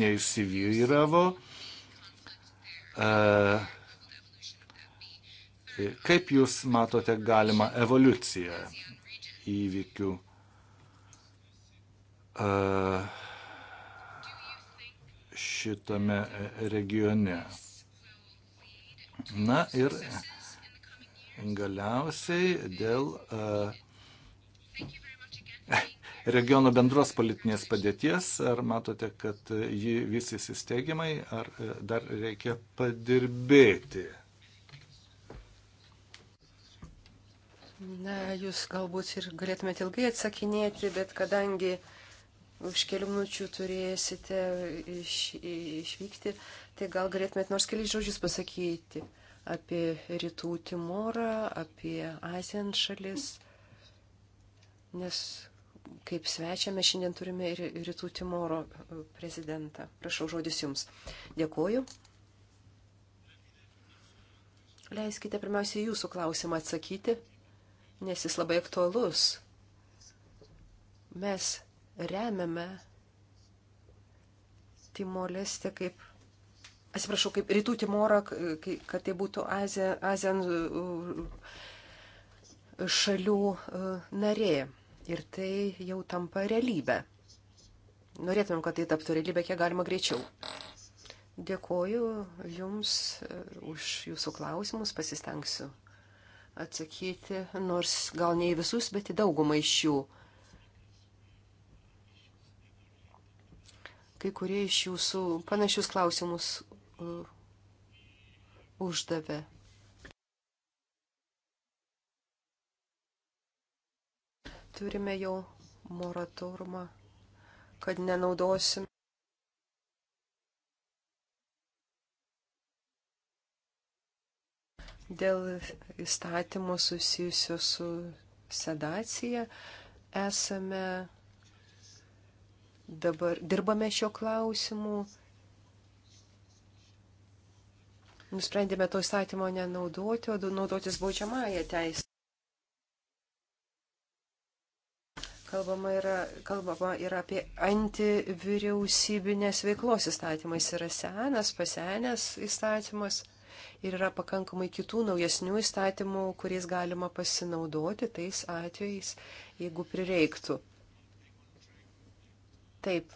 neįsivyravo. E, kaip Jūs matote galimą evoliuciją įvykių? E, šitame regione. Na ir galiausiai dėl uh, regiono bendros politinės padėties, ar matote, kad ji vysis įsteigiamai, ar e, dar reikia padirbėti? Na, jūs galbūt ir galėtumėte ilgai atsakinėti, bet kadangi už kelių minučių turėsite iš, išvykti, tai gal galėtumėte nors keliais žodžius pasakyti apie rytų Timorą, apie Azijos šalis, nes kaip svečiame šiandien turime ir Rytų Timoro prezidentą. Prašau žodis Jums. Dėkuoju. Leiskite pirmiausiai Jūsų klausimą atsakyti, nes jis labai aktualus. Mes remiame Timolestę kaip, atsiprašau, kaip Rytų Timorą, kad tai būtų Azijos uh, šalių uh, narė. Ir tai jau tampa realybė. Norėtumėm, kad tai taptų realybė kiek galima greičiau. Dėkoju Jums e, už Jūsų klausimus, pasistengsiu atsakyti, nors gal ne į visus, bet į daugumą iš jų. Kai kurie iš Jūsų panašius klausimus e, uždavė. Turime jau moratorumą, kad nenaudosim. Dėl įstatymo susijusio su sedacija esame dabar, dirbame šio klausimu nusprendėme to įstatymo nenaudoti, o naudotis baudžiamąją teisę. Kalbama yra, kalbama yra apie antivyriausybinės veiklos įstatymą. Jis yra senas, pasenęs įstatymas ir yra pakankamai kitų naujesnių įstatymų, kuriais galima pasinaudoti tais atvejais, jeigu prireiktų. Taip.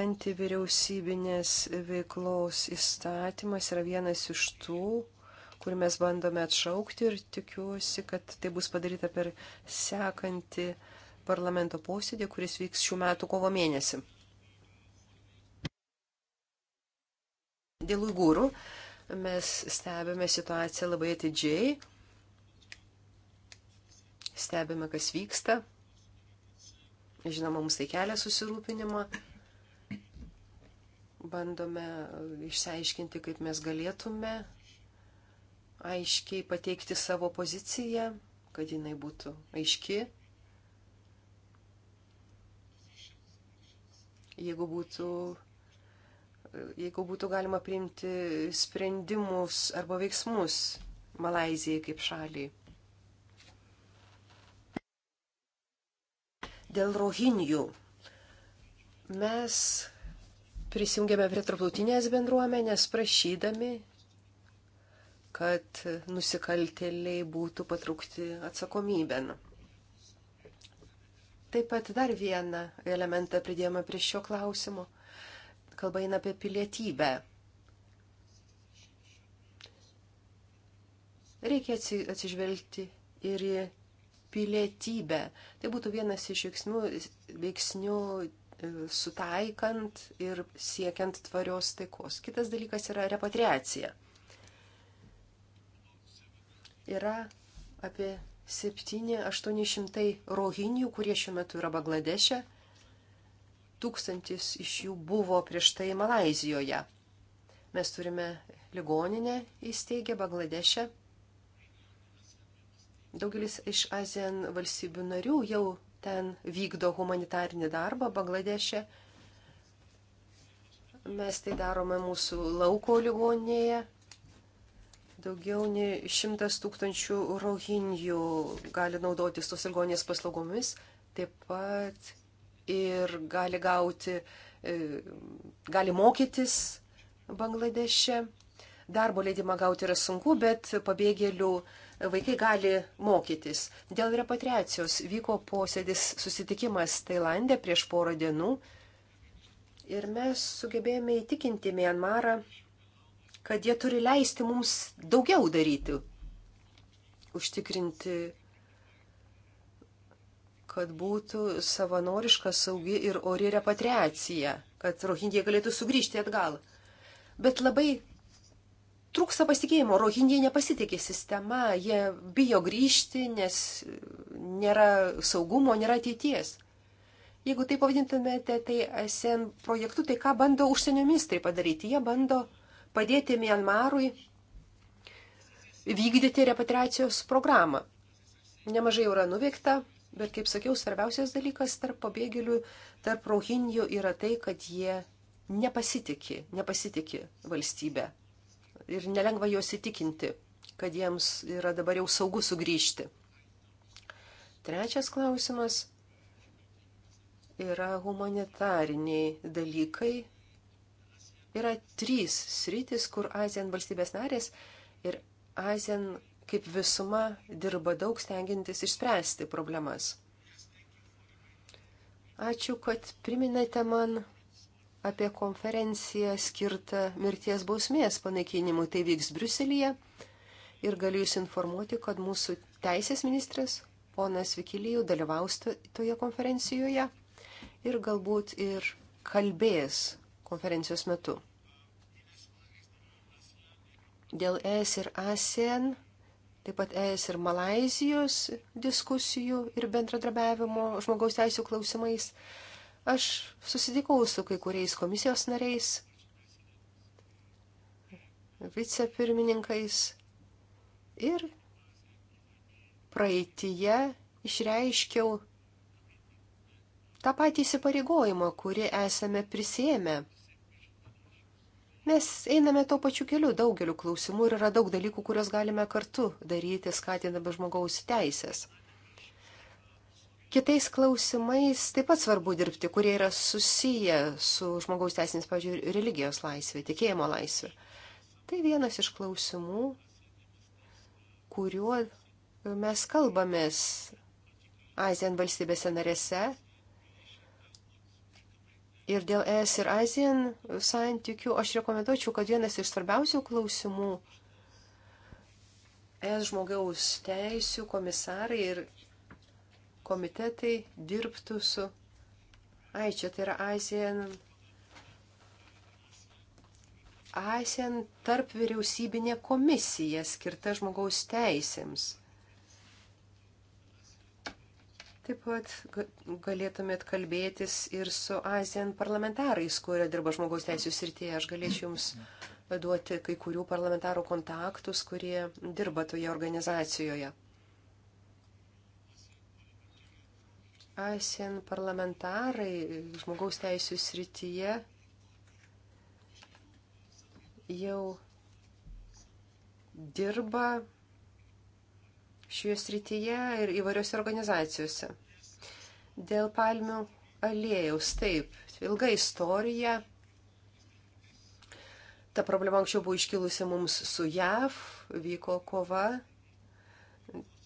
Antivyriausybinės veiklos įstatymas yra vienas iš tų kurį mes bandome atšaukti ir tikiuosi, kad tai bus padaryta per sekantį parlamento posėdį, kuris vyks šių metų kovo mėnesį. Dėl uigūrų mes stebime situaciją labai atidžiai, stebime, kas vyksta. Žinoma, mums tai kelia susirūpinimą. Bandome išsiaiškinti, kaip mes galėtume aiškiai pateikti savo poziciją, kad jinai būtų aiški. Jeigu būtų, jeigu būtų galima priimti sprendimus arba veiksmus Malazijai kaip šaliai. Dėl rohinijų mes prisijungėme prie tarptautinės bendruomenės prašydami kad nusikaltėliai būtų patraukti atsakomybėn. Taip pat dar vieną elementą pridėjome prie šio klausimo. Kalba eina apie pilietybę. Reikia atsižvelgti ir į pilietybę. Tai būtų vienas iš veiksnių, veiksnių e, sutaikant ir siekiant tvarios taikos. Kitas dalykas yra repatriacija yra apie 7-800 rohinių, kurie šiuo metu yra Bangladeše. Tūkstantis iš jų buvo prieš tai Malazijoje. Mes turime ligoninę įsteigę Bangladeše. Daugelis iš Azijan valstybių narių jau ten vykdo humanitarinį darbą Bangladeše. Mes tai darome mūsų lauko ligoninėje, Daugiau nei šimtas tūkstančių rohinijų gali naudotis tos ilgonės paslaugomis, taip pat ir gali gauti, e, gali mokytis Bangladeše. Darbo leidimą gauti yra sunku, bet pabėgėlių vaikai gali mokytis. Dėl repatriacijos vyko posėdis susitikimas Tailandė prieš porą dienų ir mes sugebėjome įtikinti Mianmarą kad jie turi leisti mums daugiau daryti, užtikrinti, kad būtų savanoriška, saugi ir ori repatriacija, kad rohindie galėtų sugrįžti atgal. Bet labai trūksta pasitikėjimo, rohindie nepasitikė sistema, jie bijo grįžti, nes nėra saugumo, nėra ateities. Jeigu tai pavadintumėte, tai SN e projektu, tai ką bando užsienio ministrai padaryti? Jie bando uh, padėti Mianmarui vykdyti repatriacijos programą. Nemažai jau yra nuveikta, bet kaip sakiau, svarbiausias dalykas tarp pabėgėlių, tarp rohinijų yra tai, kad jie nepasitikė, nepasitikė valstybę. Ir nelengva juos įtikinti, kad jiems yra dabar jau saugu sugrįžti. Trečias klausimas yra humanitariniai dalykai Yra trys sritis, kur ASEAN valstybės narės ir ASEAN kaip visuma dirba daug stengiantis išspręsti problemas. Ačiū, kad priminėte man apie konferenciją skirtą mirties bausmės panaikinimui. Tai vyks Briuselėje ir galiu Jūs informuoti, kad mūsų teisės ministras, ponas Vikilijų, dalyvaus toje konferencijoje ir galbūt ir kalbės konferencijos metu. Dėl ES ir ASEAN, taip pat ES ir Malazijos diskusijų ir bendradarbiavimo žmogaus teisų klausimais, aš susitikau su kai kuriais komisijos nariais, vicepirmininkais ir praeitįje išreiškiau tą patį įsipareigojimą, kurį esame prisėmę Mes einame to pačiu keliu daugeliu klausimų ir yra daug dalykų, kuriuos galime kartu daryti, skatindami žmogaus teisės. Kitais klausimais taip pat svarbu dirbti, kurie yra susiję su žmogaus teisinės, pavyzdžiui, religijos laisvė, tikėjimo laisvė. Tai vienas iš klausimų, kuriuo mes kalbamės ASEAN valstybėse narėse Ir dėl ES ir ASEAN santykių aš rekomenduočiau, kad vienas iš svarbiausių klausimų ES žmogaus teisų komisarai ir komitetai dirbtų su. Ai, čia tai yra ASEAN. ASEAN tarp vyriausybinė komisija skirta žmogaus teisėms. Taip pat galėtumėt kalbėtis ir su ASEAN parlamentarais, kurie dirba žmogaus teisų srityje. Aš galėčiau jums duoti kai kurių parlamentarų kontaktus, kurie dirba toje organizacijoje. ASEAN parlamentarai žmogaus teisų srityje jau dirba šioje srityje ir įvairiose organizacijose. Dėl palmių aliejaus, taip, ilga istorija. Ta problema anksčiau buvo iškilusi mums su JAV, vyko kova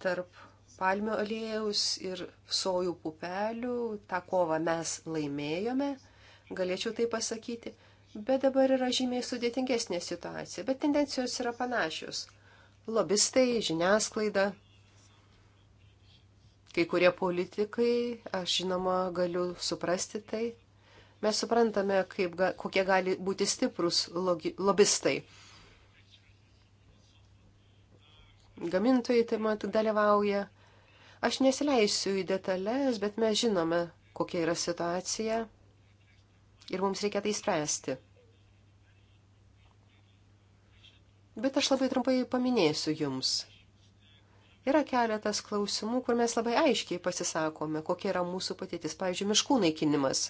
tarp palmių aliejaus ir sojų pupelių. Ta kova mes laimėjome, galėčiau tai pasakyti. Bet dabar yra žymiai sudėtingesnė situacija, bet tendencijos yra panašios. Lobistai, žiniasklaida Kai kurie politikai, aš žinoma galiu suprasti tai, mes suprantame, kaip, kokie gali būti stiprus logi, lobistai. Gamintojai taip pat dalyvauja. Aš nesileisiu į detalės, bet mes žinome, kokia yra situacija ir mums reikia tai spręsti. Bet aš labai trumpai paminėsiu jums Yra keletas klausimų, kur mes labai aiškiai pasisakome, kokia yra mūsų patėtis. Pavyzdžiui, miškų naikinimas.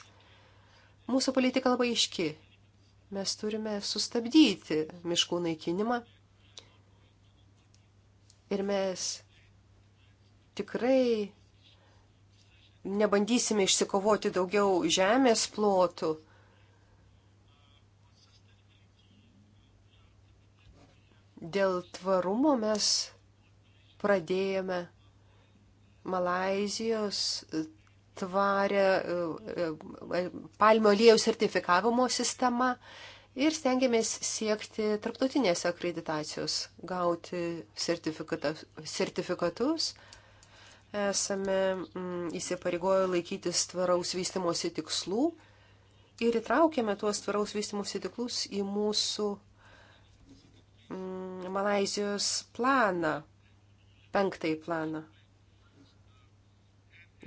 Mūsų politika labai aiški. Mes turime sustabdyti miškų naikinimą. Ir mes tikrai nebandysime išsikovoti daugiau žemės plotų. Dėl tvarumo mes pradėjome Malazijos tvarę e, e, palmių aliejų sertifikavimo sistemą ir stengiamės siekti tarptautinės akreditacijos, gauti sertifikatus. Esame mm, įsipareigoję laikytis tvaraus vystimosi tikslų ir įtraukėme tuos tvaraus vystimosi tiklus į mūsų mm, Malazijos planą penktąjį planą.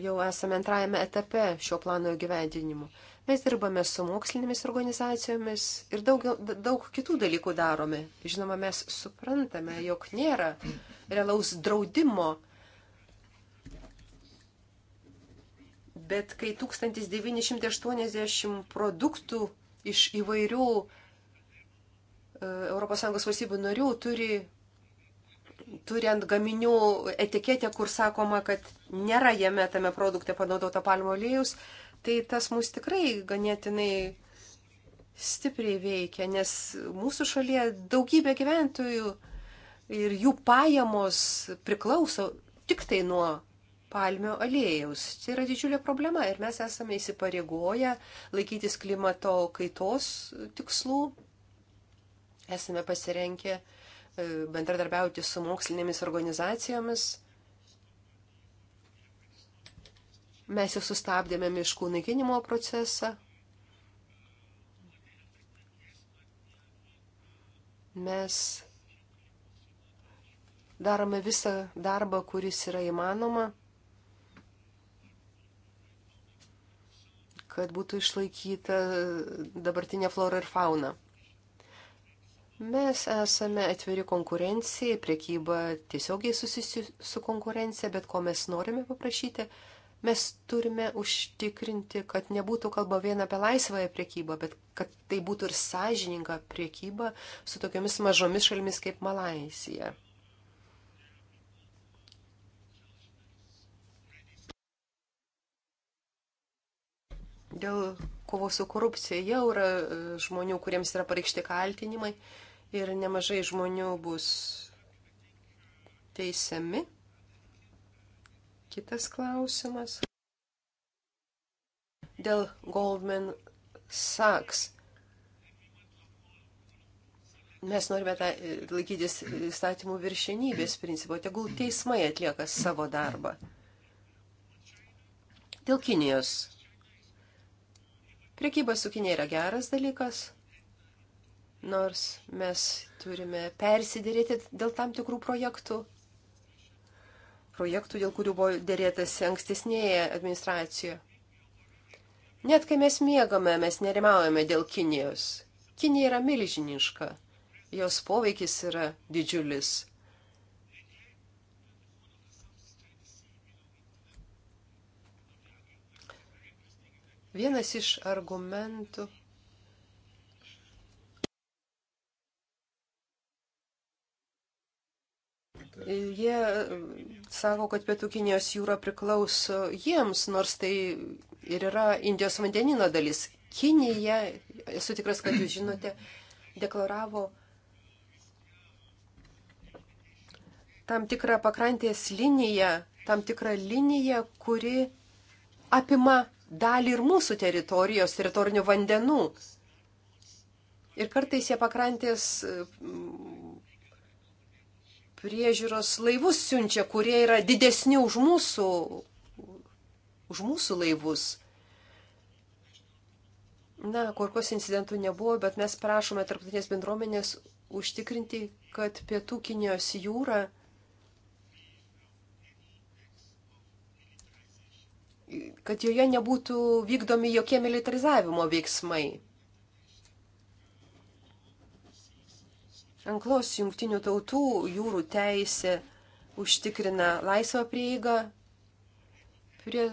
Jau esame antrajame etape šio plano įgyvendinimu. Mes dirbame su mokslinėmis organizacijomis ir daug, daug kitų dalykų darome. Žinoma, mes suprantame, jog nėra realaus draudimo. Bet kai 1980 produktų iš įvairių ES valstybių narių turi turi ant gaminių etiketę, kur sakoma, kad nėra jame tame produkte panaudota palmo aliejus, tai tas mus tikrai ganėtinai stipriai veikia, nes mūsų šalyje daugybė gyventojų ir jų pajamos priklauso tik tai nuo palmio aliejaus. Tai yra didžiulė problema ir mes esame įsipareigoję laikytis klimato kaitos tikslų, esame pasirenkę uh, E, bendradarbiauti su mokslinėmis organizacijomis. Mes jau sustabdėme miškų naikinimo procesą. Mes darome visą darbą, kuris yra įmanoma, kad būtų išlaikyta dabartinė flora ir fauna. Mes esame atviri konkurencijai, priekyba tiesiogiai susijusi su konkurencija, bet ko mes norime paprašyti, mes turime užtikrinti, kad nebūtų kalba vien apie laisvąją priekybą, bet kad tai būtų ir sąžininga priekyba su tokiamis mažomis šalimis kaip Malaisija. Dėl kovos su korupcija jau yra e, žmonių, kuriems yra pareikšti kaltinimai. Ka ir nemažai žmonių bus teisiami. Kitas klausimas. Dėl Goldman Sachs mes norime ta, e, laikytis įstatymų viršenybės principo, tegul teismai atlieka savo darbą. Dėl Kinijos. Priekyba su Kinė yra geras dalykas nors mes turime persidėrėti dėl tam tikrų projektų. Projektų, dėl kurių buvo dėrėtasi ankstesnėje administracijoje. Net kai mes miegame, mes nerimaujame dėl Kinijos. Kinija yra milžiniška, jos poveikis yra didžiulis. Vienas iš argumentų Jie e, sako, kad Pietų Kinijos jūra priklauso jiems, nors tai ir yra Indijos vandenino dalis. Kinija, esu tikras, kad jūs žinote, deklaravo tam tikrą pakrantės liniją, tam tikrą liniją, kuri apima dalį ir mūsų teritorijos, teritorinių vandenų. Ir kartais jie pakrantės priežiūros laivus siunčia, kurie yra didesni už mūsų, už mūsų laivus. Na, korkos incidentų nebuvo, bet mes prašome tarptautinės bendruomenės užtikrinti, kad pietų Kinijos jūra kad joje nebūtų vykdomi jokie militarizavimo veiksmai. Anklos jungtinių tautų jūrų teisė užtikrina laisvą prieigą prie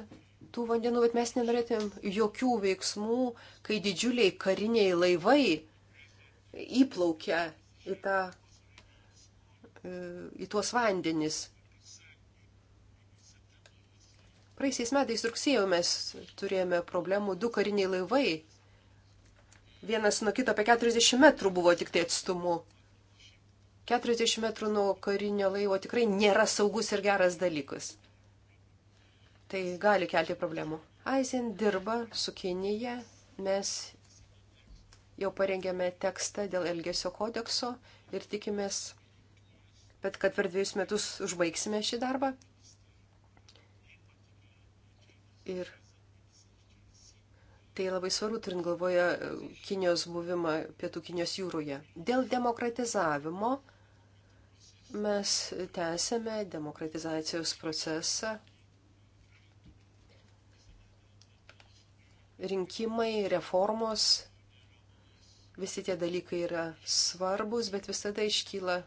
tų vandenų, bet mes nenorėtumėm jokių veiksmų, kai didžiuliai kariniai laivai įplaukia į, tą, e, į tuos vandenis. Praeisiais metais rugsėjo mes turėjome problemų, du kariniai laivai. Vienas nuo kito apie 40 metrų buvo tik tai atstumu. 40 metrų nuo karinio laivo tikrai nėra saugus ir geras dalykas. Tai gali kelti problemų. Aizen dirba su Kinija, mes jau parengėme tekstą dėl Elgesio kodekso ir tikimės, bet kad per dviejus metus užbaigsime šį darbą. Ir tai labai svarbu, turint galvoje Kinijos buvimą Pietų Kinijos jūroje. Dėl demokratizavimo Mes tęsėme demokratizacijos procesą. Rinkimai, reformos, visi tie dalykai yra svarbus, bet visada iškyla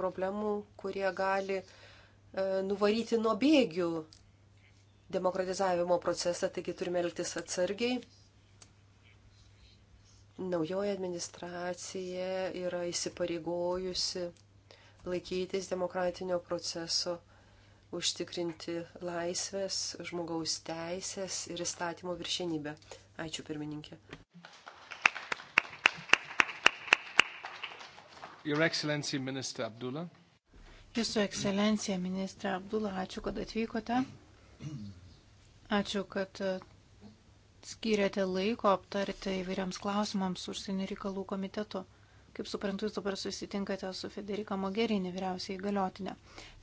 problemų, kurie gali e, nuvaryti nuo bėgių demokratizavimo procesą, taigi turime elgtis atsargiai. Naujoji administracija yra įsipareigojusi laikytis demokratinio proceso, užtikrinti laisvės, žmogaus teisės ir įstatymo viršenybę. Ačiū pirmininkė. Your Excellency Minister Abdullah. Jūsų ekscelencija, ministrė Abdulą, ačiū, kad atvykote. Ačiū, kad e, skiriate laiko aptarti įvairiams klausimams užsienio reikalų komitetu. Kaip suprantu, jūs dabar susitinkate su Federika Mogerinė, vyriausiai galiotinė.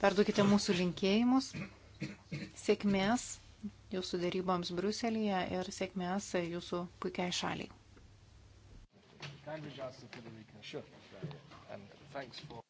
Perduokite mūsų linkėjimus, sėkmės jūsų daryboms Bruselėje ir sėkmės jūsų puikiai šaliai. Kind regards to Federica. Sure. And thanks for.